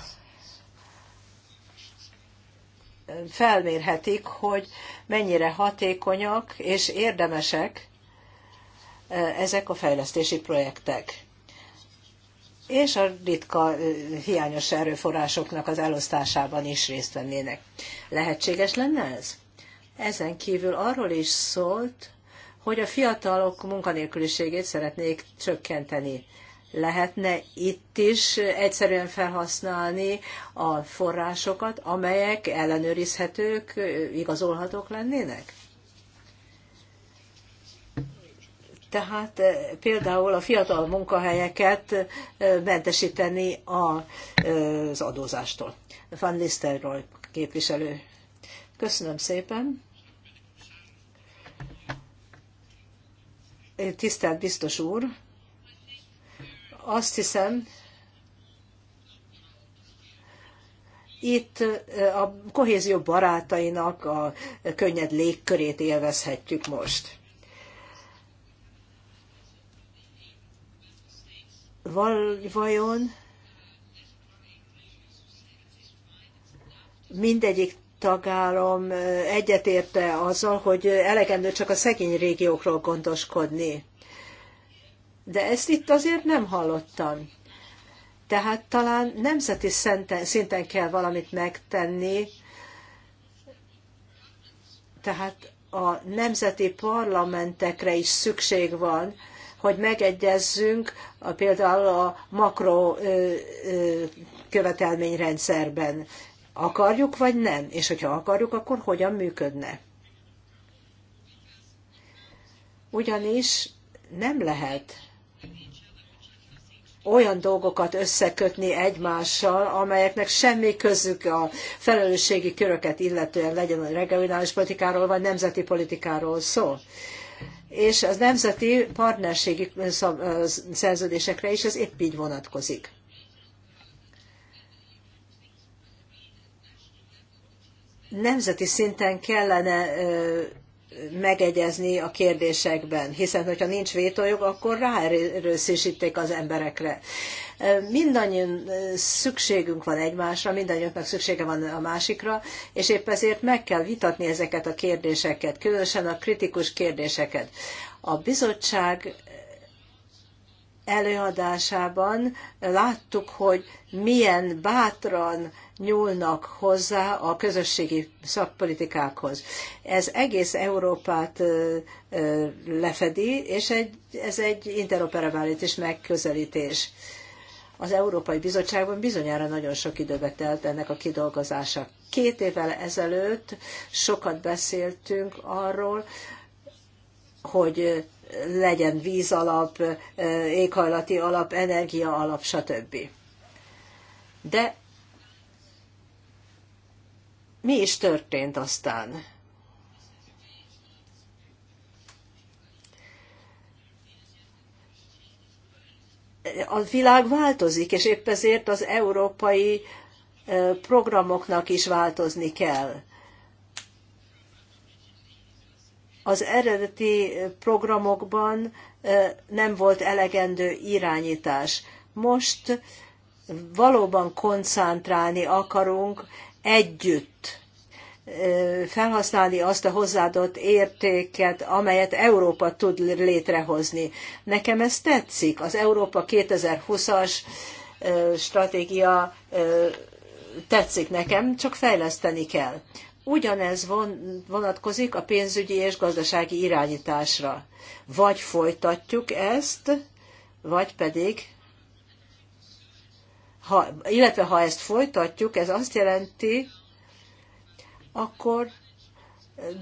felmérhetik, hogy mennyire hatékonyak és érdemesek e, ezek a fejlesztési projektek. És a ritka e, hiányos erőforrásoknak az elosztásában is részt vennének. Lehetséges lenne ez? Ezen kívül arról is szólt, hogy a fiatalok munkanélküliségét szeretnék csökkenteni lehetne itt is egyszerűen felhasználni a forrásokat, amelyek ellenőrizhetők, igazolhatók lennének? Tehát eh, például a fiatal munkahelyeket eh, mentesíteni eh, az adózástól. Van Listerroy képviselő. Köszönöm szépen. Tisztelt biztos úr! Azt hiszem, itt a kohézió barátainak a könnyed légkörét élvezhetjük most. Vajon mindegyik tagállam egyetérte azzal, hogy elegendő csak a szegény régiókról gondoskodni. De ezt itt azért nem hallottam. Tehát talán nemzeti szinten, szinten kell valamit megtenni, tehát a nemzeti parlamentekre is szükség van, hogy megegyezzünk a, például a makro ö, ö, követelményrendszerben. Akarjuk vagy nem? És hogyha akarjuk, akkor hogyan működne? Ugyanis nem lehet olyan dolgokat összekötni egymással, amelyeknek semmi közük a felelősségi köröket illetően legyen a regionális politikáról vagy nemzeti politikáról szó. És az nemzeti partnerségi szerződésekre is ez épp így vonatkozik. Nemzeti szinten kellene megegyezni a kérdésekben, hiszen hogyha nincs vétójog, akkor ráerőszísítik az emberekre. Mindannyian szükségünk van egymásra, mindannyiunknak szüksége van a másikra, és épp ezért meg kell vitatni ezeket a kérdéseket, különösen a kritikus kérdéseket. A bizottság előadásában láttuk, hogy milyen bátran nyúlnak hozzá a közösségi szakpolitikákhoz. Ez egész Európát lefedi, és egy, ez egy interoperabilitás megközelítés. Az Európai Bizottságban bizonyára nagyon sok időbe telt ennek a kidolgozása. Két évvel ezelőtt sokat beszéltünk arról, hogy legyen vízalap, éghajlati alap, energia alap, stb. De mi is történt aztán? A világ változik, és épp ezért az európai programoknak is változni kell. Az eredeti programokban nem volt elegendő irányítás. Most valóban koncentrálni akarunk együtt felhasználni azt a hozzáadott értéket, amelyet Európa tud létrehozni. Nekem ez tetszik. Az Európa 2020-as stratégia tetszik nekem, csak fejleszteni kell. Ugyanez vonatkozik a pénzügyi és gazdasági irányításra. Vagy folytatjuk ezt, vagy pedig ha, illetve ha ezt folytatjuk, ez azt jelenti, akkor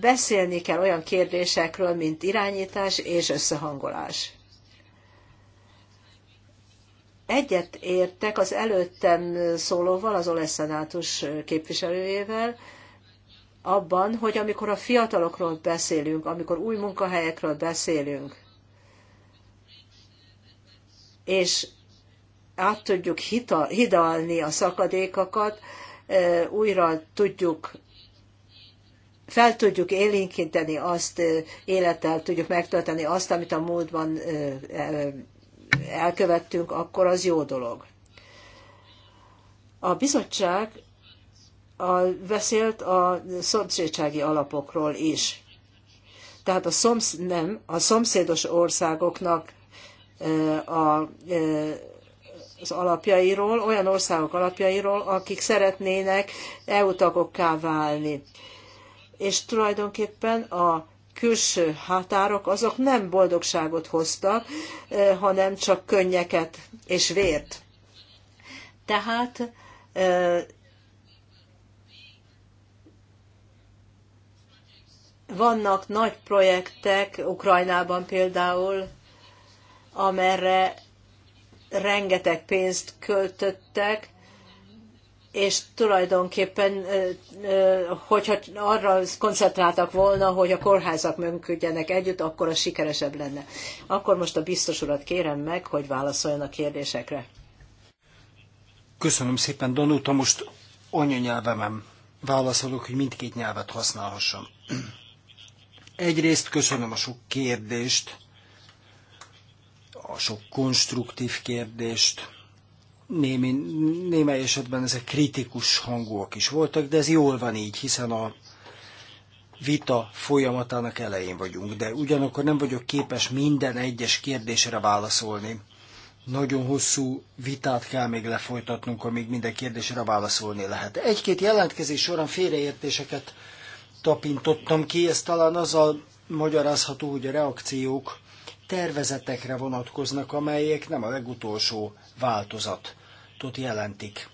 beszélni kell olyan kérdésekről, mint irányítás és összehangolás. Egyet értek az előttem szólóval, az Olesz Szenátus képviselőjével, abban, hogy amikor a fiatalokról beszélünk, amikor új munkahelyekről beszélünk, és át tudjuk hita, hidalni a szakadékokat, újra tudjuk fel tudjuk élénkíteni azt, élettel tudjuk megtölteni azt, amit a múltban e, elkövettünk, akkor az jó dolog. A bizottság a, beszélt a szomszédsági alapokról is. Tehát a, szomsz, nem, a szomszédos országoknak a az alapjairól, olyan országok alapjairól, akik szeretnének EU tagokká válni. És tulajdonképpen a külső határok azok nem boldogságot hoztak, hanem csak könnyeket és vért. Tehát vannak nagy projektek, Ukrajnában például, amerre rengeteg pénzt költöttek, és tulajdonképpen, hogyha arra koncentráltak volna, hogy a kórházak működjenek együtt, akkor a sikeresebb lenne. Akkor most a biztos urat kérem meg, hogy válaszoljon a kérdésekre. Köszönöm szépen, Danuta. Most anyanyelvemem válaszolok, hogy mindkét nyelvet használhassam. Egyrészt köszönöm a sok kérdést, a sok konstruktív kérdést. Némi, némely esetben ezek kritikus hangúak is voltak, de ez jól van így, hiszen a vita folyamatának elején vagyunk, de ugyanakkor nem vagyok képes minden egyes kérdésre válaszolni. Nagyon hosszú vitát kell még lefolytatnunk, amíg minden kérdésre válaszolni lehet. Egy-két jelentkezés során félreértéseket tapintottam ki, ez talán azzal magyarázható, hogy a reakciók tervezetekre vonatkoznak, amelyek nem a legutolsó változatot jelentik.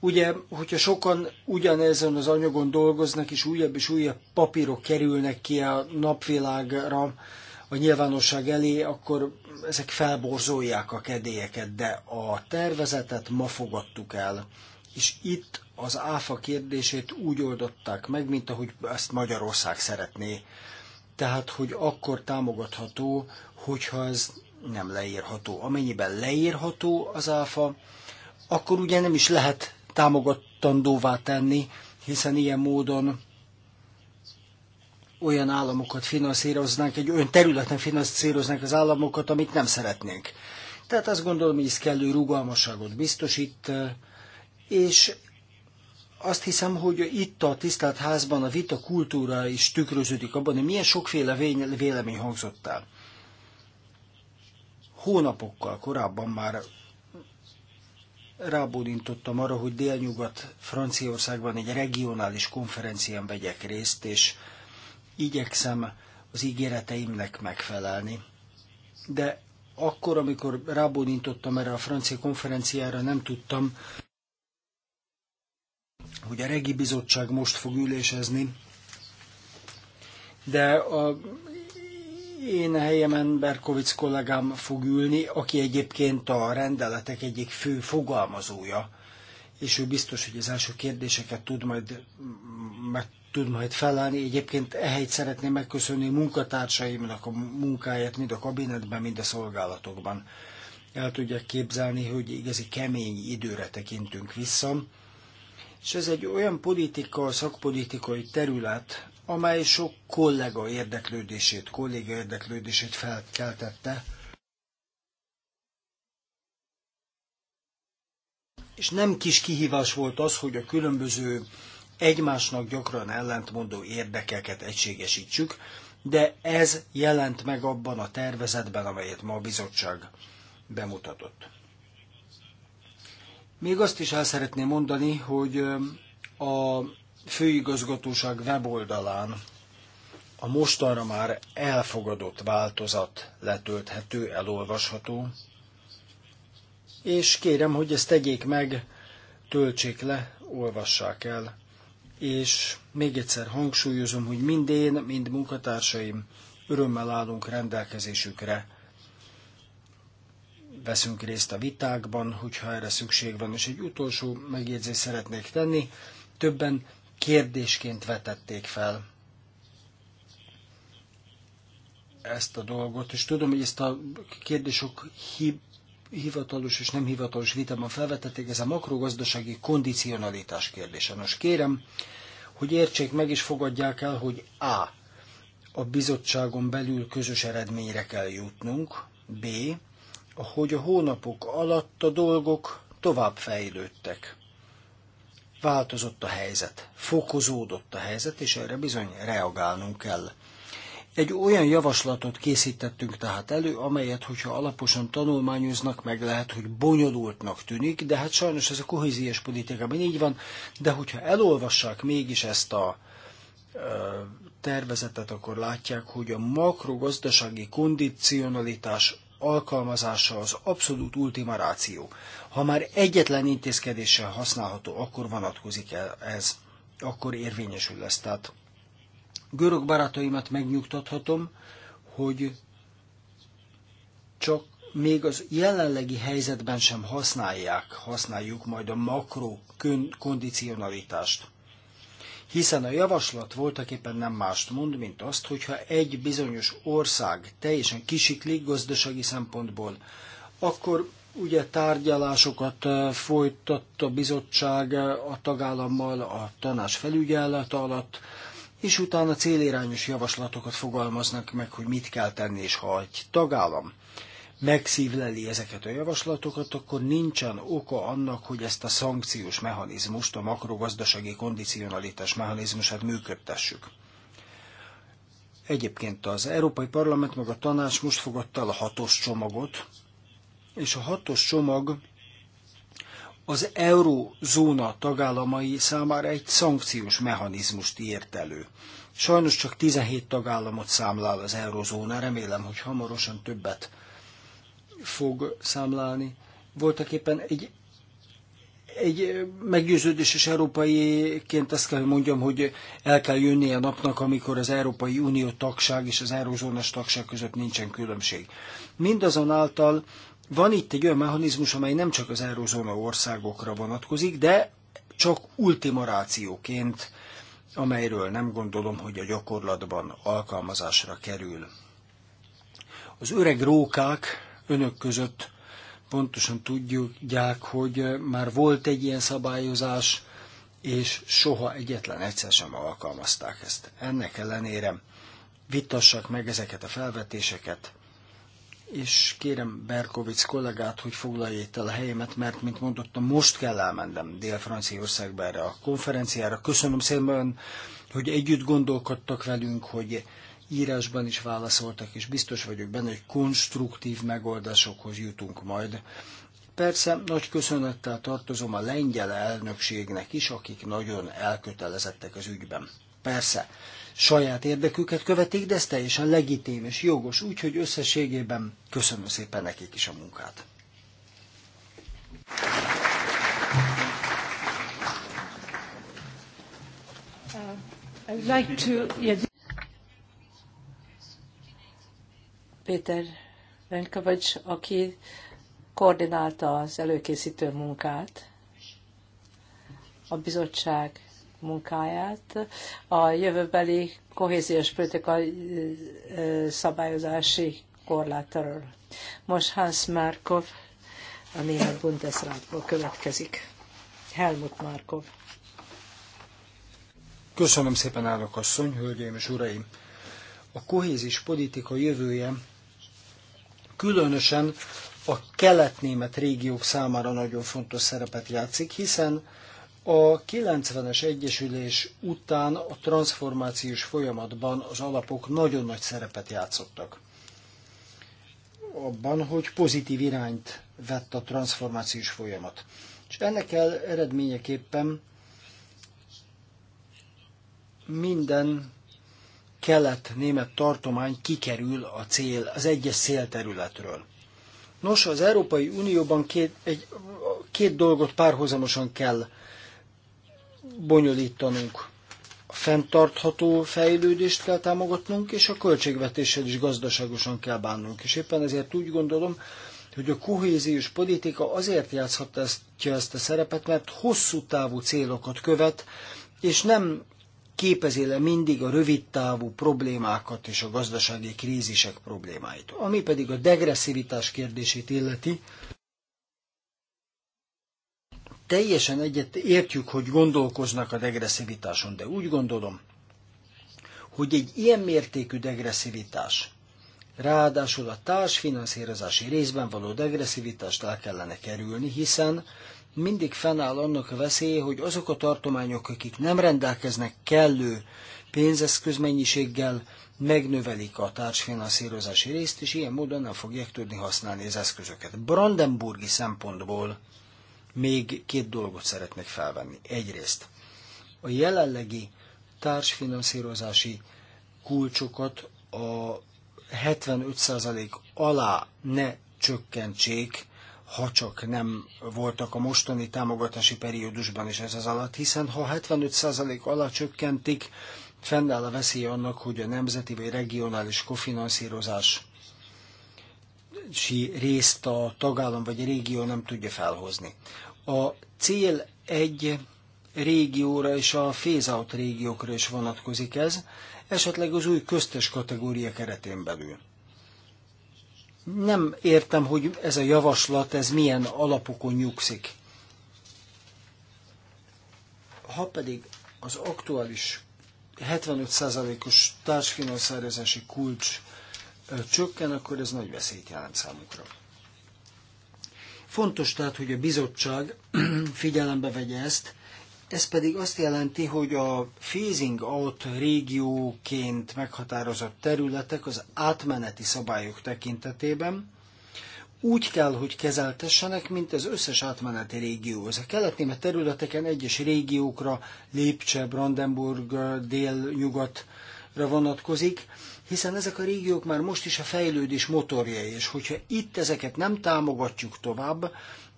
Ugye, hogyha sokan ugyanezen az anyagon dolgoznak, és újabb és újabb papírok kerülnek ki a napvilágra, a nyilvánosság elé, akkor ezek felborzolják a kedélyeket, de a tervezetet ma fogadtuk el. És itt az áfa kérdését úgy oldották meg, mint ahogy ezt Magyarország szeretné tehát hogy akkor támogatható, hogyha ez nem leírható. Amennyiben leírható az áfa, akkor ugye nem is lehet támogatandóvá tenni, hiszen ilyen módon olyan államokat finanszíroznánk, egy olyan területen finanszíroznánk az államokat, amit nem szeretnénk. Tehát azt gondolom, hogy ez kellő rugalmasságot biztosít, és azt hiszem, hogy itt a tisztelt házban a vita kultúra is tükröződik abban, hogy milyen sokféle vélemény hangzott el. Hónapokkal korábban már rábólintottam arra, hogy délnyugat Franciaországban egy regionális konferencián vegyek részt, és igyekszem az ígéreteimnek megfelelni. De akkor, amikor rábólintottam erre a francia konferenciára, nem tudtam, hogy a Regi Bizottság most fog ülésezni, de a én helyemen Berkovic kollégám fog ülni, aki egyébként a rendeletek egyik fő fogalmazója, és ő biztos, hogy az első kérdéseket tud majd, meg tud majd felállni. Egyébként ehelyt szeretném megköszönni munkatársaimnak a munkáját, mind a kabinetben, mind a szolgálatokban. El tudják képzelni, hogy igazi kemény időre tekintünk vissza és ez egy olyan politika, szakpolitikai terület, amely sok kollega érdeklődését, kolléga érdeklődését felkeltette. És nem kis kihívás volt az, hogy a különböző egymásnak gyakran ellentmondó érdekeket egységesítsük, de ez jelent meg abban a tervezetben, amelyet ma a bizottság bemutatott. Még azt is el szeretném mondani, hogy a főigazgatóság weboldalán a mostanra már elfogadott változat letölthető, elolvasható, és kérem, hogy ezt tegyék meg, töltsék le, olvassák el, és még egyszer hangsúlyozom, hogy mind én, mind munkatársaim örömmel állunk rendelkezésükre veszünk részt a vitákban, hogyha erre szükség van. És egy utolsó megjegyzést szeretnék tenni. Többen kérdésként vetették fel ezt a dolgot, és tudom, hogy ezt a kérdések hib hivatalos és nem hivatalos vitában felvetették, ez a makrogazdasági kondicionalitás kérdése. Nos, kérem, hogy értsék meg és fogadják el, hogy A. A bizottságon belül közös eredményre kell jutnunk, B hogy a hónapok alatt a dolgok tovább fejlődtek. Változott a helyzet, fokozódott a helyzet, és erre bizony reagálnunk kell. Egy olyan javaslatot készítettünk tehát elő, amelyet, hogyha alaposan tanulmányoznak, meg lehet, hogy bonyolultnak tűnik, de hát sajnos ez a kohéziós politikában így van, de hogyha elolvassák mégis ezt a tervezetet, akkor látják, hogy a makrogazdasági kondicionalitás alkalmazása az abszolút ultima ráció. Ha már egyetlen intézkedéssel használható, akkor vonatkozik el ez, akkor érvényesül lesz. Tehát görög barátaimat megnyugtathatom, hogy csak még az jelenlegi helyzetben sem használják, használjuk majd a makro kondicionalitást hiszen a javaslat voltaképpen nem mást mond, mint azt, hogyha egy bizonyos ország teljesen kisiklik gazdasági szempontból, akkor ugye tárgyalásokat folytatta a bizottság a tagállammal a tanács felügyelete alatt, és utána célirányos javaslatokat fogalmaznak meg, hogy mit kell tenni, és ha egy tagállam megszívleli ezeket a javaslatokat, akkor nincsen oka annak, hogy ezt a szankciós mechanizmust, a makrogazdasági kondicionalitás mechanizmusát működtessük. Egyébként az Európai Parlament meg a tanács most fogadta el a hatos csomagot, és a hatos csomag az eurózóna tagállamai számára egy szankciós mechanizmust írt elő. Sajnos csak 17 tagállamot számlál az eurózóna, remélem, hogy hamarosan többet fog számlálni. Voltak éppen egy, egy meggyőződéses európaiként azt kell, hogy mondjam, hogy el kell jönni a napnak, amikor az Európai Unió tagság és az eurozónás tagság között nincsen különbség. Mindazonáltal van itt egy olyan mechanizmus, amely nem csak az eurózóna országokra vonatkozik, de csak ultimarációként, amelyről nem gondolom, hogy a gyakorlatban alkalmazásra kerül. Az öreg rókák önök között pontosan tudják, hogy már volt egy ilyen szabályozás, és soha egyetlen egyszer sem alkalmazták ezt. Ennek ellenére vitassak meg ezeket a felvetéseket, és kérem Berkovic kollégát, hogy foglalja itt el a helyemet, mert, mint mondottam, most kell elmennem Dél-Franciaországba erre a konferenciára. Köszönöm szépen, hogy együtt gondolkodtak velünk, hogy írásban is válaszoltak, és biztos vagyok benne, hogy konstruktív megoldásokhoz jutunk majd. Persze nagy köszönettel tartozom a lengyel elnökségnek is, akik nagyon elkötelezettek az ügyben. Persze, saját érdeküket követik, de ez teljesen legitim és jogos, úgyhogy összességében köszönöm szépen nekik is a munkát. Uh, I'd like to... Péter Renkovics, aki koordinálta az előkészítő munkát, a bizottság munkáját, a jövőbeli kohéziós politika szabályozási korlátról. Most Hans Márkov, a német Bundesrátból következik. Helmut Márkov. Köszönöm szépen, állok asszony, hölgyeim és uraim! A kohézis politika jövője különösen a kelet-német régiók számára nagyon fontos szerepet játszik, hiszen a 90-es egyesülés után a transformációs folyamatban az alapok nagyon nagy szerepet játszottak. Abban, hogy pozitív irányt vett a transformációs folyamat. És ennek el eredményeképpen minden kelet-német tartomány kikerül a cél, az egyes szélterületről. Nos, az Európai Unióban két, egy, két dolgot párhuzamosan kell bonyolítanunk. A fenntartható fejlődést kell támogatnunk, és a költségvetéssel is gazdaságosan kell bánnunk. És éppen ezért úgy gondolom, hogy a kohéziós politika azért játszhatja ezt a szerepet, mert hosszú távú célokat követ, és nem képezi le mindig a rövidtávú problémákat és a gazdasági krízisek problémáit. Ami pedig a degresszivitás kérdését illeti, teljesen egyet értjük, hogy gondolkoznak a degresszivitáson, de úgy gondolom, hogy egy ilyen mértékű degresszivitás, ráadásul a társfinanszírozási részben való degresszivitást el kellene kerülni, hiszen mindig fennáll annak a veszélye, hogy azok a tartományok, akik nem rendelkeznek kellő pénzeszközmennyiséggel, megnövelik a társfinanszírozási részt, és ilyen módon nem fogják tudni használni az eszközöket. Brandenburgi szempontból még két dolgot szeretnék felvenni. Egyrészt a jelenlegi társfinanszírozási kulcsokat a 75% alá ne csökkentsék, ha csak nem voltak a mostani támogatási periódusban is ez az alatt, hiszen ha 75% alá csökkentik, fennáll a veszély annak, hogy a nemzeti vagy regionális kofinanszírozás részt a tagállam vagy a régió nem tudja felhozni. A cél egy régióra és a phase-out régiókra is vonatkozik ez, esetleg az új köztes kategória keretén belül nem értem, hogy ez a javaslat, ez milyen alapokon nyugszik. Ha pedig az aktuális 75%-os társfinanszírozási kulcs csökken, akkor ez nagy veszélyt jelent számukra. Fontos tehát, hogy a bizottság figyelembe vegye ezt, ez pedig azt jelenti, hogy a phasing out régióként meghatározott területek az átmeneti szabályok tekintetében úgy kell, hogy kezeltessenek, mint az összes átmeneti régió. Ez a kelet-német területeken egyes régiókra, Lépcse, Brandenburg, dél-nyugatra vonatkozik, hiszen ezek a régiók már most is a fejlődés motorjai, és hogyha itt ezeket nem támogatjuk tovább,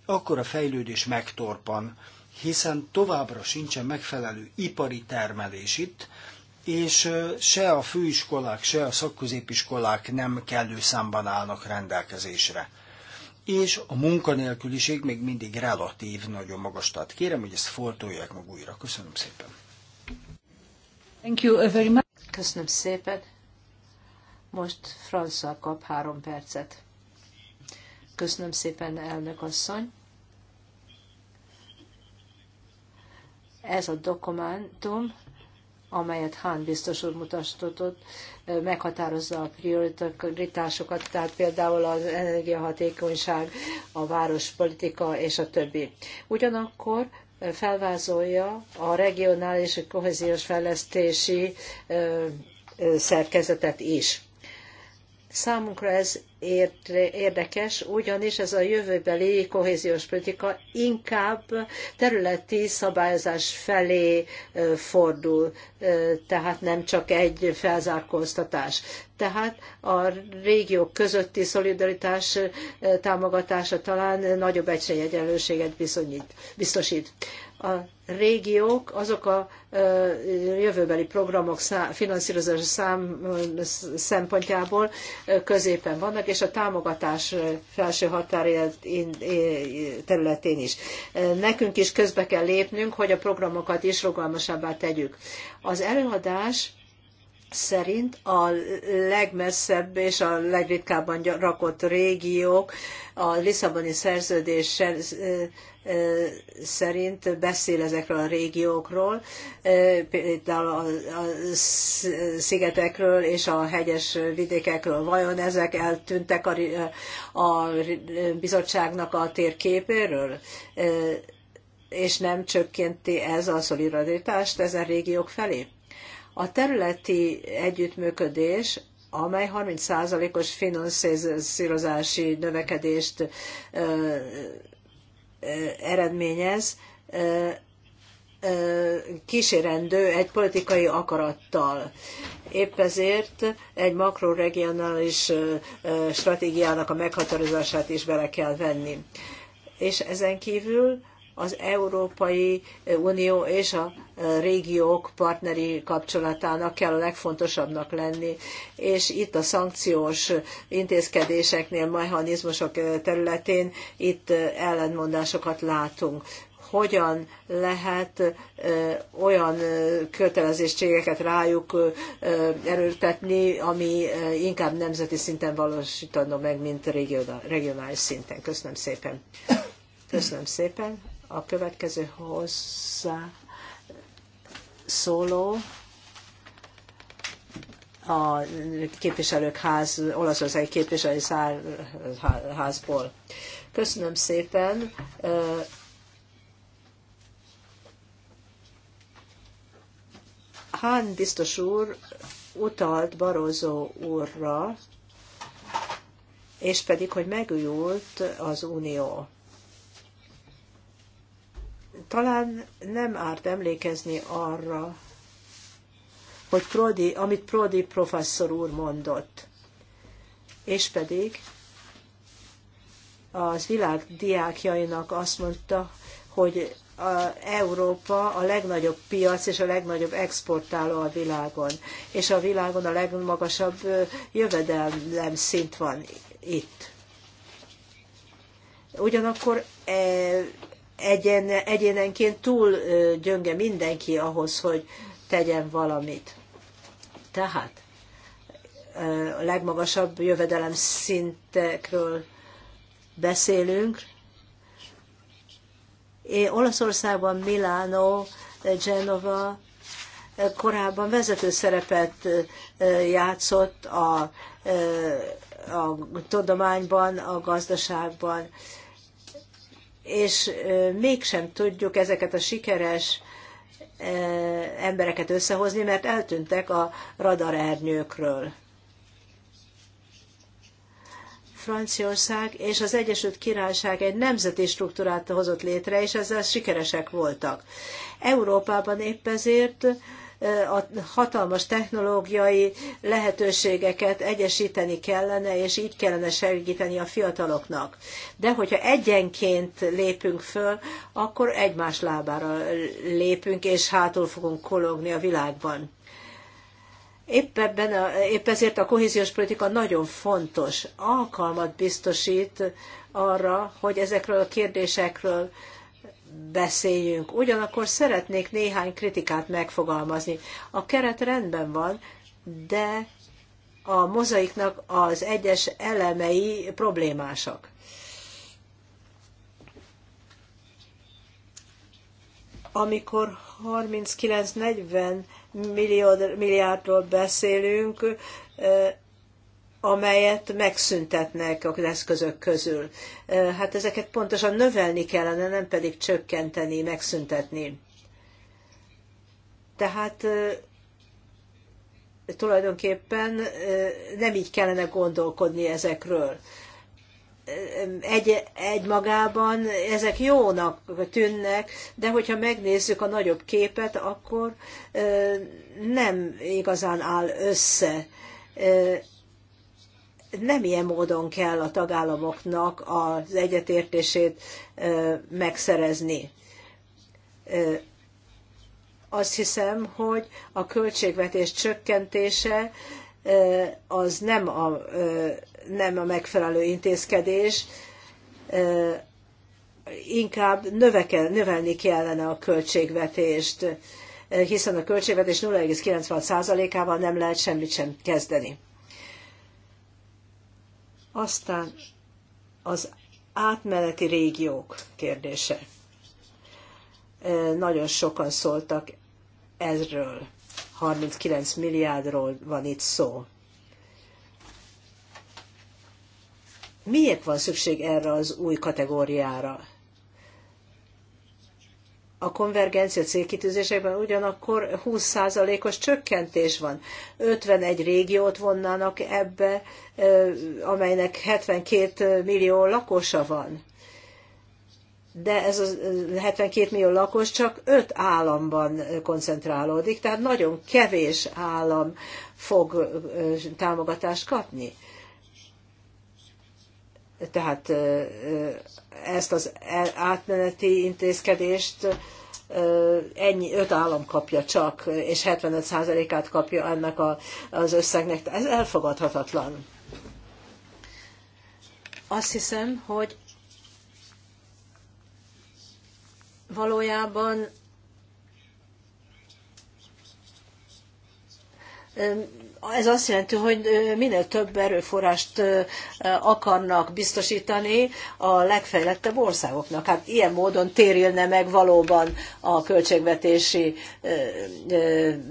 akkor a fejlődés megtorpan hiszen továbbra sincsen megfelelő ipari termelés itt, és se a főiskolák, se a szakközépiskolák nem kellő számban állnak rendelkezésre. És a munkanélküliség még mindig relatív, nagyon magas. Tehát kérem, hogy ezt fordulják meg újra. Köszönöm szépen. Thank you very much. Köszönöm szépen. Most Francia kap három percet. Köszönöm szépen, elnök asszony. Ez a dokumentum, amelyet Hán biztos úr mutatott, meghatározza a prioritásokat, tehát például az energiahatékonyság, a várospolitika és a többi. Ugyanakkor felvázolja a regionális és kohéziós fejlesztési szerkezetet is. Számunkra ez érdekes, ugyanis ez a jövőbeli kohéziós politika inkább területi szabályozás felé fordul, tehát nem csak egy felzárkóztatás. Tehát a régiók közötti szolidaritás támogatása talán nagyobb egységegyenlőséget bizonyít, biztosít a régiók azok a jövőbeli programok finanszírozása szám, szempontjából középen vannak, és a támogatás felső határ területén is. Nekünk is közbe kell lépnünk, hogy a programokat is rugalmasabbá tegyük. Az előadás szerint a legmesszebb és a legritkábban rakott régiók a Lisszaboni szerződés szerint beszél ezekről a régiókról, például a szigetekről és a hegyes vidékekről. Vajon ezek eltűntek a, bizottságnak a térképéről? És nem csökkenti ez a szolidaritást ezen régiók felé? A területi együttműködés amely 30%-os finanszírozási növekedést eredményez, kísérendő egy politikai akarattal. Épp ezért egy makroregionális stratégiának a meghatározását is bele kell venni. És ezen kívül az Európai Unió és a régiók partneri kapcsolatának kell a legfontosabbnak lenni, és itt a szankciós intézkedéseknél, mechanizmusok területén itt ellentmondásokat látunk hogyan lehet olyan kötelezettségeket rájuk erőltetni, ami inkább nemzeti szinten valósítandó meg, mint regionális szinten. Köszönöm szépen. Köszönöm szépen. A következő hozzá szóló a képviselők ház, olaszországi képviselői házból. Köszönöm szépen. Hán biztos úr utalt Barózó úrra, és pedig, hogy megújult az Unió. Talán nem árt emlékezni arra, hogy Prodi, amit Prodi professzor úr mondott, és pedig az világ diákjainak azt mondta, hogy a Európa a legnagyobb piac és a legnagyobb exportáló a világon, és a világon a legmagasabb jövedelem szint van itt. Ugyanakkor e, egyen, egyénenként túl gyönge mindenki ahhoz, hogy tegyen valamit. Tehát a legmagasabb jövedelem szintekről beszélünk. Én Olaszországban Milánó, Genova korábban vezető szerepet játszott a, a tudományban, a gazdaságban és mégsem tudjuk ezeket a sikeres embereket összehozni, mert eltűntek a radarernyőkről. Franciaország és az Egyesült Királyság egy nemzeti struktúrát hozott létre, és ezzel sikeresek voltak. Európában épp ezért a hatalmas technológiai lehetőségeket egyesíteni kellene, és így kellene segíteni a fiataloknak. De hogyha egyenként lépünk föl, akkor egymás lábára lépünk, és hátul fogunk kologni a világban. Épp, ebben a, épp ezért a kohéziós politika nagyon fontos alkalmat biztosít arra, hogy ezekről a kérdésekről beszéljünk. Ugyanakkor szeretnék néhány kritikát megfogalmazni. A keret rendben van, de a mozaiknak az egyes elemei problémásak. Amikor 39-40 milliárdról beszélünk, amelyet megszüntetnek az eszközök közül. Hát ezeket pontosan növelni kellene, nem pedig csökkenteni, megszüntetni. Tehát tulajdonképpen nem így kellene gondolkodni ezekről. Egy, egy magában ezek jónak tűnnek, de hogyha megnézzük a nagyobb képet, akkor nem igazán áll össze nem ilyen módon kell a tagállamoknak az egyetértését megszerezni. Azt hiszem, hogy a költségvetés csökkentése az nem a, nem a megfelelő intézkedés, inkább növeke, növelni kellene a költségvetést, hiszen a költségvetés 096 ával nem lehet semmit sem kezdeni. Aztán az átmeneti régiók kérdése. Nagyon sokan szóltak ezről. 39 milliárdról van itt szó. Miért van szükség erre az új kategóriára? a konvergencia célkitűzésekben ugyanakkor 20%-os csökkentés van. 51 régiót vonnának ebbe, amelynek 72 millió lakosa van. De ez a 72 millió lakos csak 5 államban koncentrálódik, tehát nagyon kevés állam fog támogatást kapni. Tehát ezt az átmeneti intézkedést ennyi, öt állam kapja csak, és 75%-át kapja ennek a, az összegnek. Ez elfogadhatatlan. Azt hiszem, hogy valójában ez azt jelenti, hogy minél több erőforrást akarnak biztosítani a legfejlettebb országoknak. Hát ilyen módon térülne meg valóban a költségvetési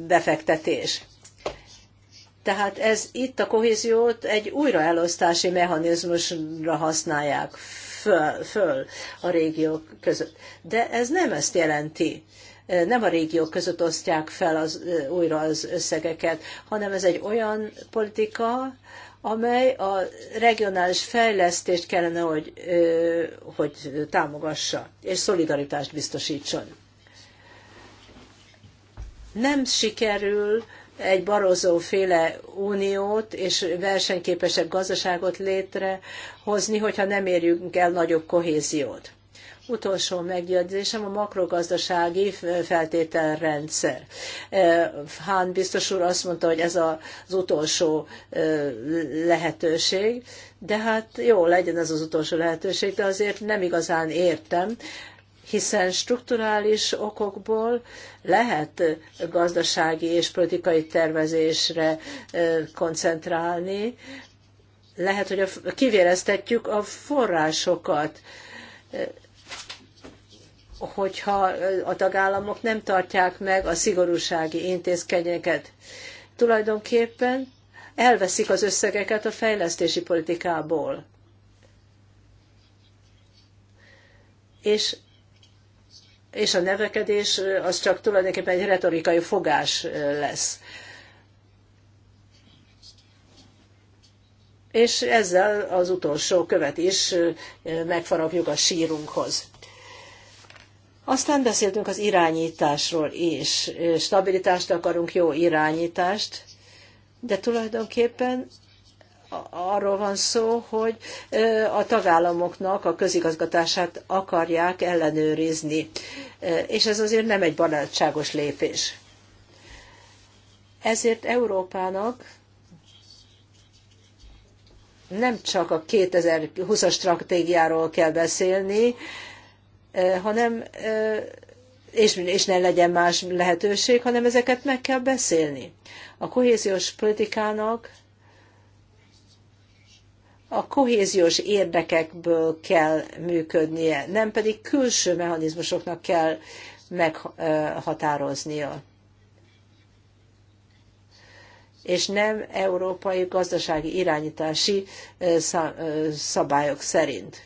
befektetés. Tehát ez itt a kohéziót egy újraelosztási mechanizmusra használják föl, föl a régiók között. De ez nem ezt jelenti nem a régiók között osztják fel az, újra az összegeket, hanem ez egy olyan politika, amely a regionális fejlesztést kellene, hogy, hogy támogassa és szolidaritást biztosítson. Nem sikerül egy barozóféle féle uniót és versenyképesebb gazdaságot létrehozni, hogyha nem érjünk el nagyobb kohéziót. Utolsó megjegyzésem a makrogazdasági feltételrendszer. E, Hán biztos úr azt mondta, hogy ez az utolsó e, lehetőség, de hát jó, legyen ez az utolsó lehetőség, de azért nem igazán értem, hiszen strukturális okokból lehet gazdasági és politikai tervezésre e, koncentrálni, lehet, hogy a, kivéreztetjük a forrásokat hogyha a tagállamok nem tartják meg a szigorúsági intézkedéseket. Tulajdonképpen elveszik az összegeket a fejlesztési politikából. És, és a nevekedés az csak tulajdonképpen egy retorikai fogás lesz. És ezzel az utolsó követ is megfaragjuk a sírunkhoz. Aztán beszéltünk az irányításról is. Stabilitást akarunk, jó irányítást, de tulajdonképpen arról van szó, hogy a tagállamoknak a közigazgatását akarják ellenőrizni, és ez azért nem egy barátságos lépés. Ezért Európának nem csak a 2020-as stratégiáról kell beszélni, hanem és, és ne legyen más lehetőség, hanem ezeket meg kell beszélni. A kohéziós politikának a kohéziós érdekekből kell működnie, nem pedig külső mechanizmusoknak kell meghatároznia. És nem európai gazdasági irányítási szabályok szerint.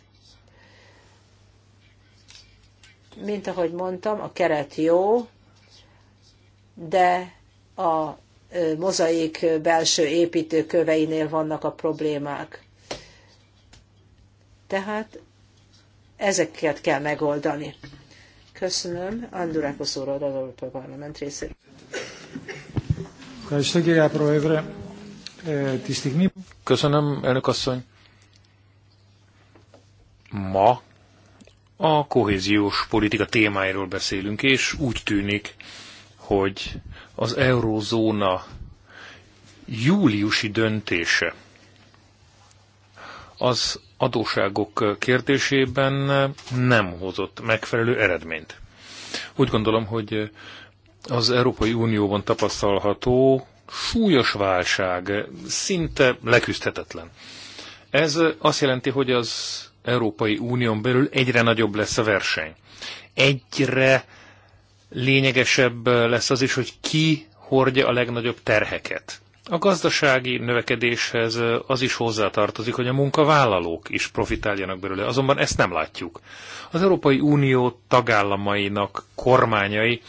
mint ahogy mondtam, a keret jó, de a mozaik belső építőköveinél vannak a problémák. Tehát ezeket kell megoldani. Köszönöm. Andurákos úr, az Európai Parlament részéről. E, Köszönöm, elnök asszony. Ma a kohéziós politika témáiról beszélünk, és úgy tűnik, hogy az eurózóna júliusi döntése az adóságok kérdésében nem hozott megfelelő eredményt. Úgy gondolom, hogy az Európai Unióban tapasztalható súlyos válság, szinte leküzdhetetlen. Ez azt jelenti, hogy az Európai Unión belül egyre nagyobb lesz a verseny. Egyre lényegesebb lesz az is, hogy ki hordja a legnagyobb terheket. A gazdasági növekedéshez az is hozzátartozik, hogy a munkavállalók is profitáljanak belőle, azonban ezt nem látjuk. Az Európai Unió tagállamainak kormányai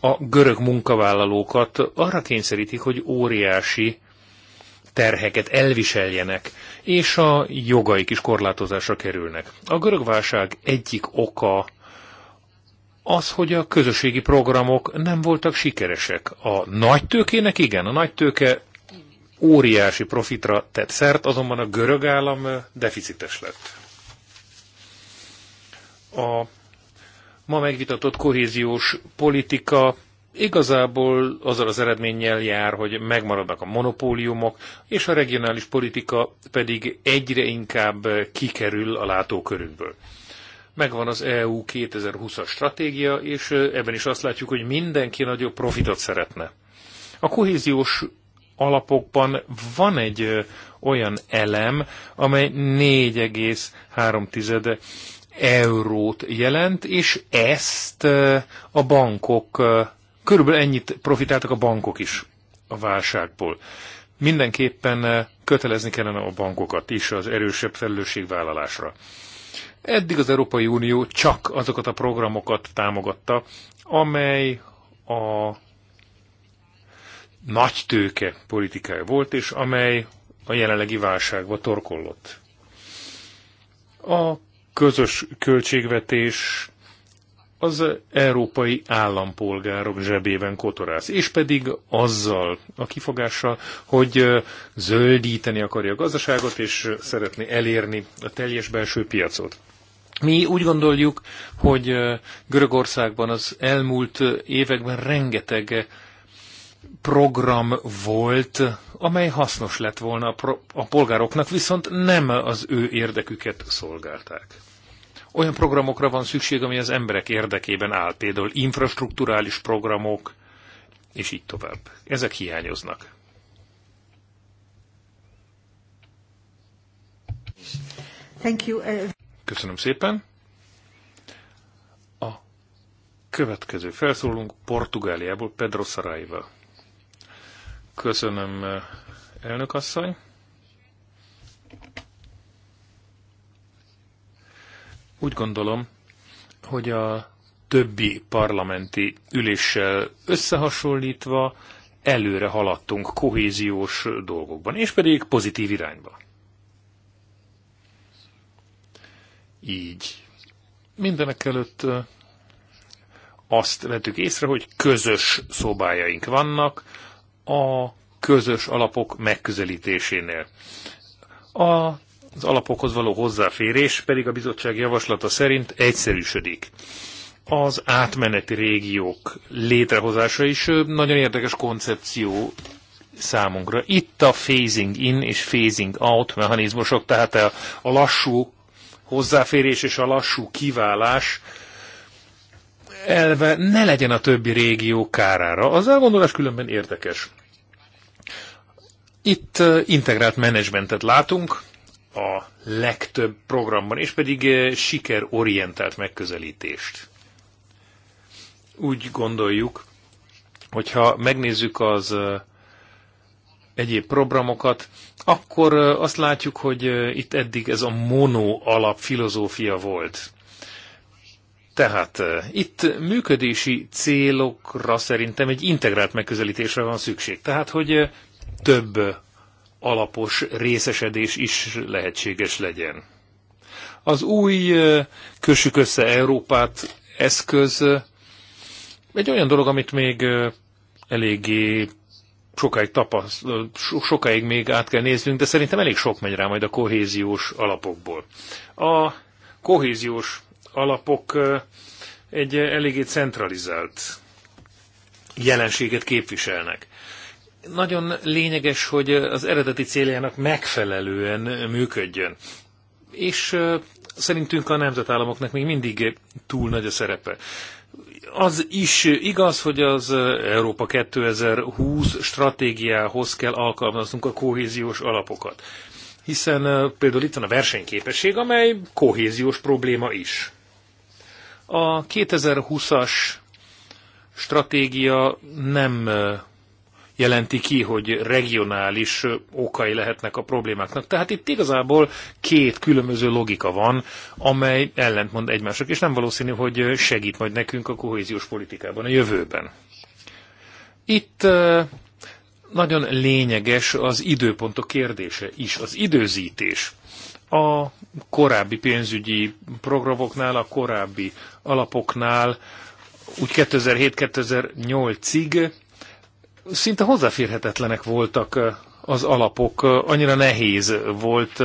a görög munkavállalókat arra kényszerítik, hogy óriási terheket elviseljenek, és a jogaik is korlátozásra kerülnek. A görög válság egyik oka az, hogy a közösségi programok nem voltak sikeresek. A nagy tőkének igen, a nagy tőke óriási profitra tett szert, azonban a görög állam deficites lett. A ma megvitatott kohéziós politika igazából azzal az eredménnyel jár, hogy megmaradnak a monopóliumok, és a regionális politika pedig egyre inkább kikerül a látókörünkből. Megvan az EU 2020-as stratégia, és ebben is azt látjuk, hogy mindenki nagyobb profitot szeretne. A kohéziós alapokban van egy olyan elem, amely 4,3 eurót jelent, és ezt a bankok Körülbelül ennyit profitáltak a bankok is a válságból. Mindenképpen eh, kötelezni kellene a bankokat is az erősebb felelősségvállalásra. Eddig az Európai Unió csak azokat a programokat támogatta, amely a nagy tőke politikája volt, és amely a jelenlegi válságba torkollott. A közös költségvetés az európai állampolgárok zsebében kotorász, és pedig azzal a kifogással, hogy zöldíteni akarja a gazdaságot, és szeretné elérni a teljes belső piacot. Mi úgy gondoljuk, hogy Görögországban az elmúlt években rengeteg program volt, amely hasznos lett volna a polgároknak, viszont nem az ő érdeküket szolgálták olyan programokra van szükség, ami az emberek érdekében áll, például infrastruktúrális programok, és így tovább. Ezek hiányoznak. Thank you. Eh, Köszönöm szépen. A következő felszólunk Portugáliából Pedro Saraiva. Köszönöm, eh, elnök asszony. Úgy gondolom, hogy a többi parlamenti üléssel összehasonlítva előre haladtunk kohéziós dolgokban, és pedig pozitív irányba. Így. Mindenek előtt azt vettük észre, hogy közös szobájaink vannak a közös alapok megközelítésénél. A az alapokhoz való hozzáférés pedig a bizottság javaslata szerint egyszerűsödik. Az átmeneti régiók létrehozása is nagyon érdekes koncepció számunkra. Itt a phasing in és phasing out mechanizmusok, tehát a, a lassú hozzáférés és a lassú kiválás elve ne legyen a többi régió kárára. Az elgondolás különben érdekes. Itt integrált menedzsmentet látunk, a legtöbb programban, és pedig eh, sikerorientált megközelítést. Úgy gondoljuk, hogyha megnézzük az eh, egyéb programokat, akkor eh, azt látjuk, hogy itt eddig ez a mono alap filozófia volt. Tehát itt működési célokra szerintem egy integrált megközelítésre van szükség. Tehát, hogy több alapos részesedés is lehetséges legyen. Az új Kössük össze Európát eszköz egy olyan dolog, amit még eléggé sokáig, tapaszt, sokáig még át kell néznünk, de szerintem elég sok megy rá majd a kohéziós alapokból. A kohéziós alapok egy eléggé centralizált jelenséget képviselnek nagyon lényeges, hogy az eredeti céljának megfelelően működjön. És szerintünk a nemzetállamoknak még mindig túl nagy a szerepe. Az is igaz, hogy az Európa 2020 stratégiához kell alkalmaznunk a kohéziós alapokat. Hiszen például itt van a versenyképesség, amely kohéziós probléma is. A 2020-as stratégia nem jelenti ki, hogy regionális okai lehetnek a problémáknak. Tehát itt igazából két különböző logika van, amely ellentmond egymásnak, és nem valószínű, hogy segít majd nekünk a kohéziós politikában a jövőben. Itt nagyon lényeges az időpontok kérdése is, az időzítés. A korábbi pénzügyi programoknál, a korábbi alapoknál úgy 2007-2008-ig szinte hozzáférhetetlenek voltak az alapok, annyira nehéz volt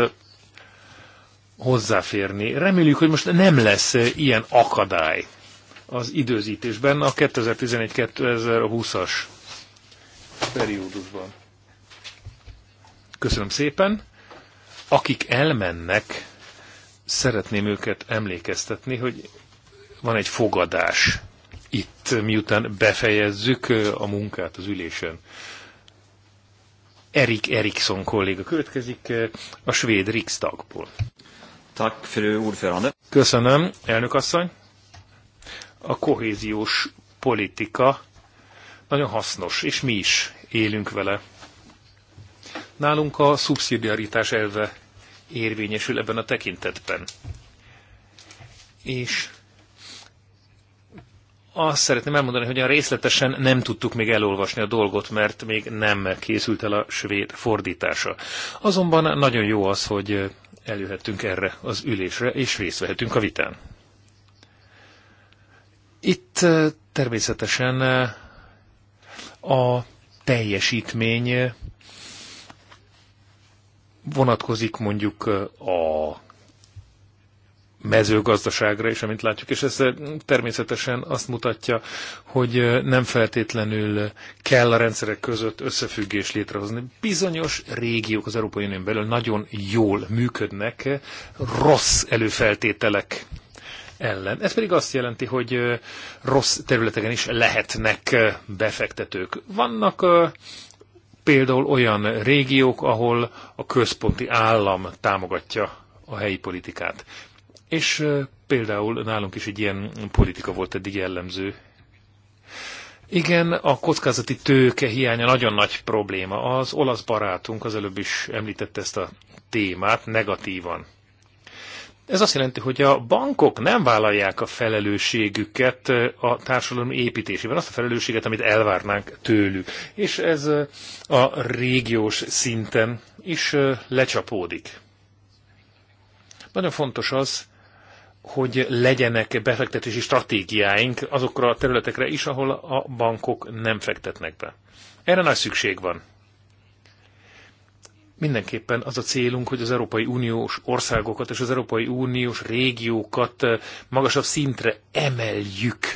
hozzáférni. Reméljük, hogy most nem lesz ilyen akadály az időzítésben a 2011-2020-as periódusban. Köszönöm szépen. Akik elmennek, szeretném őket emlékeztetni, hogy van egy fogadás itt, miután befejezzük a munkát az ülésen. Erik Eriksson kolléga következik a svéd Riksdagból. Tak, fru ordförande. Köszönöm, elnök asszony. A kohéziós politika nagyon hasznos, és mi is élünk vele. Nálunk a szubszidiaritás elve érvényesül ebben a tekintetben. És azt szeretném elmondani, hogy a részletesen nem tudtuk még elolvasni a dolgot, mert még nem készült el a svéd fordítása. Azonban nagyon jó az, hogy előhettünk erre az ülésre, és részt vehetünk a vitán. Itt eh, természetesen eh, a teljesítmény eh, vonatkozik mondjuk a mezőgazdaságra is, amint látjuk, és ez eh, természetesen azt mutatja, hogy eh, nem feltétlenül kell a rendszerek között összefüggés létrehozni. Bizonyos régiók az Európai Unión belül nagyon jól működnek eh, rossz előfeltételek ellen. Ez pedig azt jelenti, hogy rossz területeken is lehetnek befektetők. Vannak például olyan régiók, ahol a központi állam támogatja a helyi politikát. És például nálunk is egy ilyen politika volt eddig jellemző. Igen, a kockázati tőke hiánya nagyon nagy probléma. Az olasz barátunk az előbb is említette ezt a témát negatívan. Ez azt jelenti, hogy a bankok nem vállalják a felelősségüket a társadalom építésében, azt a felelősséget, amit elvárnánk tőlük. És ez a régiós szinten is lecsapódik. Nagyon fontos az, hogy legyenek befektetési stratégiáink azokra a területekre is, ahol a bankok nem fektetnek be. Erre nagy szükség van. Mindenképpen az a célunk, hogy az Európai Uniós országokat és az Európai Uniós régiókat magasabb szintre emeljük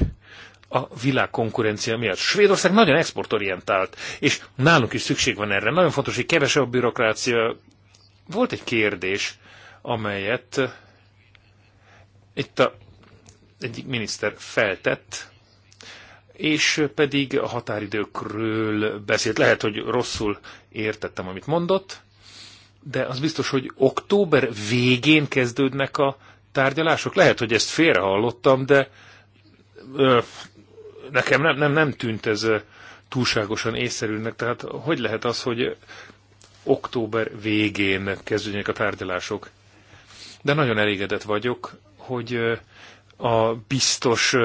a világ konkurencia miatt. Svédország nagyon exportorientált, és nálunk is szükség van erre. Nagyon fontos, hogy kevesebb a bürokrácia. Volt egy kérdés, amelyet itt a, egyik miniszter feltett, és pedig a határidőkről beszélt. Lehet, hogy rosszul értettem, amit mondott, de az biztos, hogy október végén kezdődnek a tárgyalások. Lehet, hogy ezt félrehallottam, de ö, nekem nem, nem, nem tűnt ez túlságosan észszerűnek. Tehát hogy lehet az, hogy október végén kezdődjenek a tárgyalások? De nagyon elégedett vagyok hogy a biztos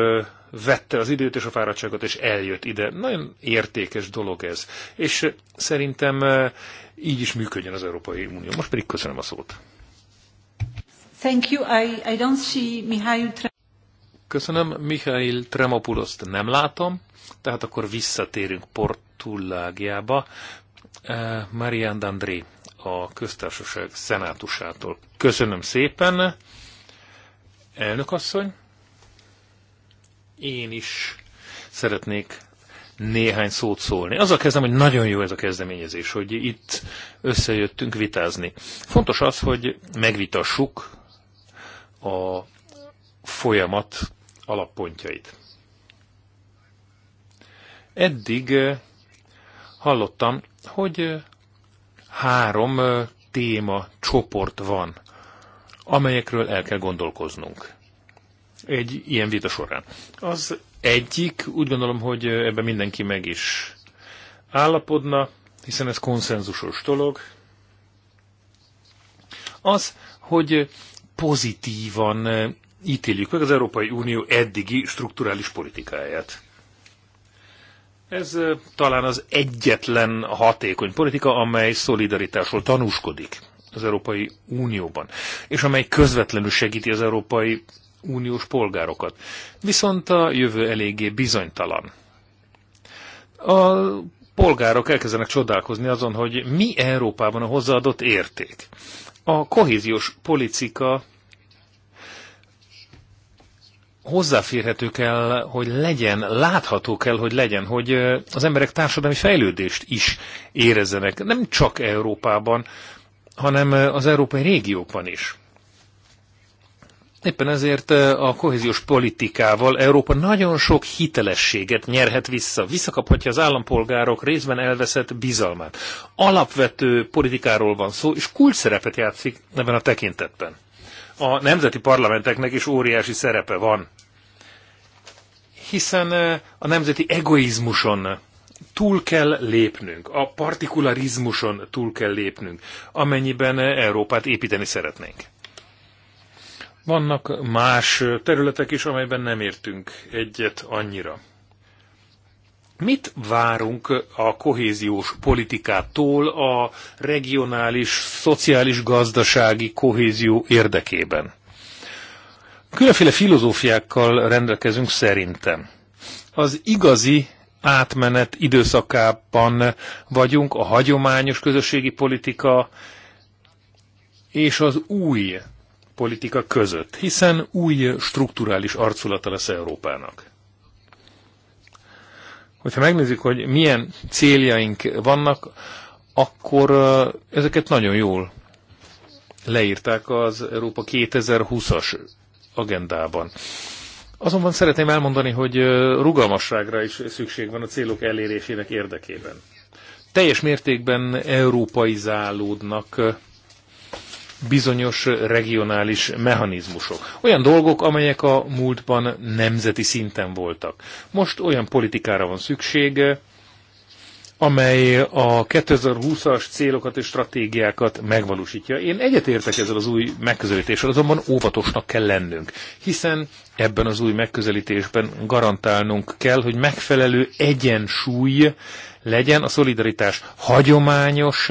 vette az időt és a fáradtságot, és eljött ide. Nagyon értékes dolog ez. És szerintem így is működjön az Európai Unió. Most pedig köszönöm a szót. Thank you. I, I don't see Mihail Köszönöm. Mihail tremopoulos nem látom, tehát akkor visszatérünk Portulágiába. Marianne Dandré a köztársaság szenátusától. Köszönöm szépen asszony. én is szeretnék néhány szót szólni. Azzal kezdem, hogy nagyon jó ez a kezdeményezés, hogy itt összejöttünk vitázni. Fontos az, hogy megvitassuk a folyamat alappontjait. Eddig eh, hallottam, hogy eh, három eh, téma csoport van amelyekről el kell gondolkoznunk egy ilyen vita során. Az egyik, úgy gondolom, hogy ebben mindenki meg is állapodna, hiszen ez konszenzusos dolog, az, hogy pozitívan ítéljük meg az Európai Unió eddigi strukturális politikáját. Ez eh, talán az egyetlen hatékony politika, amely szolidaritásról tanúskodik az Európai Unióban, és amely közvetlenül segíti az Európai Uniós polgárokat. Viszont a jövő eléggé bizonytalan. A polgárok elkezdenek csodálkozni azon, hogy mi Európában a hozzáadott érték. A kohéziós politika hozzáférhető kell, hogy legyen, látható kell, hogy legyen, hogy az emberek társadalmi fejlődést is érezzenek, nem csak Európában, hanem eh, az európai régiókban is. Éppen ezért eh, a kohéziós politikával Európa nagyon sok hitelességet nyerhet vissza. Visszakaphatja az állampolgárok részben elveszett bizalmát. Alapvető politikáról van szó, és kulcs szerepet játszik ebben a tekintetben. A nemzeti parlamenteknek is óriási szerepe van, hiszen eh, a nemzeti egoizmuson túl kell lépnünk, a partikularizmuson túl kell lépnünk, amennyiben Európát építeni szeretnénk. Vannak más területek is, amelyben nem értünk egyet annyira. Mit várunk a kohéziós politikától a regionális, szociális, gazdasági kohézió érdekében? Különféle filozófiákkal rendelkezünk szerintem. Az igazi átmenet időszakában vagyunk, a hagyományos közösségi politika és az új politika között, hiszen új strukturális arculata lesz Európának. Hogyha megnézzük, hogy milyen céljaink vannak, akkor ezeket nagyon jól leírták az Európa 2020-as agendában. Azonban szeretném elmondani, hogy rugalmasságra is szükség van a célok elérésének érdekében. Teljes mértékben európai zálódnak bizonyos regionális mechanizmusok. Olyan dolgok, amelyek a múltban nemzeti szinten voltak. Most olyan politikára van szükség, amely a 2020-as célokat és stratégiákat megvalósítja. Én egyetértek ezzel az új megközelítéssel, azonban óvatosnak kell lennünk, hiszen ebben az új megközelítésben garantálnunk kell, hogy megfelelő egyensúly legyen a szolidaritás hagyományos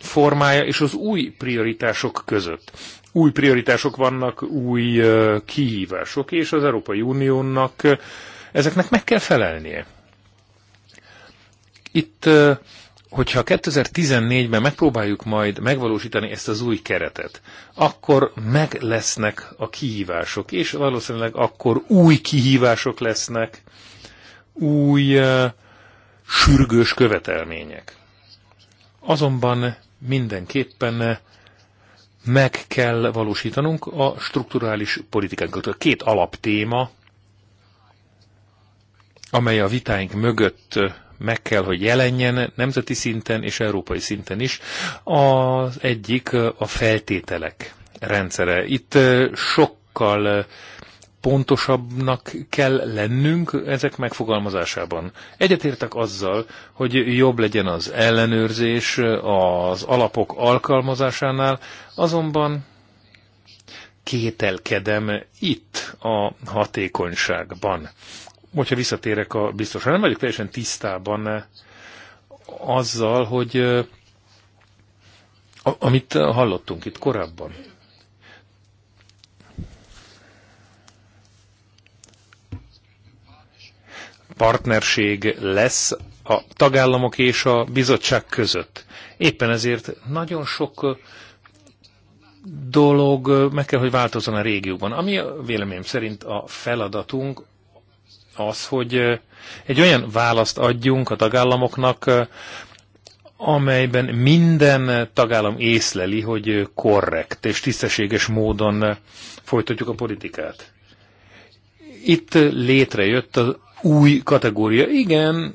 formája és az új prioritások között. Új prioritások vannak, új kihívások, és az Európai Uniónak ezeknek meg kell felelnie. Itt, hogyha 2014-ben megpróbáljuk majd megvalósítani ezt az új keretet, akkor meg lesznek a kihívások, és valószínűleg akkor új kihívások lesznek, új uh, sürgős követelmények. Azonban mindenképpen meg kell valósítanunk a strukturális politikánkat. A két alaptéma, amely a vitáink mögött meg kell, hogy jelenjen nemzeti szinten és európai szinten is. Az egyik a feltételek rendszere. Itt sokkal pontosabbnak kell lennünk ezek megfogalmazásában. Egyetértek azzal, hogy jobb legyen az ellenőrzés az alapok alkalmazásánál, azonban kételkedem itt a hatékonyságban hogyha visszatérek a biztosra, nem vagyok teljesen tisztában eh, azzal, hogy eh, amit hallottunk itt korábban. Partnerség lesz a tagállamok és a bizottság között. Éppen ezért nagyon sok eh, dolog meg kell, hogy változzon a régióban. Ami a véleményem szerint a feladatunk az, hogy egy olyan választ adjunk a tagállamoknak, amelyben minden tagállam észleli, hogy korrekt és tisztességes módon folytatjuk a politikát. Itt létrejött az új kategória. Igen,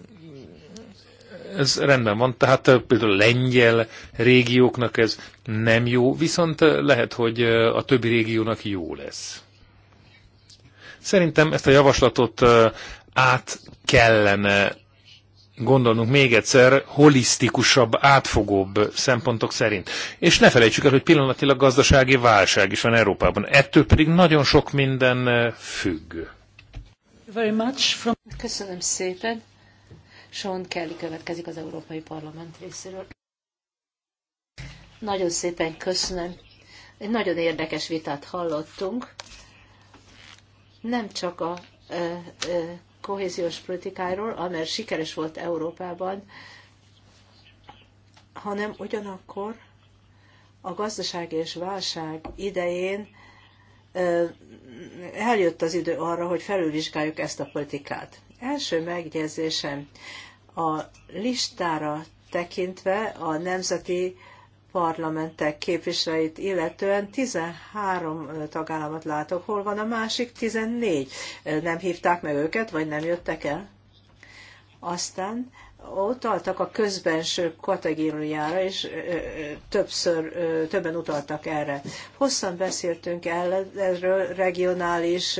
ez rendben van, tehát például lengyel régióknak ez nem jó, viszont lehet, hogy a többi régiónak jó lesz. Szerintem ezt a javaslatot át kellene gondolnunk még egyszer holisztikusabb, átfogóbb szempontok szerint. És ne felejtsük el, hogy pillanatilag gazdasági válság is van Európában. Ettől pedig nagyon sok minden függ. Köszönöm szépen. Sean Kelly következik az Európai Parlament részéről. Nagyon szépen köszönöm. Egy nagyon érdekes vitát hallottunk nem csak a kohéziós politikáról, amely sikeres volt Európában, hanem ugyanakkor a gazdaság és válság idején eljött az idő arra, hogy felülvizsgáljuk ezt a politikát. Első megjegyzésem a listára tekintve a nemzeti parlamentek képviselőit illetően 13 tagállamot látok. Hol van a másik? 14. Nem hívták meg őket, vagy nem jöttek el? Aztán utaltak a közbenső kategóriára, és többször, többen utaltak erre. Hosszan beszéltünk el, erről regionális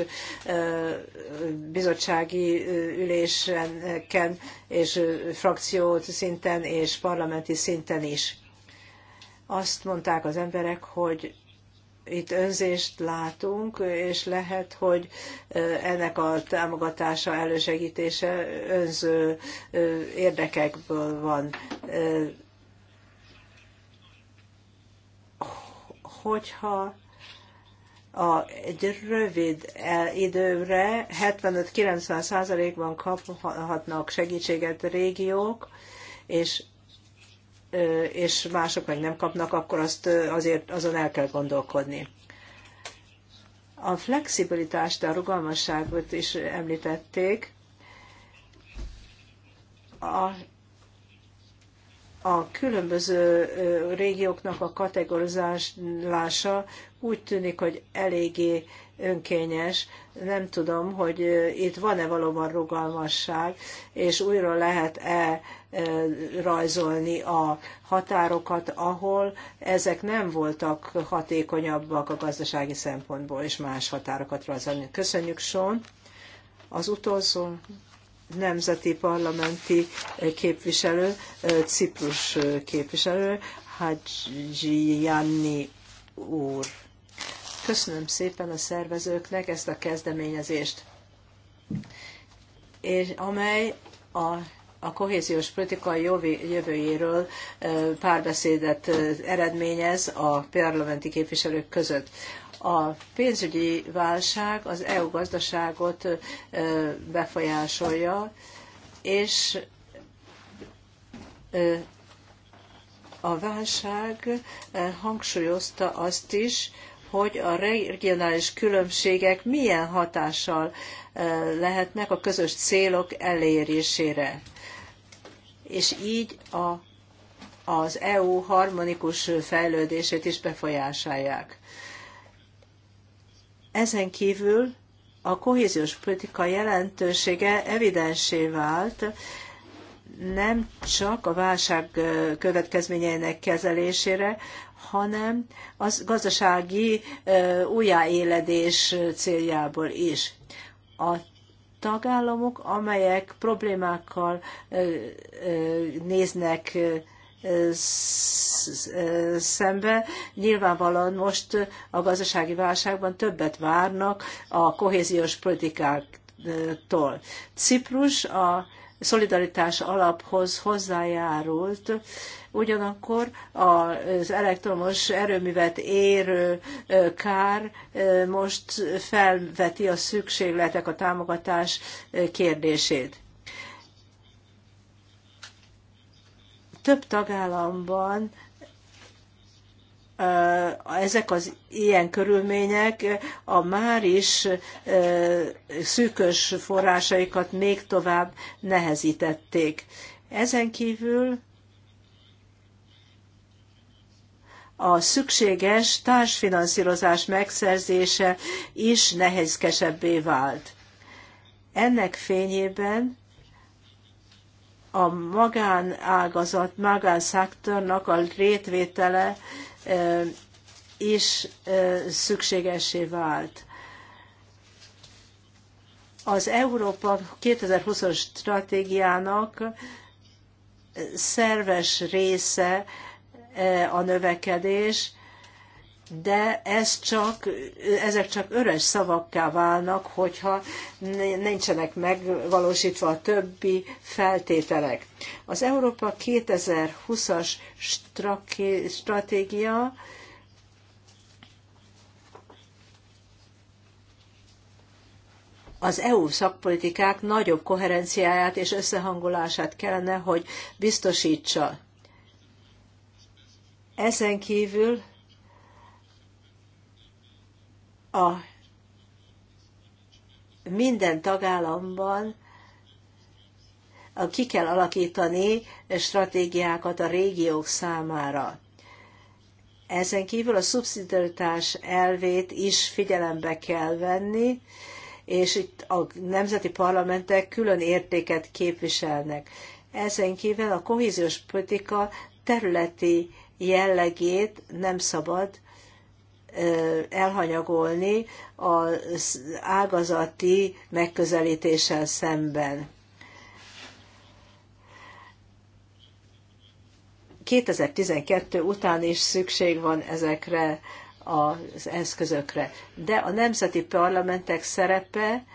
bizottsági üléseken, és frakciót szinten, és parlamenti szinten is azt mondták az emberek, hogy itt önzést látunk, és lehet, hogy ennek a támogatása, elősegítése önző érdekekből van. Hogyha a, egy rövid e, időre 75-90 százalékban kaphatnak segítséget régiók, és és mások meg nem kapnak, akkor azt azért azon el kell gondolkodni. A flexibilitást, a rugalmasságot is említették. A, a különböző régióknak a kategorizálása úgy tűnik, hogy eléggé önkényes. Nem tudom, hogy itt van-e valóban rugalmasság, és újra lehet-e rajzolni a határokat, ahol ezek nem voltak hatékonyabbak a gazdasági szempontból, és más határokat rajzolni. Köszönjük, Son. Az utolsó nemzeti parlamenti képviselő, Ciprus képviselő, Hadzsi Janni úr. Köszönöm szépen a szervezőknek ezt a kezdeményezést, és amely a a kohéziós politika jövőjéről párbeszédet eredményez a parlamenti képviselők között. A pénzügyi válság az EU gazdaságot befolyásolja, és a válság hangsúlyozta azt is, hogy a regionális különbségek milyen hatással lehetnek a közös célok elérésére és így a, az EU harmonikus fejlődését is befolyásolják. Ezen kívül a kohéziós politika jelentősége evidensé vált, nem csak a válság következményeinek kezelésére, hanem az gazdasági újjáéledés céljából is. A tagállamok, amelyek problémákkal néznek szembe. Nyilvánvalóan most a gazdasági válságban többet várnak a kohéziós politikáktól. Ciprus a szolidaritás alaphoz hozzájárult, Ugyanakkor az elektromos erőművet érő kár most felveti a szükségletek, a támogatás kérdését. Több tagállamban ezek az ilyen körülmények a már is szűkös forrásaikat még tovább nehezítették. Ezen kívül a szükséges társfinanszírozás megszerzése is nehézkesebbé vált. Ennek fényében a magánágazat, magánszektornak a rétvétele is szükségesé vált. Az Európa 2020-as stratégiának szerves része E, a növekedés, de ez csak, ezek csak öres szavakká válnak, hogyha nincsenek megvalósítva a többi feltételek. Az Európa 2020-as stratégia az EU szakpolitikák nagyobb koherenciáját és összehangolását kellene, hogy biztosítsa ezen kívül a minden tagállamban ki kell alakítani stratégiákat a régiók számára. Ezen kívül a szubszidiaritás elvét is figyelembe kell venni, és itt a nemzeti parlamentek külön értéket képviselnek. Ezen kívül a kohéziós politika területi jellegét nem szabad elhanyagolni az ágazati megközelítéssel szemben. 2012 után is szükség van ezekre az eszközökre. De a nemzeti parlamentek szerepe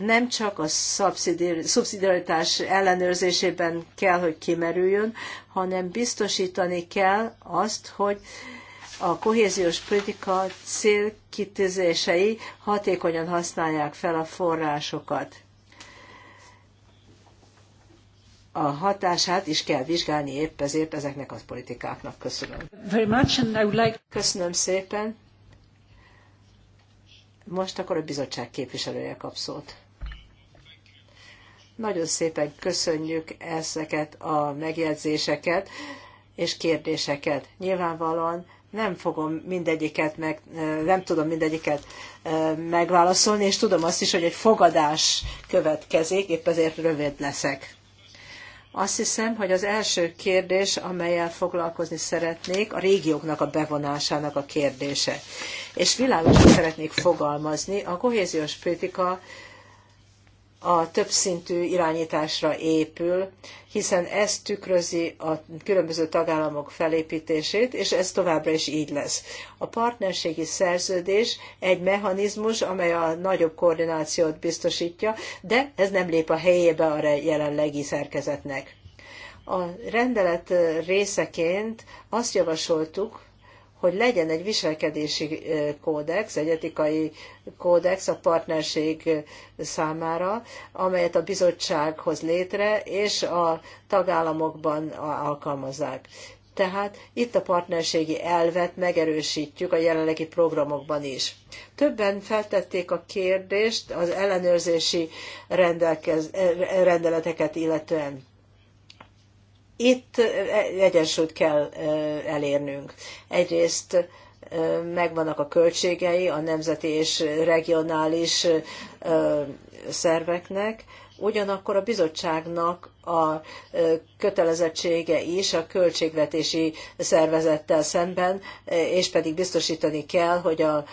nem csak a szubszidiaritás ellenőrzésében kell, hogy kimerüljön, hanem biztosítani kell azt, hogy a kohéziós politika célkitűzései hatékonyan használják fel a forrásokat. A hatását is kell vizsgálni épp ezért ezeknek a politikáknak. Köszönöm. Very much, and I would like... Köszönöm szépen. Most akkor a bizottság képviselője kap szót. Nagyon szépen köszönjük ezeket a megjegyzéseket és kérdéseket. Nyilvánvalóan nem fogom mindegyiket meg, nem tudom mindegyiket megválaszolni, és tudom azt is, hogy egy fogadás következik, épp ezért rövid leszek. Azt hiszem, hogy az első kérdés, amelyel foglalkozni szeretnék, a régióknak a bevonásának a kérdése. És világosan szeretnék fogalmazni, a kohéziós politika a többszintű irányításra épül, hiszen ez tükrözi a különböző tagállamok felépítését, és ez továbbra is így lesz. A partnerségi szerződés egy mechanizmus, amely a nagyobb koordinációt biztosítja, de ez nem lép a helyébe a jelenlegi szerkezetnek. A rendelet részeként azt javasoltuk, hogy legyen egy viselkedési kódex, egy etikai kódex a partnerség számára, amelyet a bizottság hoz létre, és a tagállamokban alkalmazzák. Tehát itt a partnerségi elvet megerősítjük a jelenlegi programokban is. Többen feltették a kérdést az ellenőrzési rendeleteket illetően. Itt e, egyensúlyt kell elérnünk. Egyrészt megvannak a költségei a nemzeti és regionális szerveknek, ugyanakkor a bizottságnak a kötelezettsége is a költségvetési szervezettel szemben, és pedig biztosítani kell, hogy a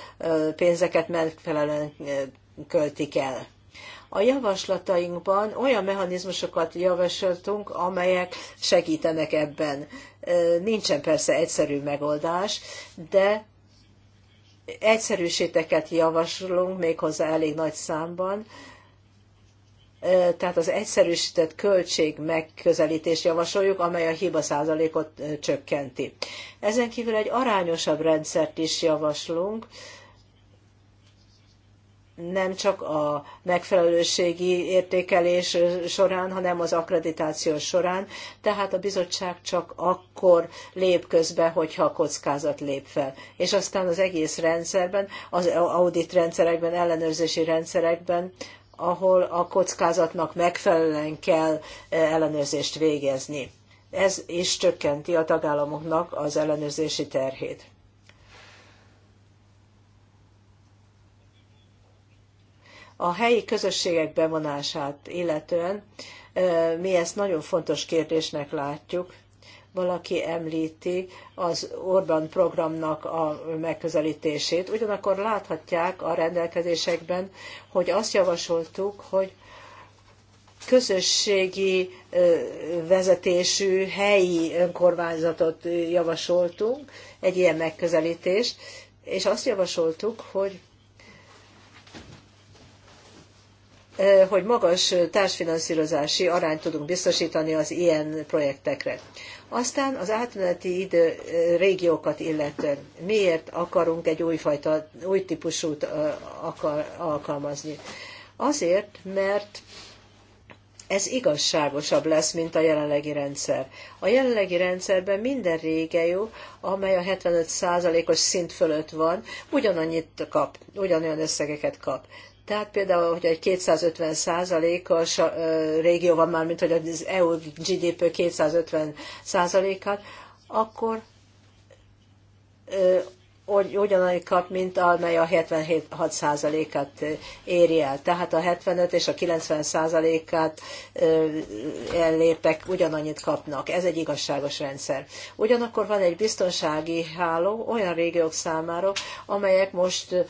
pénzeket megfelelően költik el. A javaslatainkban olyan mechanizmusokat javasoltunk, amelyek segítenek ebben. Nincsen persze egyszerű megoldás, de egyszerűséteket javaslunk méghozzá elég nagy számban, tehát az egyszerűsített költség megközelítést javasoljuk, amely a hiba százalékot csökkenti. Ezen kívül egy arányosabb rendszert is javaslunk, nem csak a megfelelőségi értékelés során, hanem az akkreditáció során. Tehát a bizottság csak akkor lép közbe, hogyha a kockázat lép fel. És aztán az egész rendszerben, az audit rendszerekben, ellenőrzési rendszerekben, ahol a kockázatnak megfelelően kell eh, ellenőrzést végezni. Ez is csökkenti a tagállamoknak az ellenőrzési terhét. A helyi közösségek bevonását illetően mi ezt nagyon fontos kérdésnek látjuk. Valaki említi az Orbán programnak a megközelítését. Ugyanakkor láthatják a rendelkezésekben, hogy azt javasoltuk, hogy közösségi vezetésű helyi önkormányzatot javasoltunk, egy ilyen megközelítést, és azt javasoltuk, hogy hogy magas társfinanszírozási arányt tudunk biztosítani az ilyen projektekre. Aztán az átmeneti idő régiókat illetően miért akarunk egy újfajta, új típusút akar, alkalmazni? Azért, mert ez igazságosabb lesz, mint a jelenlegi rendszer. A jelenlegi rendszerben minden rége jó, amely a 75%-os szint fölött van, ugyanannyit kap, ugyanolyan összegeket kap. Tehát például, hogy egy 250 százalékos régió van már, mint hogy az EU GDP 250 százalékát, akkor ugyanannyikat, mint amely a 76%-át éri el. Tehát a 75 és a 90%-át ellépek ugyanannyit kapnak. Ez egy igazságos rendszer. Ugyanakkor van egy biztonsági háló olyan régiók számára, amelyek most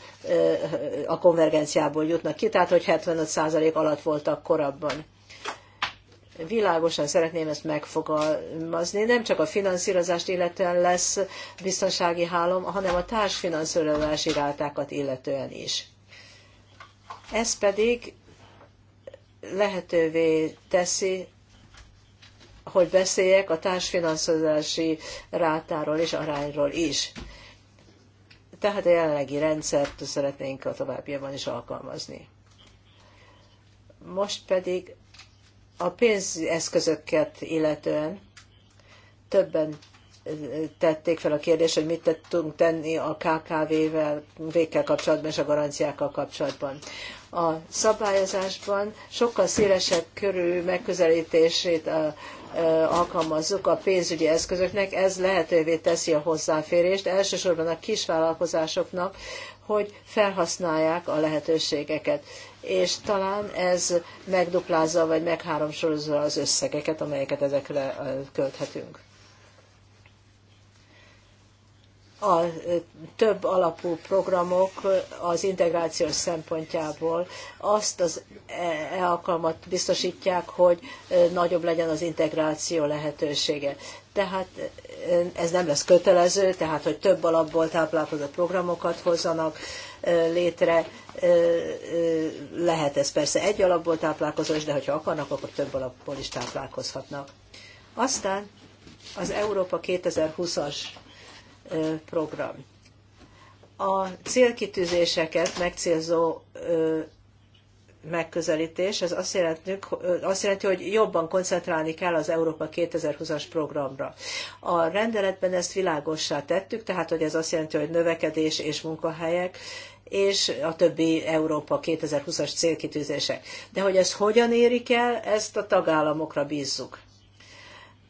a konvergenciából jutnak ki, tehát hogy 75% alatt voltak korábban világosan szeretném ezt megfogalmazni. Nem csak a finanszírozást illetően lesz biztonsági hálom, hanem a társfinanszírozási rátákat illetően is. Ez pedig lehetővé teszi, hogy beszéljek a társfinanszírozási rátáról és arányról is. Tehát a jelenlegi rendszert szeretnénk a továbbiakban is alkalmazni. Most pedig a pénzeszközöket illetően többen tették fel a kérdést, hogy mit tettünk tenni a KKV-vel, vékkel kapcsolatban és a garanciákkal kapcsolatban. A szabályozásban sokkal szélesebb körű megközelítését alkalmazzuk a pénzügyi eszközöknek, ez lehetővé teszi a hozzáférést, elsősorban a kisvállalkozásoknak, hogy felhasználják a lehetőségeket. És talán ez megduplázza, vagy megháromsorozza az összegeket, amelyeket ezekre költhetünk. A több alapú programok az integrációs szempontjából azt az e, e alkalmat biztosítják, hogy nagyobb legyen az integráció lehetősége tehát ez nem lesz kötelező, tehát hogy több alapból táplálkozó programokat hozzanak létre, lehet ez persze egy alapból táplálkozó is, de hogyha akarnak, akkor több alapból is táplálkozhatnak. Aztán az Európa 2020-as program. A célkitűzéseket megcélzó megközelítés, ez azt jelenti, azt jelenti, hogy jobban koncentrálni kell az Európa 2020-as programra. A rendeletben ezt világossá tettük, tehát hogy ez azt jelenti, hogy növekedés és munkahelyek, és a többi Európa 2020-as célkitűzések. De hogy ez hogyan érik el, ezt a tagállamokra bízzuk.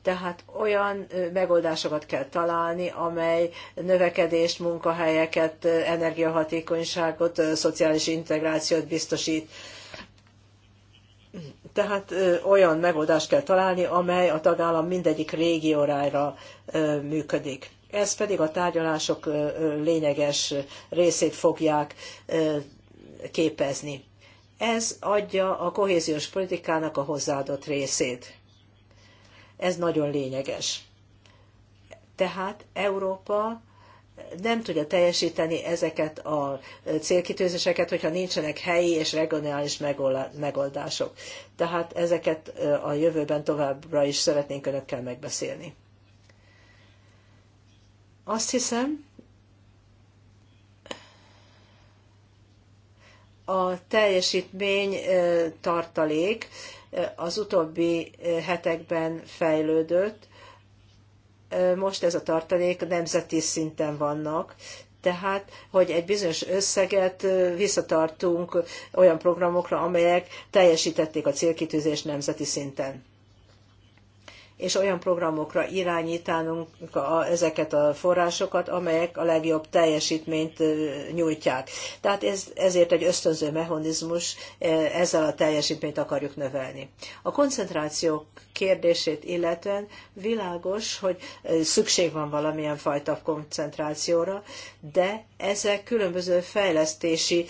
Tehát olyan megoldásokat kell találni, amely növekedést, munkahelyeket, energiahatékonyságot, szociális integrációt biztosít tehát olyan megoldást kell találni, amely a tagállam mindegyik régiórára működik. Ez pedig a tárgyalások lényeges részét fogják képezni. Ez adja a kohéziós politikának a hozzáadott részét. Ez nagyon lényeges. Tehát Európa nem tudja teljesíteni ezeket a célkitűzéseket, hogyha nincsenek helyi és regionális megoldások. Tehát ezeket a jövőben továbbra is szeretnénk önökkel megbeszélni. Azt hiszem, a teljesítmény tartalék az utóbbi hetekben fejlődött, most ez a tartalék nemzeti szinten vannak, tehát, hogy egy bizonyos összeget visszatartunk olyan programokra, amelyek teljesítették a célkitűzést nemzeti szinten és olyan programokra irányítanunk a, ezeket a forrásokat, amelyek a legjobb teljesítményt nyújtják. Tehát ez, ezért egy ösztönző mechanizmus, ezzel a teljesítményt akarjuk növelni. A koncentráció kérdését illetően világos, hogy szükség van valamilyen fajta koncentrációra, de ezek különböző fejlesztési,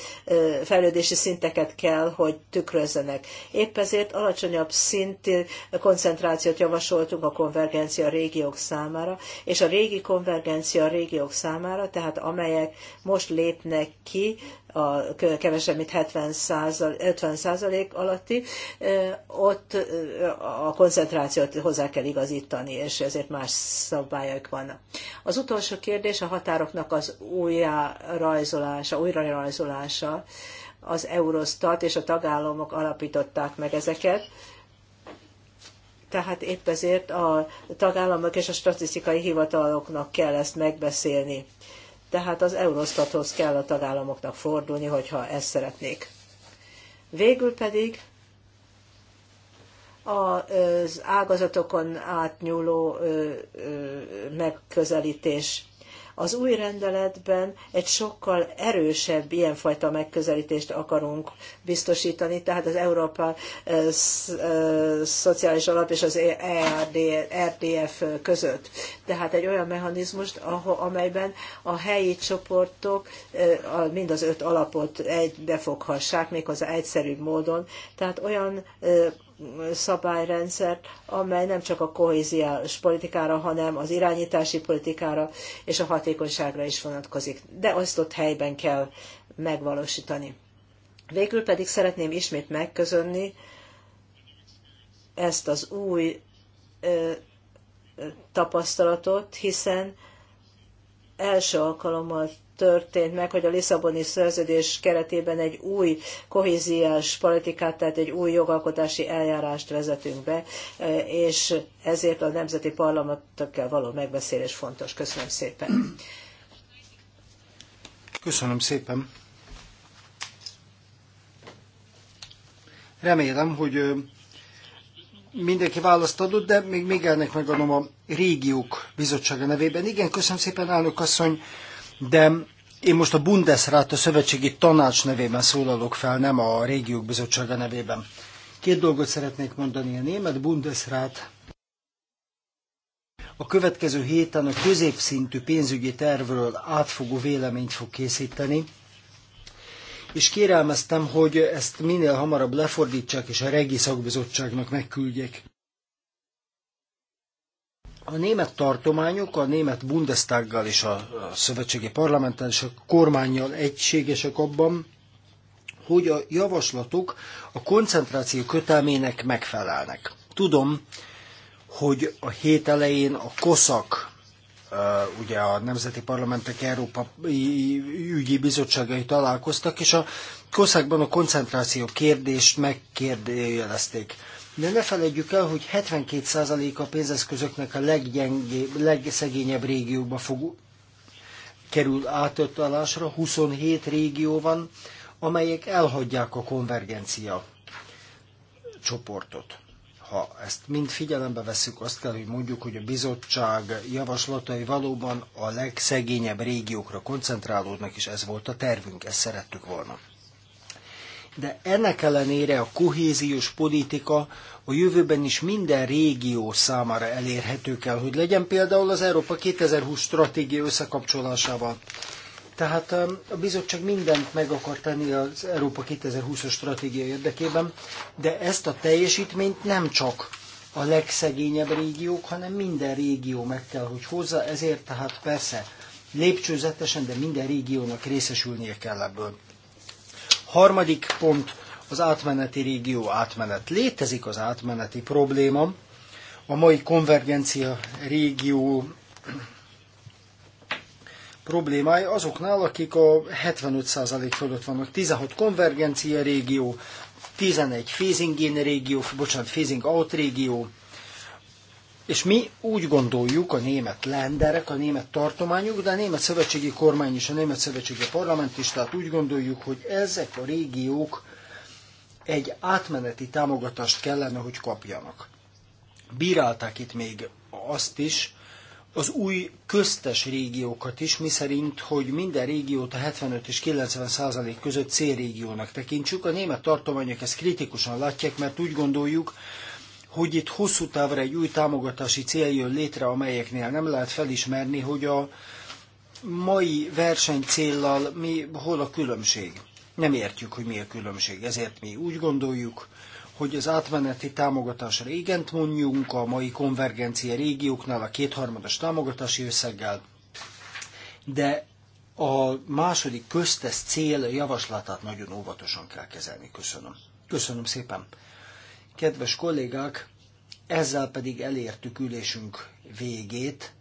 fejlődési szinteket kell, hogy tükrözzenek. Épp ezért alacsonyabb szintű koncentrációt javasol javasoltunk a konvergencia régiók számára, és a régi konvergencia régiók számára, tehát amelyek most lépnek ki a kevesebb mint 70 50 százalék alatti, ott a koncentrációt hozzá kell igazítani, és ezért más szabályok vannak. Az utolsó kérdés a határoknak az újrarajzolása, újrarajzolása az Eurostat és a tagállamok alapították meg ezeket, tehát épp ezért a tagállamok és a statisztikai hivataloknak kell ezt megbeszélni. Tehát az Eurostathoz kell a tagállamoknak fordulni, hogyha ezt szeretnék. Végül pedig az ágazatokon átnyúló megközelítés az új rendeletben egy sokkal erősebb ilyenfajta megközelítést akarunk biztosítani, tehát az Európa eh, eh, Szociális Alap és az ERD, RDF között. Tehát egy olyan mechanizmust, amelyben a helyi csoportok eh, mind az öt alapot egybefoghassák, méghozzá egyszerűbb módon. Tehát olyan szabályrendszert, amely nem csak a kohéziós politikára, hanem az irányítási politikára és a hatékonyságra is vonatkozik. De azt ott helyben kell megvalósítani. Végül pedig szeretném ismét megközönni ezt az új ö, tapasztalatot, hiszen első alkalommal történt meg, hogy a Lisszaboni szerződés keretében egy új kohéziás politikát, tehát egy új jogalkotási eljárást vezetünk be, eh, és ezért a nemzeti parlamentekkel való megbeszélés fontos. Köszönöm szépen. Köszönöm szépen. Remélem, hogy mindenki választ adott, de még Miguelnek megadom a régiók bizottsága nevében. Igen, köszönöm szépen, elnök asszony de én most a Bundesrat, a Szövetségi Tanács nevében szólalok fel, nem a Régiók Bizottsága nevében. Két dolgot szeretnék mondani. A német Bundesrat a következő héten a középszintű pénzügyi tervről átfogó véleményt fog készíteni, és kérelmeztem, hogy ezt minél hamarabb lefordítsák, és a Regi Szakbizottságnak megküldjék. A német tartományok a német Bundestaggal és a szövetségi parlamenttel és a kormányjal egységesek abban, hogy a javaslatok a koncentráció kötelmének megfelelnek. Tudom, hogy a hét elején a koszak, ugye a Nemzeti Parlamentek Európai Ügyi Bizottságai találkoztak, és a koszakban a koncentráció kérdést megkérdőjelezték. De ne felejtjük el, hogy 72% a pénzeszközöknek a leggyengébb, legszegényebb régióba fog kerül átöltalásra, 27 régió van, amelyek elhagyják a konvergencia csoportot. Ha ezt mind figyelembe vesszük, azt kell, hogy mondjuk, hogy a bizottság javaslatai valóban a legszegényebb régiókra koncentrálódnak, és ez volt a tervünk, ezt szerettük volna de ennek ellenére a kohéziós politika a jövőben is minden régió számára elérhető kell, hogy legyen például az Európa 2020 stratégia összekapcsolásával. Tehát um, a bizottság mindent meg akar tenni az Európa 2020-as stratégia érdekében, de ezt a teljesítményt nem csak a legszegényebb régiók, hanem minden régió meg kell, hogy hozza, ezért tehát persze lépcsőzetesen, de minden régiónak részesülnie kell ebből. Harmadik pont, az átmeneti régió átmenet. Létezik az átmeneti probléma. A mai konvergencia régió problémája azoknál, akik a 75% fölött vannak. 16 konvergencia régió, 11 phasing in régió, bocsánat, phasing out régió, és mi úgy gondoljuk, a német lenderek, a német tartományok, de a német szövetségi kormány és a német szövetségi parlament is, tehát úgy gondoljuk, hogy ezek a régiók egy átmeneti támogatást kellene, hogy kapjanak. Bírálták itt még azt is, az új köztes régiókat is, miszerint, hogy minden régiót a 75 és 90 százalék között célrégiónak régiónak tekintsük. A német tartományok ezt kritikusan látják, mert úgy gondoljuk, hogy itt hosszú távra egy új támogatási cél jön létre, amelyeknél nem lehet felismerni, hogy a mai versenycéllal mi, hol a különbség. Nem értjük, hogy mi a különbség, ezért mi úgy gondoljuk, hogy az átmeneti támogatásra igent mondjunk a mai konvergencia régióknál a kétharmados támogatási összeggel, de a második köztes cél javaslatát nagyon óvatosan kell kezelni. Köszönöm. Köszönöm szépen. Kedves kollégák, ezzel pedig elértük ülésünk végét.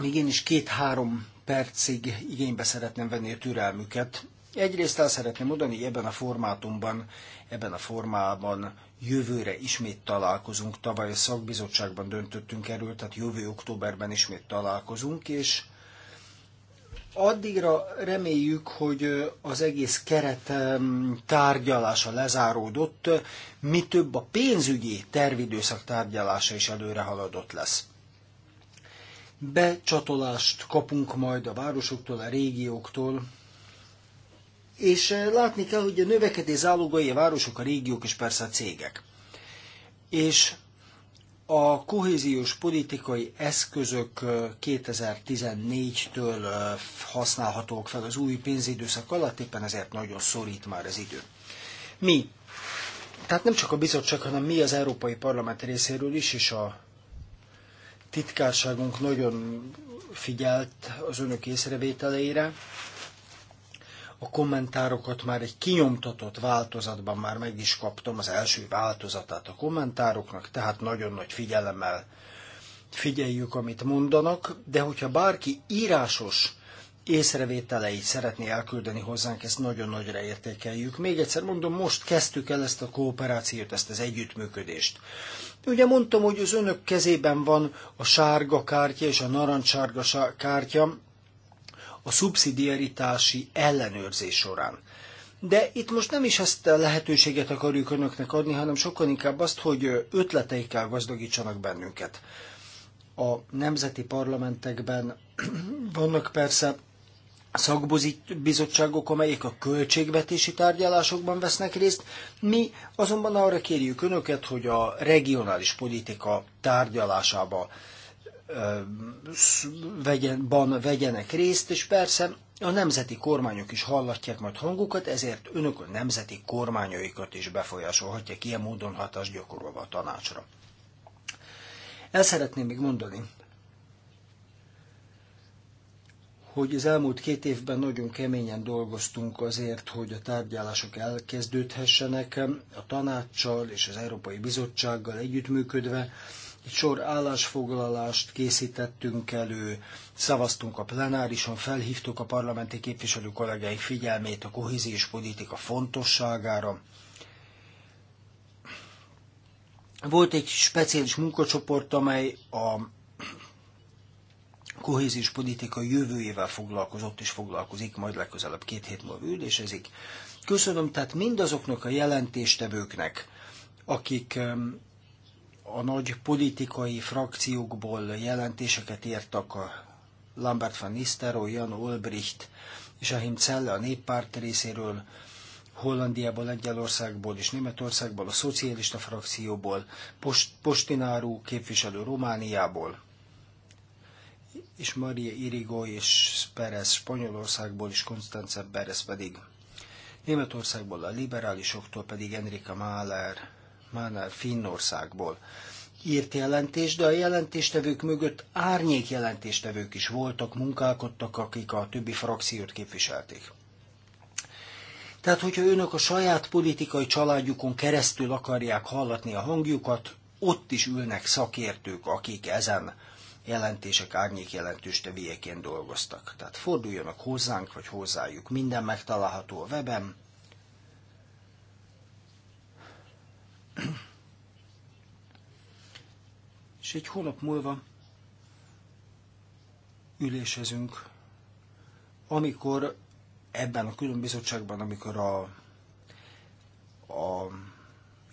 Még én is két-három percig igénybe szeretném venni a türelmüket. Egyrészt el szeretném mondani, hogy ebben a formátumban, ebben a formában jövőre ismét találkozunk. Tavaly a szakbizottságban döntöttünk erről, tehát jövő októberben ismét találkozunk, és Addigra reméljük, hogy az egész keret tárgyalása lezáródott, mi több a pénzügyi tervidőszak tárgyalása is előre haladott lesz. Becsatolást kapunk majd a városoktól, a régióktól, és látni kell, hogy a növekedés zálogai a városok, a régiók és persze a cégek. És a kohéziós politikai eszközök 2014-től használhatók fel az új pénzidőszak alatt, éppen ezért nagyon szorít már az idő. Mi? Tehát nem csak a bizottság, hanem mi az Európai Parlament részéről is, és a titkárságunk nagyon figyelt az önök észrevételeire, a kommentárokat már egy kinyomtatott változatban már meg is kaptam az első változatát a kommentároknak, tehát nagyon nagy figyelemmel figyeljük, amit mondanak, de hogyha bárki írásos észrevételeit szeretné elküldeni hozzánk, ezt nagyon nagyra értékeljük. Még egyszer mondom, most kezdtük el ezt a kooperációt, ezt az együttműködést. Ugye mondtam, hogy az önök kezében van a sárga kártya és a narancssárga kártya, a szubszidiaritási ellenőrzés során. De itt most nem is ezt a lehetőséget akarjuk önöknek adni, hanem sokkal inkább azt, hogy ötleteikkel gazdagítsanak bennünket. A nemzeti parlamentekben vannak persze szakbizottságok, amelyek a költségvetési tárgyalásokban vesznek részt. Mi azonban arra kérjük önöket, hogy a regionális politika tárgyalásába vegyen, vegyenek részt, és persze a nemzeti kormányok is hallatják majd hangukat, ezért önök a nemzeti kormányaikat is befolyásolhatják ilyen módon hatás gyakorolva a tanácsra. El szeretném még mondani, hogy az elmúlt két évben nagyon keményen dolgoztunk azért, hogy a tárgyalások elkezdődhessenek a tanácssal és az Európai Bizottsággal együttműködve, egy sor állásfoglalást készítettünk elő, szavaztunk a plenárison, felhívtuk a parlamenti képviselő kollégáink figyelmét a kohéziós politika fontosságára. Volt egy speciális munkacsoport, amely a kohéziós politika jövőjével foglalkozott és foglalkozik, majd legközelebb két hét múlva ülésezik. Köszönöm tehát mindazoknak a jelentéstevőknek, akik a nagy politikai frakciókból jelentéseket írtak a Lambert van Nistelrooy, Jan Olbricht és Ahim Celle a néppárt részéről, Hollandiából, Lengyelországból és Németországból, a szocialista frakcióból, Post, Postináru képviselő Romániából, és Maria Irigó és Perez Spanyolországból, és Konstance Perez pedig Németországból a liberálisoktól pedig Enrika Mahler, Mánár Finnországból írt jelentés, de a jelentéstevők mögött árnyék jelentéstevők is voltak, munkálkodtak, akik a többi frakciót képviselték. Tehát, hogyha önök a saját politikai családjukon keresztül akarják hallatni a hangjukat, ott is ülnek szakértők, akik ezen jelentések árnyék jelentős tevélyeként dolgoztak. Tehát forduljanak hozzánk, vagy hozzájuk. Minden megtalálható a webem, És egy hónap múlva ülésezünk, amikor ebben a különbizottságban, amikor a, a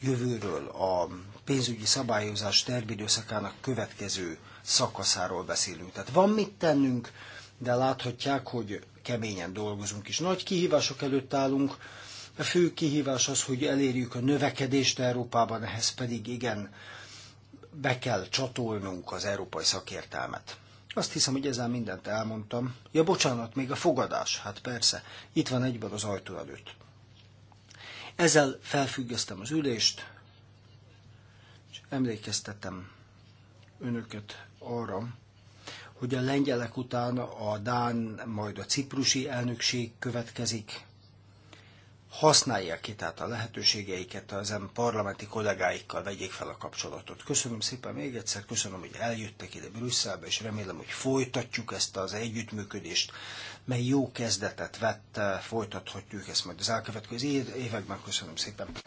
jövőről, a pénzügyi szabályozás tervidőszakának következő szakaszáról beszélünk. Tehát van mit tennünk, de láthatják, hogy keményen dolgozunk és Nagy kihívások előtt állunk, a fő kihívás az, hogy elérjük a növekedést Európában, ehhez pedig igen, be kell csatolnunk az európai szakértelmet. Azt hiszem, hogy ezzel mindent elmondtam. Ja, bocsánat, még a fogadás. Hát persze, itt van egyben az ajtó előtt. Ezzel felfüggesztem az ülést, és emlékeztetem önöket arra, hogy a lengyelek után a Dán, majd a ciprusi elnökség következik, használják ki tehát a lehetőségeiket, az em parlamenti kollégáikkal vegyék fel a kapcsolatot. Köszönöm szépen még egyszer, köszönöm, hogy eljöttek ide Brüsszelbe, és remélem, hogy folytatjuk ezt az együttműködést, mely jó kezdetet vett, folytathatjuk ezt majd az elkövetkező években. Köszönöm szépen!